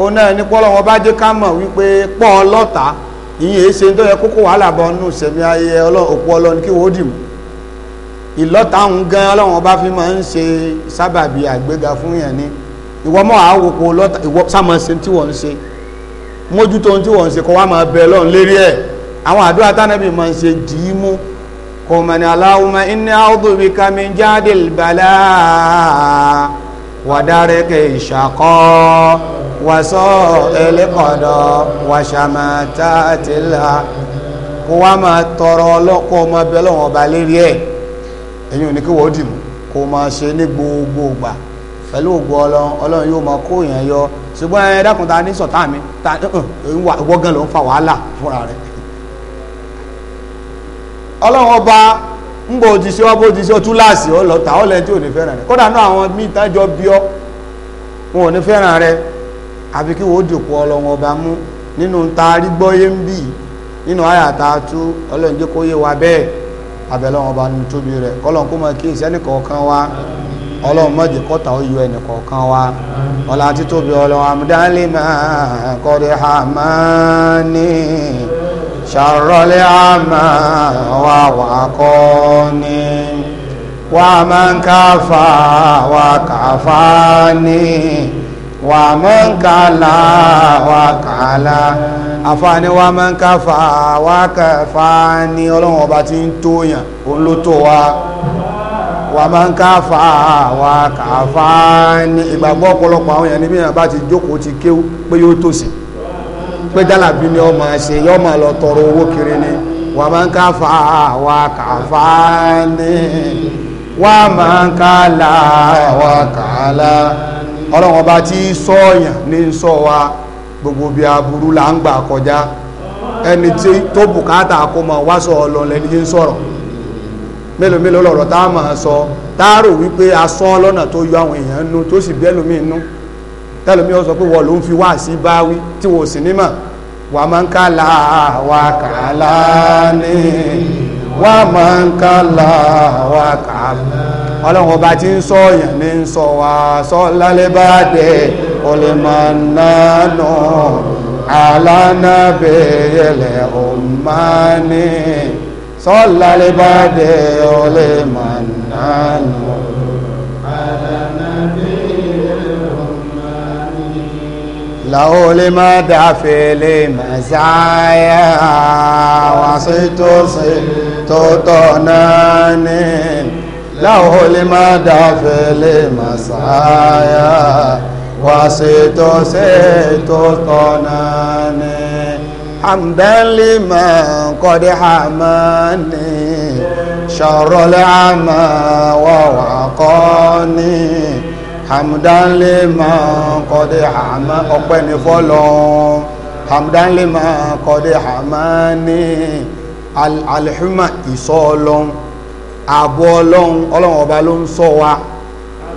ó náà ní pọ́lọ́ wọn bá jẹ́ ká mọ̀ wípé pọ́ èyí ṣe ń yẹ nù ayé kí wọ́n ìlọ́ta ń gan bá fi máa ń ṣe àgbéga fún yẹn mójútó ohun tí wọ́n ń ṣe kó wá máa bẹ lọ́n lérí ẹ̀ àwọn àdúrà tánàbí máa ń ṣe dì mú kò mọ̀ ní Allahumma inni wa daraki shaqa wa su'il wa wá máa tọrọ ọmọ ọba lérí ẹ̀ ẹ̀yin ò kí wọ́n dì mú kó máa ṣe ní gbogbo ìgbà pẹ̀lú ògbó ọlọ́run yóò máa yọ ṣùgbọ́n ẹ dákun ta ní sọ̀tá mi ta ìwọ gan ló ń fa wàhálà fúnra rẹ̀ ọlọ́run ọba ń bò tí ò ní fẹ́ràn rẹ̀ kódà náà àwọn míì bí ọ wọn ò ní fẹ́ràn rẹ̀ àfi kí wọ́n dìpọ̀ ọba mú nínú ta arígbọ́yé nínú tú ọlọ́run jẹ́ kó yé wa ọba nù tóbi rẹ̀ ọlọ́run mọ̀jẹ̀ kọ́ta ó yọ ẹnì kọ̀ọ̀kan wa ọlá títóbi ọlọ́run amúdálẹ́mà kọ́rí hàmá ní ṣàròlẹ́ àmà wà wà kọ́ ni wà máa ń káfà wà káfà ní wà máa ń kàlà wà kàlà àfààní wà máa ń káfà wà káfà ní ọlọ́run ọba tí ń tó yàn òun ló tó wa. wa máa ń káfà wà káfà ní ìgbàgbọ́ ọ̀pọ̀lọpọ̀ àwọn èèyàn níbi yàn ti jókòó ti kéwú pé yóò tòsí pé jálàbí ni ọmọ ṣe yọ lọ tọrọ owó kiri ni máa ń káfà ní máa ń kálà kálà wa gbogbo bí aburú là ń gbà kọjá ẹni tó bùkátà kó sọ mélòó mélòó lọ̀rọ̀ tá a máa sọ tá a rò wípé a sọ lọ́nà tó yọ àwọn èèyàn nú tó sì bẹ́ lómi nú tẹ́lómi ó sọ pé wọ́n ló ń fi wá sí báwí tí wọ́n sì ní mà wà máa ń kálá wà kálá ní wà máa ń kálá wà kálá ọlọ́run ọba tí ń sọ èèyàn ní ń sọ wá sọ lálẹ́ bá dẹ̀ ọlẹ́ máa ń nánà alánàbẹ̀yẹlẹ̀ ọ̀mánì. صلى لبديع لمن عنه على نبي الرحمن له في المزايا وصيت صيت طناني له لمدى في المسعايا وصيت صيت طناني حمدا لمن قد حماني شر العمى ووقاني حمدا لمن قد حماني أقبني فلو حمدا لمن قد حماني alhuma ìsọ ọlọ́run ààbò ọlọ́run ọlọ́run ọba ló ń sọ wa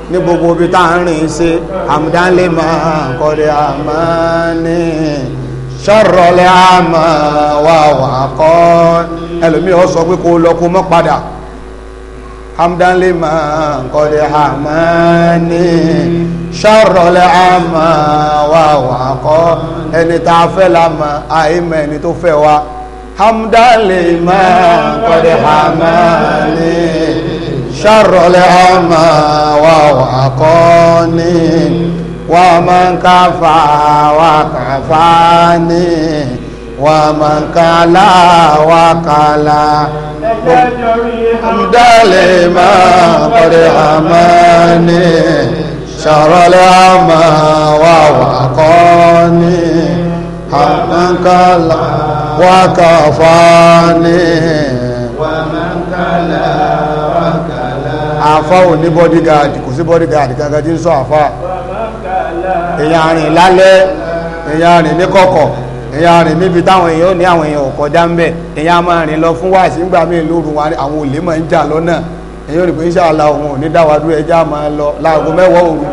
ní gbogbo ibi tá ń rìn sí àmúdánlé máa kọ́rẹ́ àmọ́ sọ̀rọ̀lẹ̀ àmà wà wà kọ́ ẹlòmí ọ sọ pé kó lọ kó mọ́ padà hamdanle ma kọ́lẹ̀ àmà ní sọ̀rọ̀lẹ̀ àmà wà wà kọ́ ẹni tá a fẹ́ la mà ẹni tó fẹ́ wa hamdanle ma kọ́lẹ̀ àmà sọ̀rọ̀lẹ̀ àmà wà wà kọ́ ní. ومن كفى وكفاني ومن كلا وكلا حمد لما قد حماني شر العمى ووقاني حمد كلا وكفاني ومن كلا وكلا àfáà ò ní bodyguard kò sí bodyguard kankan tí èyàn rìn lálẹ́ èyàn rìn ní kọ̀kọ̀ èyàn rìn níbi táwọn èèyàn ò ní àwọn èèyàn ò kọjá ń bẹ̀ èyàn máa rìn lọ fún wáàsí ńgbà míì lóru wa àwọn olè máa ń jà lọ́nà èyàn rìn pé insha Allah òun ò ní dá wa dúró ẹjá máa lọ láago mẹ́wàá òru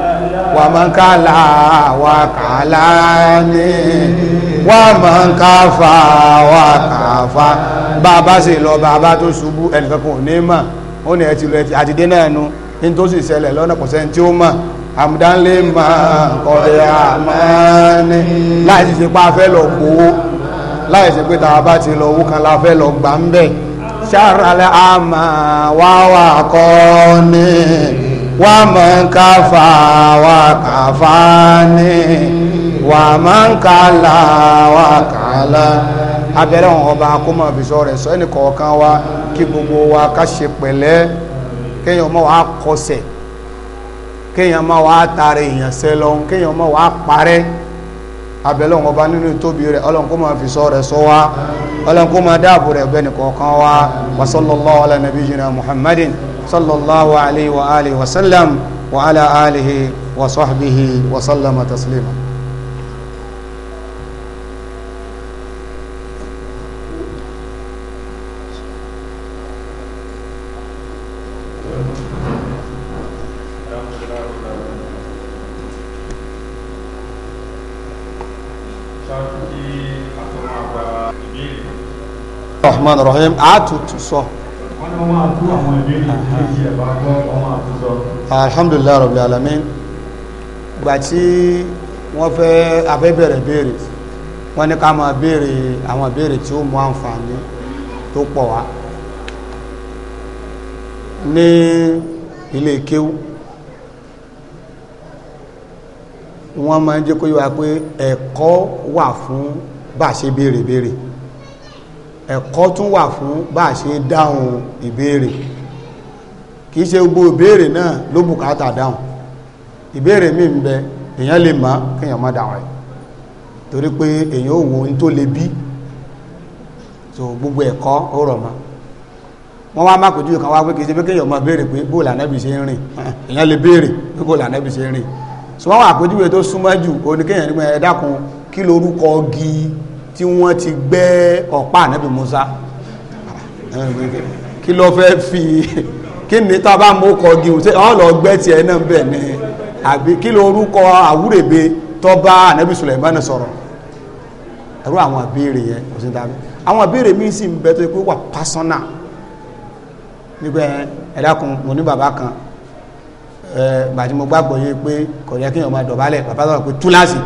wà máa ń ká la wà kà lá ní wà máa ń ká fa wà kà fa bá a bá sì lọ bá a bá tó ṣubú ẹnìkan kan ò ní mà ó ní ẹ ti lọ ẹ ti àtidé náà nu àmúdánlé máa ma máa ní láì sí pa afẹ́ lọ gbowó láì sí pé tàwa bá ti lọ owó kan la fẹ́ lọ gbà ń bẹ̀ ṣàràlẹ̀ àmà wá wà kọ́ ni wà mọ̀ ń káfà wà káfà ni wà mọ̀ ń kálà wà kálà abẹ́rẹ́ wọn ọba akómọ̀ bisọ rẹ̀ sọ ẹnì kọ̀ọ̀kan wa kí gbogbo wa ká ṣe pẹ̀lẹ́ kéèyàn mọ̀ wá kọsẹ̀ kéèyàn máa wá tààrẹ èèyàn sẹ lọ kéèyàn máa wá parẹ́ abẹ́lẹ́ wọn bá nínú tóbi rẹ̀ ọlọ́run kó máa fi sọ rẹ̀ sọ wá ọlọ́run kó máa dáàbò rẹ̀ bẹ́ẹ̀ nìkọ̀ọ̀kan wá wa sallallahu ala nabiyyina muhammadin sallallahu alayhi wa sallam wa ala alihi wa sahbihi wa sallama taslima. rahman rahim àtútù sọ. alhamdulilayi rabi alamin gbàtí wọ́n fẹ́ afẹ́bẹ̀rẹ̀ béèrè wọ́n ní ká máa béèrè àwọn béèrè tí ó mú àǹfààní tó pọ̀ wá ní ilé kéwú wọ́n máa ń jẹ́ kó yíwa pé ẹ̀kọ́ wà fún bá ṣe béèrè béèrè. béèrè ẹ̀kọ́ tún wà fún bá ṣe dáhùn ìbéèrè kì í ṣe gbogbo ìbéèrè náà ló bùkátà dáhùn ìbéèrè mi ń bẹ èyàn lè má kéèyàn má dáhùn rẹ̀ torí pé èyàn ò wo tó le bí so gbogbo ẹ̀kọ́ ó rọ̀ mọ́ wọ́n wá mákòjú kan wá pé kì í ṣe pé má béèrè pé ṣe ń rìn lè béèrè pé ṣe ń rìn so wọ́n àpèjúwe tó súnmọ́ jù nígbà tí wọ́n ti gbẹ́ ọ̀pá ànábì Musa kí ló fẹ́ fi kí ni tá a bá mú kọ gíhùn ṣé wọ́n lọ gbẹ́ tiẹ̀ náà bẹ̀ ni àbí kí ló orúkọ àwúrèbe tó bá ànábì Sulaimani sọ̀rọ̀ ẹ̀rọ àwọn ìbéèrè yẹn kò sí dábẹ́ àwọn ìbéèrè míì sì ń bẹ tó yẹ wà pásánà nígbà ẹ̀dákun mo ní bàbá kan bàtí mo gbàgbọ́ yé pé kò kí èèyàn máa dọ̀bálẹ̀ bàbá sọ̀rọ̀ pé túláàsì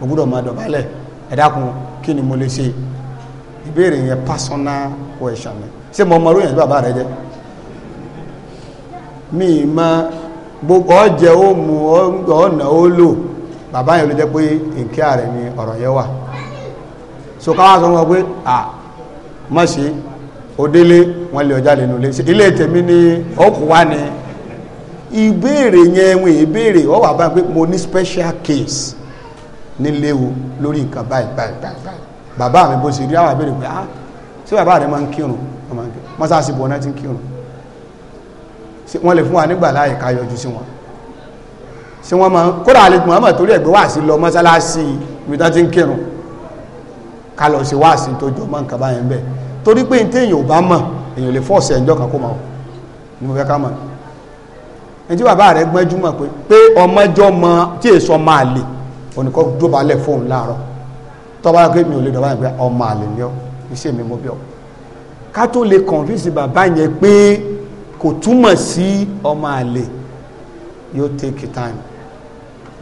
mo gbọ́dọ̀ máa dọ̀bálẹ̀ ẹ̀dákun kí ni mo lè ṣe ìbéèrè yẹn personal question ni ṣé mo mọ ròyìn bàbá rẹ jẹ mi ma gbogbo ọjẹ ó mu ọ̀nà ó lò bàbá yẹn ló jẹ pé nkí ààrẹ ni ọ̀rọ̀ yẹn wà so káwọn sọ wọn pé à má ṣe òdélé wọn lè ọjà lẹnu lé ilé tèmi ni ọkùn wa ni ìbéèrè yẹn ìbéèrè wọn wà pé mo ní special case nílé o lórí nǹkan báyìí báyìí báyìí bàbá mi bó ṣe rí àwọn abẹ́rẹ́ pé ah ṣé bàbá rẹ máa ń kírun mọ́sáàsì bọ̀ náà ti ń kírun wọ́n lè fún wa nígbà láàyè ká yọjú sí wọn ṣé wọ́n máa kódà àlè Muhammad torí ẹ̀gbẹ́ wá sí lọ mọ́sálásí ibi tá ti ń kírun ká lọ sí wá sí tó jọ mọ́ nǹkan báyẹn bẹ́ẹ̀ torí pé ní téèyàn ò bá mọ̀ èèyàn lè fọ́ọ̀sì ẹ̀ńjọ́ kan kó máa wọ̀ ní mo fẹ́ oníkọ́ dóbalẹ̀ fóun láàárọ̀ tọ́ba yà pé mi ò lè dọ̀bá yẹn pé ọmọ àlè ni ọ́ iṣẹ́ mi mo bí ọ ká tó lè kọ̀ǹfíìsì bàbá yẹn pé kò túmọ̀ sí ọmọ àlè yóò take time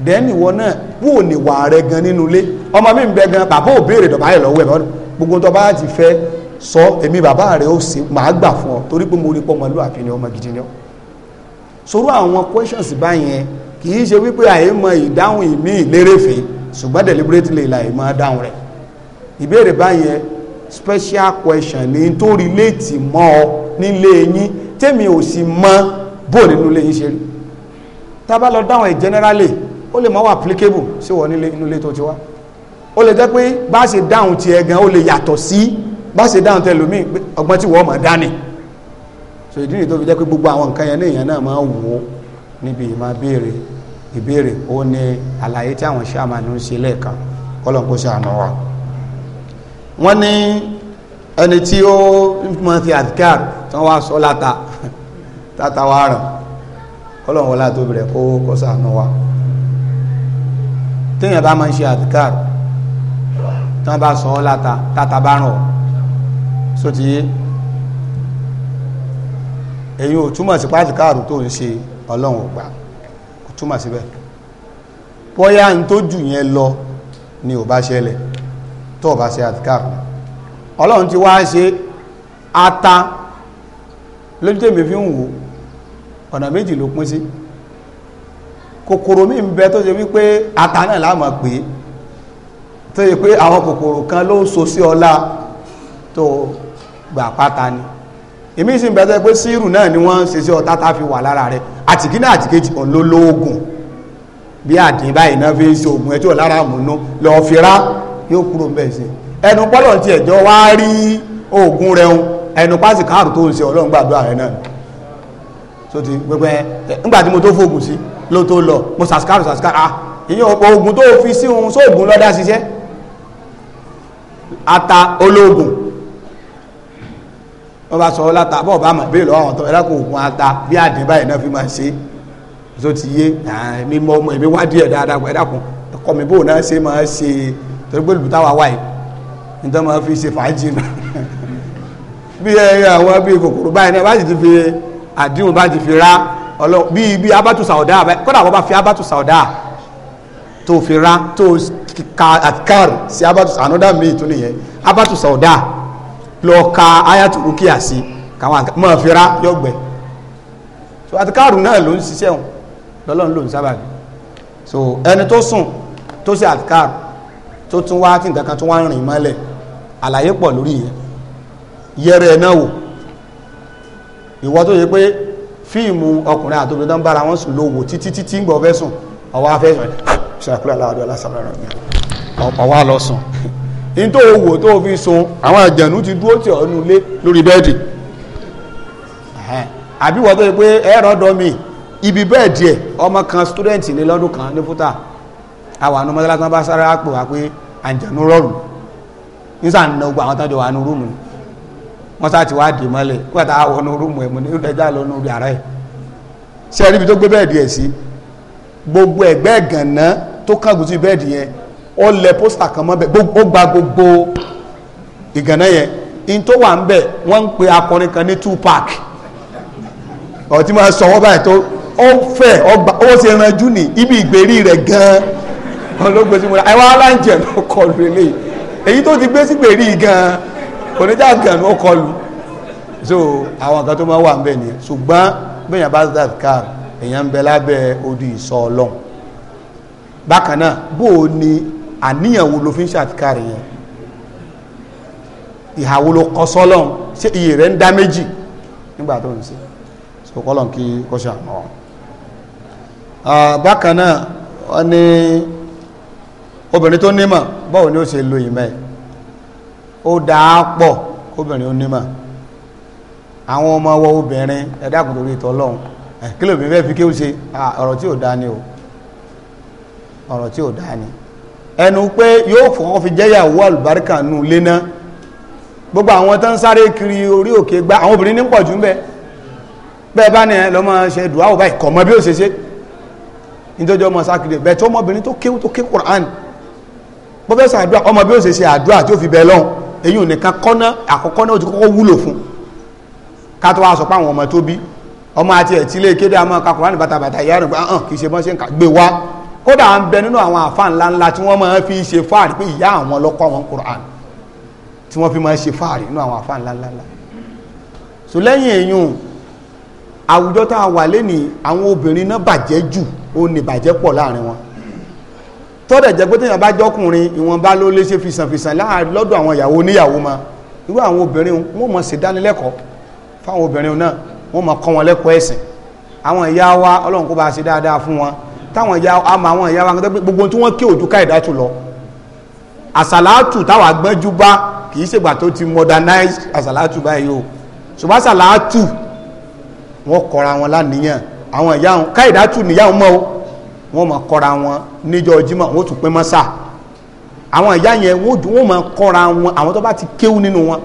dẹ́ni ìwọ náà wò ní wà rẹ gan nínú ilé ọmọ mi ń bẹ gan bàbá ò béèrè dọ̀bá yẹn lọ́wọ́ ẹ̀ lọ́dún gbogbo tó bá ti fẹ́ sọ èmi bàbá rẹ ó sì máa gbà fún ọ torí pé mo rí pọ́ ọmọlúwàbí ni ọmọ gidi ni ọ sọ̀rọ̀ àwọn questions báyẹn kì í ṣe wípé àìmọ̀ ìdáhùn ìmí ìlérèfé ṣùgbọ́n deliberately la ìmọ̀ dáhùn rẹ̀ ìbéèrè báyẹn special question ní tó relate mọ́ ọ nílé yín tèmi ò sì mọ̀ bó nínú ilé yín ṣe rí tá bá lọ dáhùn ẹ̀ generally ó lè má wà applicable sí wọ nílé inú ilé tó ti wá ó lè jẹ́ pé bá ṣe dáhùn tiẹ̀ gan ó lè yàtọ̀ sí bá ṣe dáhùn tẹlómi ọgbọ́n tí wọ́n mọ̀ dání so ìdí nìyí tó fi jẹ́ pé gbogbo àwọn nǹkan yẹn ní èèyàn náà máa wò ó níbi ìmọ̀ béèrè ìbéèrè ó ní àlàyé tí àwọn sàmánú ń ṣe lẹ́ẹ̀kan kọ́lọ́n kó wa. wọ́n ní ẹni tí ó mọ ti àdìkàr tí wọ́n wá sọ láta táta wá rẹ̀ kọ́lọ́n wọlé àtòbìrẹ̀ kó kó ṣàánú wa. téèyàn bá máa ń ṣe àdìkàr tí wọ́n bá sọ ọ́ láta táta bá rùn ọ́ sótìyé èyí ò túmọ̀ sí pàdìkàr tó ń ṣe ọlọ́run ò túmọ̀ síbẹ̀ bóyá n tó jù yẹn lọ ni ò bá ṣẹlẹ̀ tó ò bá ṣe àtikáàrù ọlọ́run ti wá ṣe ata lójú tèmi fi ń wò ọ̀nà méjì ló pín sí kòkòrò mi ń bẹ tó ṣe wípé ata náà láàmà pé tó ṣe pé àwọn kòkòrò kan ló ń so sí ọlá tó gbà pátá ni èmi sì ń bẹ̀rẹ̀ pé sírù náà ni wọ́n ń ṣe sí ọ̀tá tá fi wà lára rẹ̀ àtìkínà àtìkejì òun ló lóògùn bí àdín báyìí náà fi ń ṣe ògùn ẹtí ò lára àmúnú lọ́ọ́ fi rá yóò kúrò bẹ́ẹ̀ sí ẹnu pọ́lọ̀ ti ẹ̀jọ́ wá rí ògùn rẹ̀ ń ẹnu pásì káàrù tó ń ṣe ọlọ́run gbàdúrà rẹ̀ náà so ti gbẹgbẹ ńgbà tí mo tó fògùn sí ló tó lọ mo sàskárù ah ìyẹn ògùn tó fi sí òun sóògùn ata olóògùn wọ́n bá sọ ọ́ láta bọ́ọ̀ bá mọ̀ bẹ́ẹ̀ lọ́wọ́ àwọn tọ́ ẹ̀rọ kò gun ata bí àdín báyìí náà fi máa ṣe tó ti yé mi mọ ọmọ èmi wádìí ẹ̀ dáadáa ẹ̀dá kun ẹ̀kọ́ mi bò náà ṣe máa ṣe torí pé lùtà wà wáyé nítorí máa fi ṣe fàájì náà bí ẹ àwọn bí kòkòrò báyìí náà bá sì ti fi àdínwó bá ti fi rá ọlọ bí bí abatu sauda kódà wọ́n bá fi abatu sauda tó fi ra tó ka àtikárù sí abatu anoda mi tó nìyẹn abatu sauda lọ ka ayatu rukia sí káwọn mọ̀ fira yọgbẹ́ so àti káàrù náà ló ń ṣiṣẹ́ wọn lọ́lọ́run ló ń sábà bí so ẹni tó sùn tó ṣe àtikáàrù tó tún wá tí nǹkan kan tó wá ń rìn mọ́lẹ̀ àlàyé pọ̀ lórí yẹn yẹrẹ ẹ̀ náà wò ìwọ tó yẹ pé fíìmù ọkùnrin àti obìnrin tó ń bára wọn sùn ló wò títí títí ń gbọ́ fẹ́ sùn ọwọ́ afẹ́ sùn ọdún aláṣà ọwọ́ lọ ní tó wò tó fi àwọn àjànú ti dúró tì ọ́ lori lórí bẹ́ẹ̀dì àbí tó yẹ pé ẹ̀rọ ibi bẹ́ẹ̀dì ẹ̀ ọmọ kan student ní lọ́dún kan ní fúta àwọn àwọn ọmọdé lásán bá wá pé rọrùn àwọn tọ́jú wa ní rúùmù wọ́n sá ti wá dì mọ́lẹ̀ ẹ̀mú ní lọ́nà orí ara ẹ̀ gbogbo ẹ̀gbẹ́ ẹ̀gànná tó ó lẹ pósítà kan mọ́ bẹ́ẹ̀ ó gba gbogbo ìgànnà yẹn in tó wà ń bẹ̀ wọ́n ń pe akọrin kan ní Tupac ọtí máa sọ wọ́n báyìí tó ó fẹ́ gba ó ṣe ranjú ní ibi ìgbèrí rẹ̀ gan-an ọlọ́gbọ̀n sí mo ra ẹwà aláǹjẹ̀ ló kọlu eléyìí èyí tó ti gbé sí ìgbèrí gan-an oníjà gan-an ló kọlu so àwọn kan tó máa wà ń bẹ̀ nìyẹn ṣùgbọ́n bẹ́yàn bá zazkar èèyàn ń bẹ lábẹ́ odi ìsọ ọlọ́run bákan náà bó o ní àníyàn wo ló fi ń ṣàtìkárì yẹn ìhà wo ló kọ sọ́lọ́n ṣé iye rẹ̀ ń dá méjì nígbà tó ń ṣe so kọ́lọ̀n kí kó ṣe àmọ́ bákan náà wọ́n ní obìnrin tó nímọ̀ báwo ni ó ṣe lo ìmọ̀ ẹ̀ ó dáa pọ̀ obìnrin ó nímọ̀ àwọn ọmọ ọwọ́ obìnrin ẹ̀dàkùn torí ìtọ́ lọ́hùn kí lóbi fẹ́ fi kí ó ṣe ọ̀rọ̀ tí ò dá ni o ọ̀rọ̀ tí ò dá ni ẹnu pé yóò fọ́n fi jẹ́yàwó àlùbáríkà nù léná gbogbo àwọn tó ń sáré kiri orí òkè gbá àwọn obìnrin ní pọ̀ jù ń bẹ bẹ́ẹ̀ bá ní ẹ lọ́mọ ṣe dùá ò báyìí kọ̀ mọ́ bí ó ṣe ṣe nítorí ọmọ sákìrì bẹ́ẹ̀ tó ọmọbìnrin tó kéwú tó ké Qur'an bó fẹ́ sàdúrà ọmọ bí ó ṣe ṣe àdúrà tí ó fi bẹ́ẹ̀ lọ́hùn èyí ò nìkan kọ́ná àkọ́kọ́ náà ó ti kọ́kọ́ wúlò fún ká tó wá sọ pé àwọn ọmọ tó bí ọmọ àti ẹ̀ tí ilé kéde àmọ́ kakùnrin bàtàbàtà ìyá rẹ̀ gbà hàn kì í ṣe bọ́n ṣe ń kà gbé wá kódà à ń bẹ nínú àwọn àfa ńlá ńlá tí wọ́n máa fi ṣe fáàrí pé ìyá àwọn lọ́kọ́ wọn Qur'an tí wọ́n fi máa ṣe fáàrí nínú àwọn àfa ńlá ńlá ńlá so lẹ́yìn èyàn àwùjọ tá a wà lẹ́ni àwọn obìnrin náà bàjẹ́ jù ó ní bàjẹ́ pọ̀ láàrin wọn tọ́dẹ̀ jẹ́ pé téèyàn bá jọ́kùnrin ìwọ̀nba ló lè ṣe fìsànfìsàn láàrin lọ́dọ̀ àwọn ìyàwó oníyàwó ma irú àwọn obìnrin wọn mọ̀ sí dánilẹ́kọ̀ọ́ fáwọn obìnrin náà wọ́n mọ̀ kọ́ wọn lẹ́kọ̀ọ́ ẹ̀sìn àwọn ìyá wa ọlọ́run kó bá ṣe dáadáa fún wọn táwọn ìyá àmọ́ àwọn ìyá wa gbogbo tí wọ́n ké òjú káyìdá tù lọ àsàlátù táwọn agbọ́njú bá kì í ṣègbà tó ti modernize àsàlátù báyìí o ṣùgbọ́n àsàlátù wọ́n kọ́ra wọn láníyàn àwọn ìyá wọn káyìdá tù níyà wọn mọ́ o wọ́n máa kọ́ra wọn níjọ́ jímọ̀ wọ́n tún pín mọ́ sáà àwọn ìyá yẹn wọ́n máa kọ́ra wọn àwọn tó bá ti kéwú nínú wọn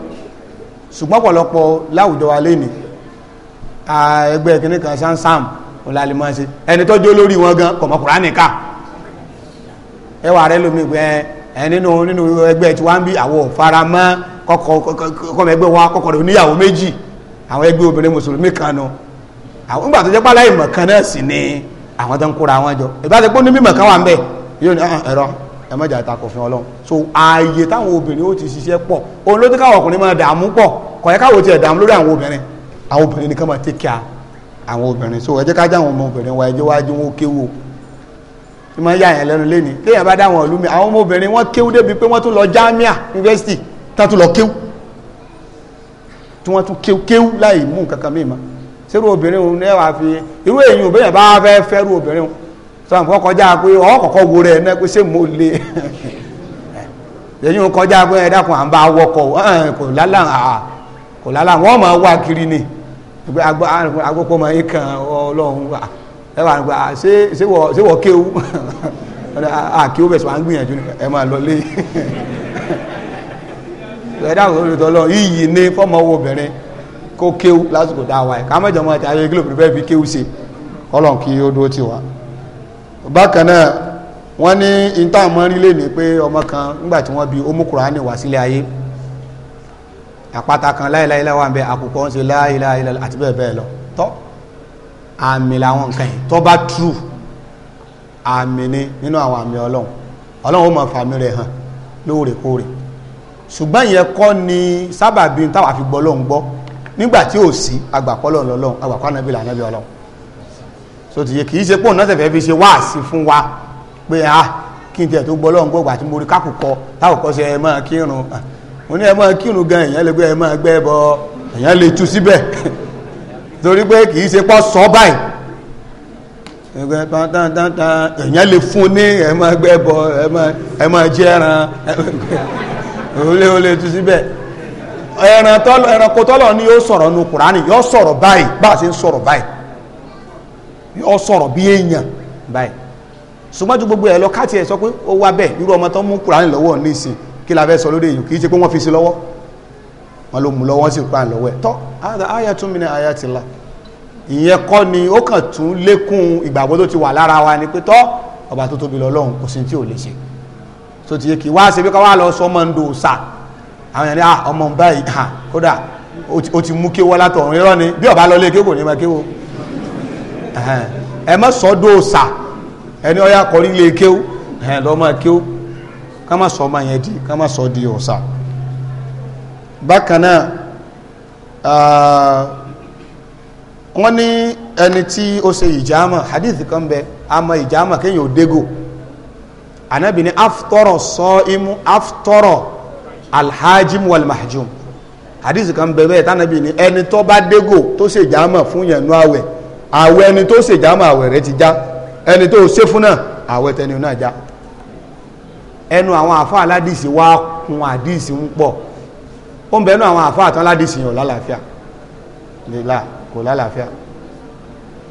ṣùgbọ́n pọ̀lọpọ̀ láwùjọ wa lénìí ẹgbẹ́ kìnnìkan sánsám ó lálẹ́ máa ṣe ẹni tó jó lórí wọn gan kọ̀mọ́ kùránì ká ẹ wà rẹ lómi pé ẹ nínú nínú ẹgbẹ́ tí wọ́n ń bí àwọn òfara mọ́ kọ́mọ ẹgbẹ́ wọn akọ́kọ́ rẹ̀ oníyàwó méjì àwọn ẹgbẹ́ obìnrin mùsùlùmí kan nu àwọn nígbà tó jẹ́ pálá ìmọ̀ kan náà sì ni àwọn tó ń kóra wọn jọ ìbáṣepọ̀ onímọ̀ kan wà ń bẹ̀ yóò ní ẹ̀rọ ẹ má jà fún ọlọ́run so ààyè táwọn obìnrin ó ti ṣiṣẹ́ pọ̀ òun ló ti káwọn ọkùnrin máa dààmú pọ̀ kọ̀yẹ́ káwọn ti ẹ̀ dààmú lórí àwọn obìnrin àwọn obìnrin nìkan máa take care àwọn obìnrin so ẹ jẹ́ ká já àwọn ọmọbìnrin wa ẹjọ́ wájú wọn ó kéwò tí máa ń yà yẹn lẹ́nu lẹ́ni téèyàn bá dáwọn ìlú mi àwọn ọmọbìnrin wọn kéwú débi pé wọ́n tún lọ jamia university tá tún lọ kéwú tí wọ́n tún kéwú kéwú láì mú kankan mìíràn sírú obìnrin òun náà wà fi irú èyí òbẹ́yàn bá fẹ́ fẹ́rú obìnrin òun sọ àwọn kọjá pé ọ̀ kọ̀kọ́ wo rẹ̀ náà pé ṣé mo lè èyí òun kọjá pé ẹ dákun à ń bá wọkọ̀ kò lálà wọ́n máa wá kiri ni. pé agbọ́pọ̀ mọ̀ yín kan ọlọ́run wà ẹ wà nípa ṣé wọ́n kéwu àkéwu wà ń gbìyànjú ẹ máa lọ lé yìí ní fọ́mọ owó obìnrin kó kéwu lásìkò tá a wà fi kéwu ṣe kí ó dúró tì wá. bákan náà ní lè ní pé ọmọ kan nígbà tí bí sílé ayé àpáta kan láìláìlá wà ń bẹ àkùkọ ń ṣe láìláìlá àti bẹ́ẹ̀ bẹ́ẹ̀ lọ tọ́ àmì làwọn nǹkan yìí tọ́ bá true àmì ni nínú àwọn àmì ọlọ́run ọlọ́run ó mọ fàmì rẹ̀ hàn lóòrèkóòrè ṣùgbọ́n ìyẹn kọ́ ni sábàbí táwa fi gbọ́ lọ́hùn gbọ́ nígbà tí ò sí agbàpọ́lọ̀ lọ́lọ́hùn agbàpọ́ anábì lànábì ọlọ́run so tìye kì í ṣe pọ́ùn náà fi ṣe wáàsí fún wa pé ah kí n tiẹ̀ tó gbọ́ lọ́hùn gbọ́ gbà tí mo rí kákùkọ táwùkọ́ ṣe ẹ máa kírun mo ní ẹ máa kírun gan èèyàn lè gbé ẹ máa gbẹ́ èèyàn lè tu síbẹ̀ torí pé kì í ṣe pọ́ sọ báyìí ẹgbẹ́ ta èèyàn lè fún ní ẹ máa gbẹ́ bọ ẹ máa jẹ ẹran olè lè tu síbẹ̀ ẹran tọ́lọ nu kùránì yóò sọ̀rọ̀ báyìí bá a ṣe ń sọ̀rọ̀ báyìí yóò gbogbo ẹ̀ lọ káàtì ẹ̀ sọ pé ó wá bẹ́ẹ̀ irú ọmọ tó mú kí la fẹ́ sọ lórí èyí kì í ṣe pé wọ́n fi sí lọ́wọ́ wọn ló mú lọ́wọ́ wọ́n sì pa lọ́wọ́ ẹ̀ tọ́ àyà tún mi ní àyà ti la ìyẹn kọ́ ni ó kàn tún lékún ìgbàgbọ́ tó ti wà lára wa ni pé tọ́ ọba tó tóbi lọ́lọ́run kò sí tí ò lè ṣe tó ti yẹ kí wá ṣe bí ká lọ sọ ọmọ ń do sà àwọn yẹn ní ah, ọmọ ń báyìí hàn kódà ó ti mú kí wọ́n látọ̀run irọ́ ni bí ọba lọ lé kí ní máa kí wo ẹ mọ́ sọ́dọ̀ sà ẹni ọ̀yà kama má sọ ọmọ yẹn di ká má sọ di ọ̀sà bákan náà wọ́n ní ẹni tí ó ṣe ìjàmà hadith kan bẹ àmọ́ ìjàmà kéèyàn ò dégò anabi ni aftọrọ sọọimu aftọrọ alhajim walmahjum hadith kan bẹ bẹ́ẹ̀ tanabi ni ẹni tó bá dégò tó ṣe ìjàmà fún yẹn nú àwẹ̀ àwẹ̀ ẹni tó ṣe ìjàmà àwẹ̀ rẹ̀ ti já ẹni tó ṣe fún náà àwẹ̀ tẹni náà já ẹnu àwọn àfa aládìsí wá kun àdìsí ń pọ̀ ó ń bẹnu àwọn àfa àtàn aládìsí yàn lálàáfíà nílà kò lálàáfíà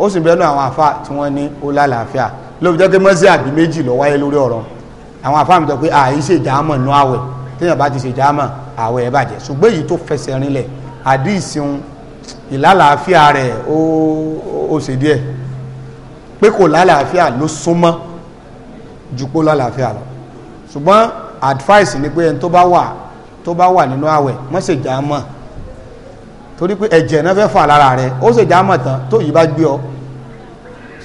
ó sì bẹnu àwọn àfa tí wọ́n ní ó lálàáfíà ló fi jẹ́ pé mọ́sí àbí méjì ló wáyé lórí ọ̀rọ̀ àwọn àfa mi sọ pé àyè ṣe ìjàmọ̀ nú àwẹ̀ téèyàn bá ti ṣe ìjàmọ̀ àwẹ̀ ẹ̀ bàjẹ́ ṣùgbọ́n èyí tó fẹsẹ̀ rinlẹ̀ àdìsí ìlàlàáfíà rẹ̀ ó ṣe díẹ̀ pé kò lálàáfíà ló súnmọ́ ju kó lálàáfíà lọ ṣùgbọ́n advice ni pé ẹni tó bá wà tó bá wà nínú àwẹ̀ má ṣe jà á mọ̀ torí pé ẹ̀jẹ̀ náà fẹ́ fà lára rẹ̀ ó ṣe jà á mọ̀ tán tó yìí bá gbé ọ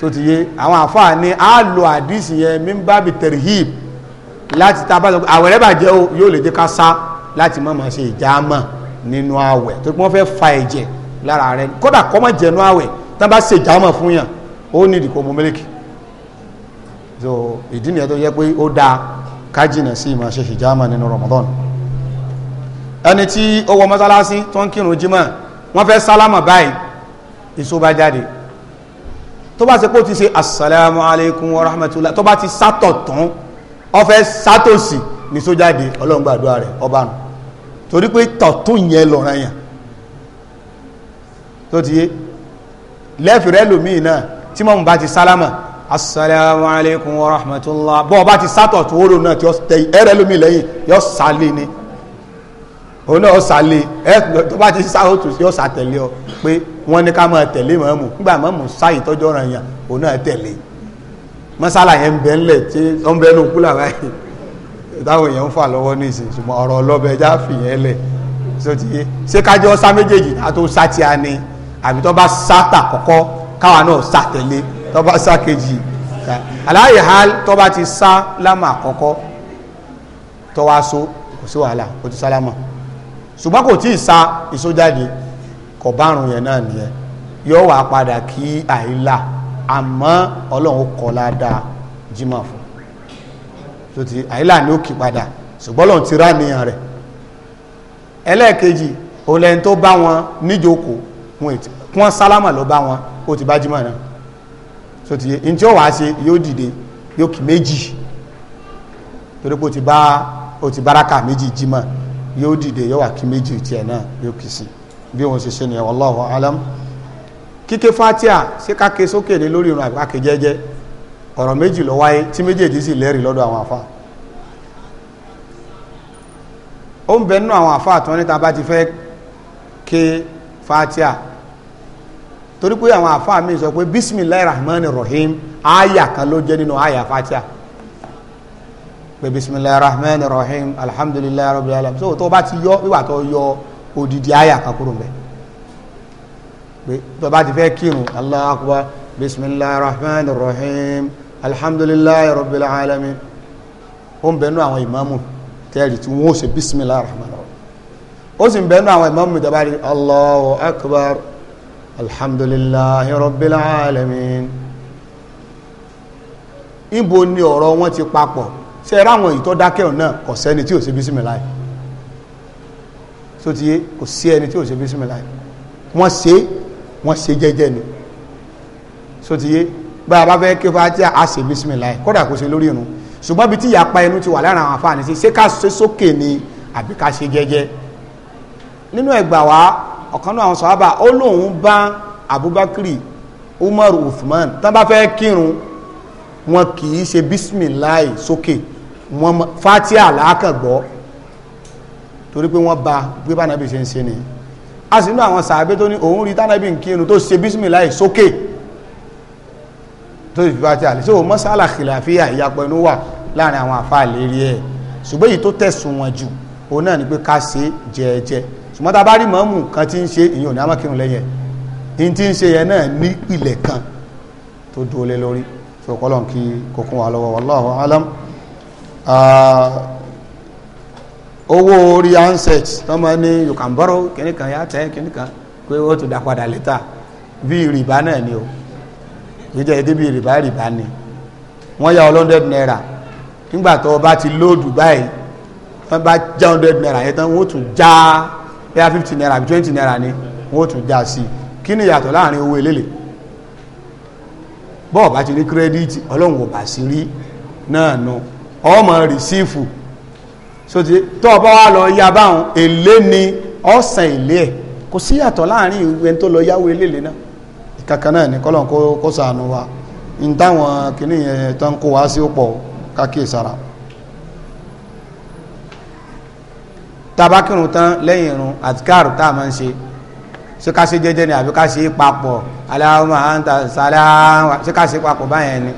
so ti yé àwọn àfáà ni a lo àdìsí yẹn mímbàbí tẹ̀rìhìb láti ta bá sọ pé àwẹ̀ rẹ̀ bàjẹ́ o yóò lè jẹ́ ká sá láti má má ṣe ìjà mọ̀ nínú àwẹ̀ torí pé wọ́n fẹ́ fa ẹ̀jẹ̀ lára rẹ̀ kódà kọ́ mọ̀ jẹ̀nu àwẹ̀ tán bá ṣe ìjà mọ̀ fún yàn ó ní ìdìkọ̀ mọ́mẹ́lẹ́kì so ìdí nìyẹn tó yẹ pé ó dáa ká jìnà sí ìmọ̀ ṣe hijama nínú Ramadan ẹni tí ó wọ mọ́sálásí tó ń kírun jímọ̀ wọ́n fẹ́ sálámà báyìí ìṣó bá jáde tó bá ṣe pé ti ṣe assalamu alaikum wa rahmatullahi tó bá ti sátọ̀ tán ó fẹ́ sátòsì nìṣó jáde Ọlọ́run gbàdúrà rẹ̀ ọba nù torí pé tọ̀tún yẹn lọ́ràn yẹn tó ti yé lẹ́fìrẹ́ lòmíì tí mọ́mù bá ti sálámà asalaamu aleykum wa rahmatulah bọ́ ọba ti sátọ̀ tó wóró náà tí ó tẹ ẹrẹ lómi lẹ́yìn yọ sálé ni òun náà sálé ẹ tó bá ti sáwọ́ tó yọ sátẹ̀lé ọ pé wọ́n ní ká máa tẹ̀lé mọ́mù nígbà mọ́mù sáyì tọ́jú ọ̀ràn yẹn òun náà tẹ̀lé mọ́sálà yẹn ń bẹ́ ńlẹ̀ tí ó ń bẹ́ nù kúlà báyìí táwọn èèyàn ń fà lọ́wọ́ ní ìsìn ọ̀rọ̀ ọlọ́bẹ tọba sá kejì aláyè ha tọba ti sá lámà àkọ́kọ́ tọwa so kò sí wàhálà kò ti sálámà ṣùgbọ́n kò tí ì sá ìsójáde kò bárùn yẹn náà nìyẹn yóò wá padà kí àìlà àmọ́ ọlọ́run kọ́ ládàá jimá fún tó ti àìlà ní òkè padà ṣùgbọ́n lọ́n ti rá níyàn rẹ̀ ẹlẹ́ẹ̀kejì òun tó bá wọn níjókòó wọn sálámà ló bá wọn ó ti bá jimá náà so ti yé n tí ó wàá ṣe yóò dìde yóò kí méjì torí pé o ti bá o ti báraka méjì jímọ̀ yóò dìde yóò wà kí méjì tiẹ̀ náà yóò kì sí bí wọn ṣe ṣe nìyẹn e, wallahu alam kíké fatia ṣé ká ké sókè ní lórí ìrun àbí ká ké jẹ́jẹ́ ọ̀rọ̀ méjì ló wáyé tí méjèèjì sì lẹ́rìí lọ́dọ̀ àwọn àfa ó ń bẹ nínú àwọn àfa àtúnwọ́n níta bá ti fẹ́ ké fatia torí pé àwọn àfáà mi sọ pé bisimilayi rahman rahim aya kan ló jẹ́ nínú aya fatia pé bisimilayi rahman rahim alhamdulilayi rabbil alamin so tó bá ti yọ wíwà tó yọ odidi aya kan kúrò mbẹ pé tó bá ti fẹ́ kírun allah akbar bisimilayi rahman rahim alhamdulilayi rabbil alamin ó ń bẹnu àwọn ìmáàmù tẹ́rì tí wọ́n ó ṣe bisimilayi rahman rahim ó sì ń bẹnu àwọn ìmáàmù tẹ́bárí allahu akbar. الحمد لله رب العالمين ibo ni ọ̀rọ̀ wọn ti papọ̀ ṣe ráwọn èyí tó dákẹ́ ọ̀nà kò sẹ́ni tí ò ṣe bísímìláì tó ti yé kò sí ẹni tí ò ṣe bísímìláì wọ́n ṣe wọ́n ṣe jẹ́jẹ́ ni tó ti yé bá a bá fẹ́ kí fàá tí a ṣe bísímìláì kódà kò ṣe lórí irun ṣùgbọ́n bí tí ìyapa ẹnu ti wà lára àwọn afáàní sí ṣé ká ṣe sókè ni àbí ká ṣe jẹ́jẹ́ nínú ẹgbàá wa ọ̀kan náà àwọn sọ̀hábà ó lóun bá abubakari umar uthman tán bá fẹ́ kírun wọn kì í ṣe bisimilayi sókè wọn fatia làákàgbọ́ torí pé wọ́n ba pé bá ṣe ń ṣe ni a sì nínú àwọn sàábé tó ní òun rí tánàbì ń kírun tó ṣe bisimilayi sókè tó fi fatia lè ṣe òun mọ́sálà kìláfíà ìyapọ̀ inú wà láàrin àwọn àfa àlérí ẹ̀ ṣùgbọ́n èyí tó tẹ̀sùn wọn jù òun náà ni pé ká ṣe jẹ́ẹ́jẹ́ ṣùgbọ́n tá a bá rí mọ́mù kan tí ń ṣe ìyẹn ò ní amákirun lẹ́yẹ ní tí ń ṣe yẹn náà ní ilẹ̀ kan tó dúró lé lórí ṣòkọ́lọ́n kí kókún wa lọ́wọ́ wallahu alam owó orí handset tó máa ní you can borrow kìnnìkan yá tẹ́ kìnnìkan pé ó tún dá lẹ́tà bí rìbá náà ni o jíjẹ́ ìdí bí rìbá rìbá ni wọ́n yá ọlọ́ndẹ́dù náírà nígbà tó o bá ti lóòdù báyìí wọ́n bá já ọlọ́ndẹ́dù náírà yẹn tán wọ́n tún já á bóyá fifty naira àbí twenty naira ni wọ́n tún já sí i kí ni ìyàtọ̀ láàrin owó eléle bọ́ọ̀ bá ti rí kírẹ́díìtì ọlọ́run ò bá sí rí náà nu ọmọ rìsífù sóti tó o bá wà lọ ya báwọn èlé ni ọ̀sán èlé ẹ̀ kò sí ìyàtọ̀ láàrin ìwé tó lọ yáwó eléle náà ìkankan náà ní kọ́lọ́n kó sànù wa ní táwọn kìnìyàn tó ń kó wá sí ó pọ̀ kákíyèsára. tabakirun tán lẹ́yìn irun àtikárù tá a máa ń ṣe ṣé ká ṣe jẹ́jẹ́ ni àbí ká ṣe papọ̀ aláwọ̀mọ̀ àǹtà sàlámà ṣé papọ̀ báyẹn ni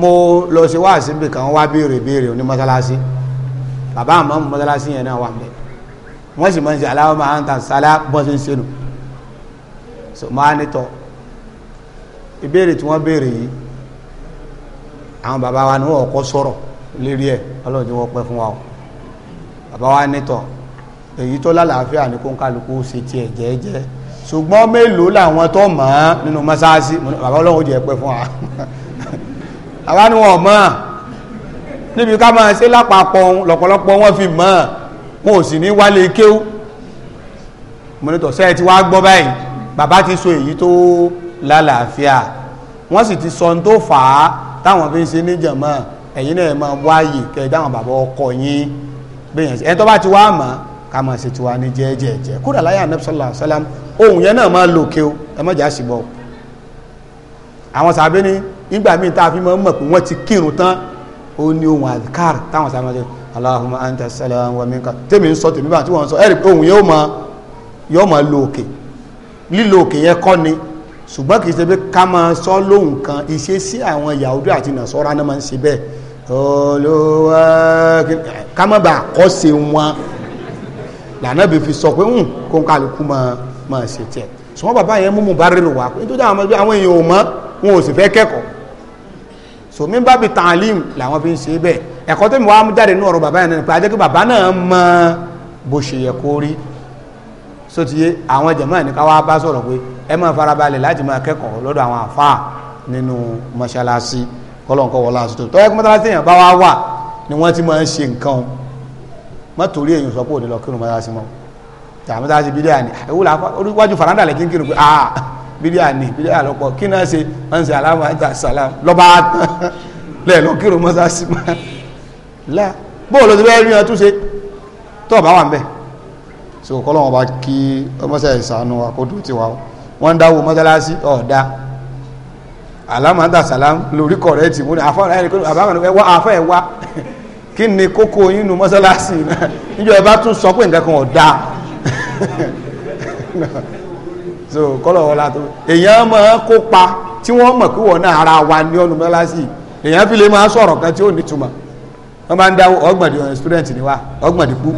mo lọ ṣe wá síbi kan wá béèrè béèrè ní mọ́sálásí bàbá àmọ́ mọ́sálásí yẹn náà wà mẹ́ wọ́n sì máa ń ṣe aláwọ̀mọ̀ àǹtà sàlámà bọ́ so máa ní tọ́ ìbéèrè tí wọ́n béèrè yìí àwọn bàbá wa ni wọ́n kọ́ sọ̀rọ̀ lérí ẹ̀ ọlọ́run tí wọ́n pẹ́ fún wa o bàbá wa nítọ̀ èyí tó lálàáfíà ní kó ń kálukú ṣe tiẹ̀ jẹ́ẹ́jẹ́ ṣùgbọ́n mélòó làwọn tó mọ̀ ọ́n nínú mọ́sáàsì bàbá ọlọ́run jẹ́ pẹ́ fún wa àwa ni wọn mọ̀ níbi ká máa ṣe lápapọ̀ lọ́pọ̀lọpọ̀ wọn fi mọ̀ wọn ò sì ní wálé kéw mo ní tọ̀sẹ́ ti wá gbọ́ báyìí bàbá ti sọ èyí tó lálàáfíà wọ́n sì ti sọ ohun tó fà á táwọn fi ń ṣe níjàmọ́ ẹ̀yin náà máa wáyè kẹ́ dáhùn bẹ́ẹ̀ yẹn ẹ tó bá ti wá mọ̀ ká máa ṣe tiwa ní jẹ́ẹ́jẹ́ẹ́jẹ́ kódà láyé anabi sallallahu ohun yẹn náà máa lò ké o ẹ má jà sí bọ́ àwọn sàbẹ́ ni nígbà míì tá a fi máa ń mọ̀ pé wọ́n ti kírun tán ó ní ohun adhkar táwọn sàbẹ́ ṣe allahumma anta salam wa minka tèmi ń sọ tèmi bá tí wọ́n ń sọ ẹ̀rì pé ohun yóò máa yóò máa lo òkè lílo òkè yẹn kọ́ ni ṣùgbọ́n kì í ṣe pé ká máa sọ lóhùn kan ìṣesí àwọn Yahudi àti Nasara náà máa ń ṣe bẹ́ẹ̀ olúwa kámẹ́bà àkọ́sẹ̀ wọn lànà bí fi sọ pé ń kó ń kálukú máa ṣe tiẹ̀ sọmọ bàbá yẹn mú mú bá rí lò wá pé nítorí àwọn àwọn èèyàn ò mọ̀ wọn ò sì fẹ́ kẹ́kọ̀ọ́ sòmí bá bi tààlìm làwọn fi ń ṣe bẹ́ẹ̀ ẹ̀kọ́ tó mi wá mú jáde nínú ọ̀rọ̀ bàbá yẹn náà pé ajẹ́ kí bàbá náà mọ̀ bó ṣe yẹ kó rí sotiye àwọn jàmáà ní ká wá bá sọ̀rọ̀ pé ẹ máa farabalẹ̀ láti máa kẹ́kọ̀ọ́ lọ́dọ̀ àwọn àfáà nínú mọ́ṣáláṣí kọ́lọ́n kọ́ wọlé àsìtò tọ́wọ́ ẹ̀kọ́ mọ́tàlásí èèyàn bá wá wà ni wọ́n ti máa ń ṣe nǹkan mọ́ torí èèyàn sọ pé òní lọ kírun mọ́tàlásí mọ́ tàbí mọ́tàlásí bídíà ni ìwúlò wájú faranda lè kínkírun pé ah bídíà ni bídíà lọ́pọ̀ kí náà ṣe wọ́n ṣe aláwọ̀ àìta sàlám lọ́ba tán lẹ́ẹ̀ lọ kírun mọ́tàlásí mọ́ la bó ló ti bẹ́ẹ̀ rí wọn túnṣe tó ọ̀bá wà ń alamada salam lórí kọrẹti mo ní àfọwọn ẹni kó àbáwọn ẹ wá àfọ ẹ wá kí ni kókó yín nu mọ́sálásì náà níjọ ẹ bá tún sọ pé nǹkan kan ò dáa so kọlọ wọlá tó èèyàn máa kópa tí wọ́n mọ̀ pé wọ́n náà ara wa ní ọ̀nù mọ́sálásì èèyàn fi lè máa sọ̀rọ̀ kan tí ó nítumọ̀ wọ́n máa ń dáwọ́ ọgbọ̀ndì ọ̀rẹ́ student ni wa ọgbọ̀ndì kú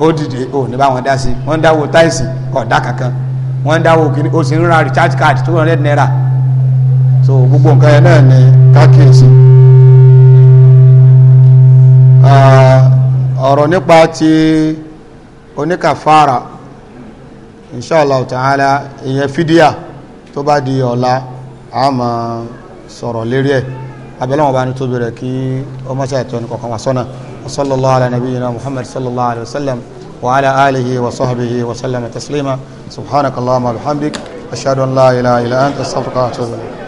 ó dìde ó ní bá wọn dá sí wọ́n ń dáwọ́ táìsì kankan wọ́n ń dáwọ́ òkè sì ń ra recharge card two hundred naira so gbogbo nǹkan yẹn náà ni kákíyèsí ọ̀rọ̀ nípa ti oníkàfàrà inṣàlá ta'ala ìyẹn fídíà tó bá di ọ̀la a máa sọ̀rọ̀ lérí ẹ̀ abẹ́lẹ́ wọn bá ní tóbi rẹ̀ kí ọmọ ṣe àtọ́ ní kọ̀ọ̀kan wá sọ́nà sallallahu ala nabiyyina muhammad sallallahu alaihi wasallam wa ala alihi wa sahbihi wa sallama taslima subhanakallahumma wa bihamdik ashhadu an la ilaha illa anta astaghfiruka wa atubu ilayk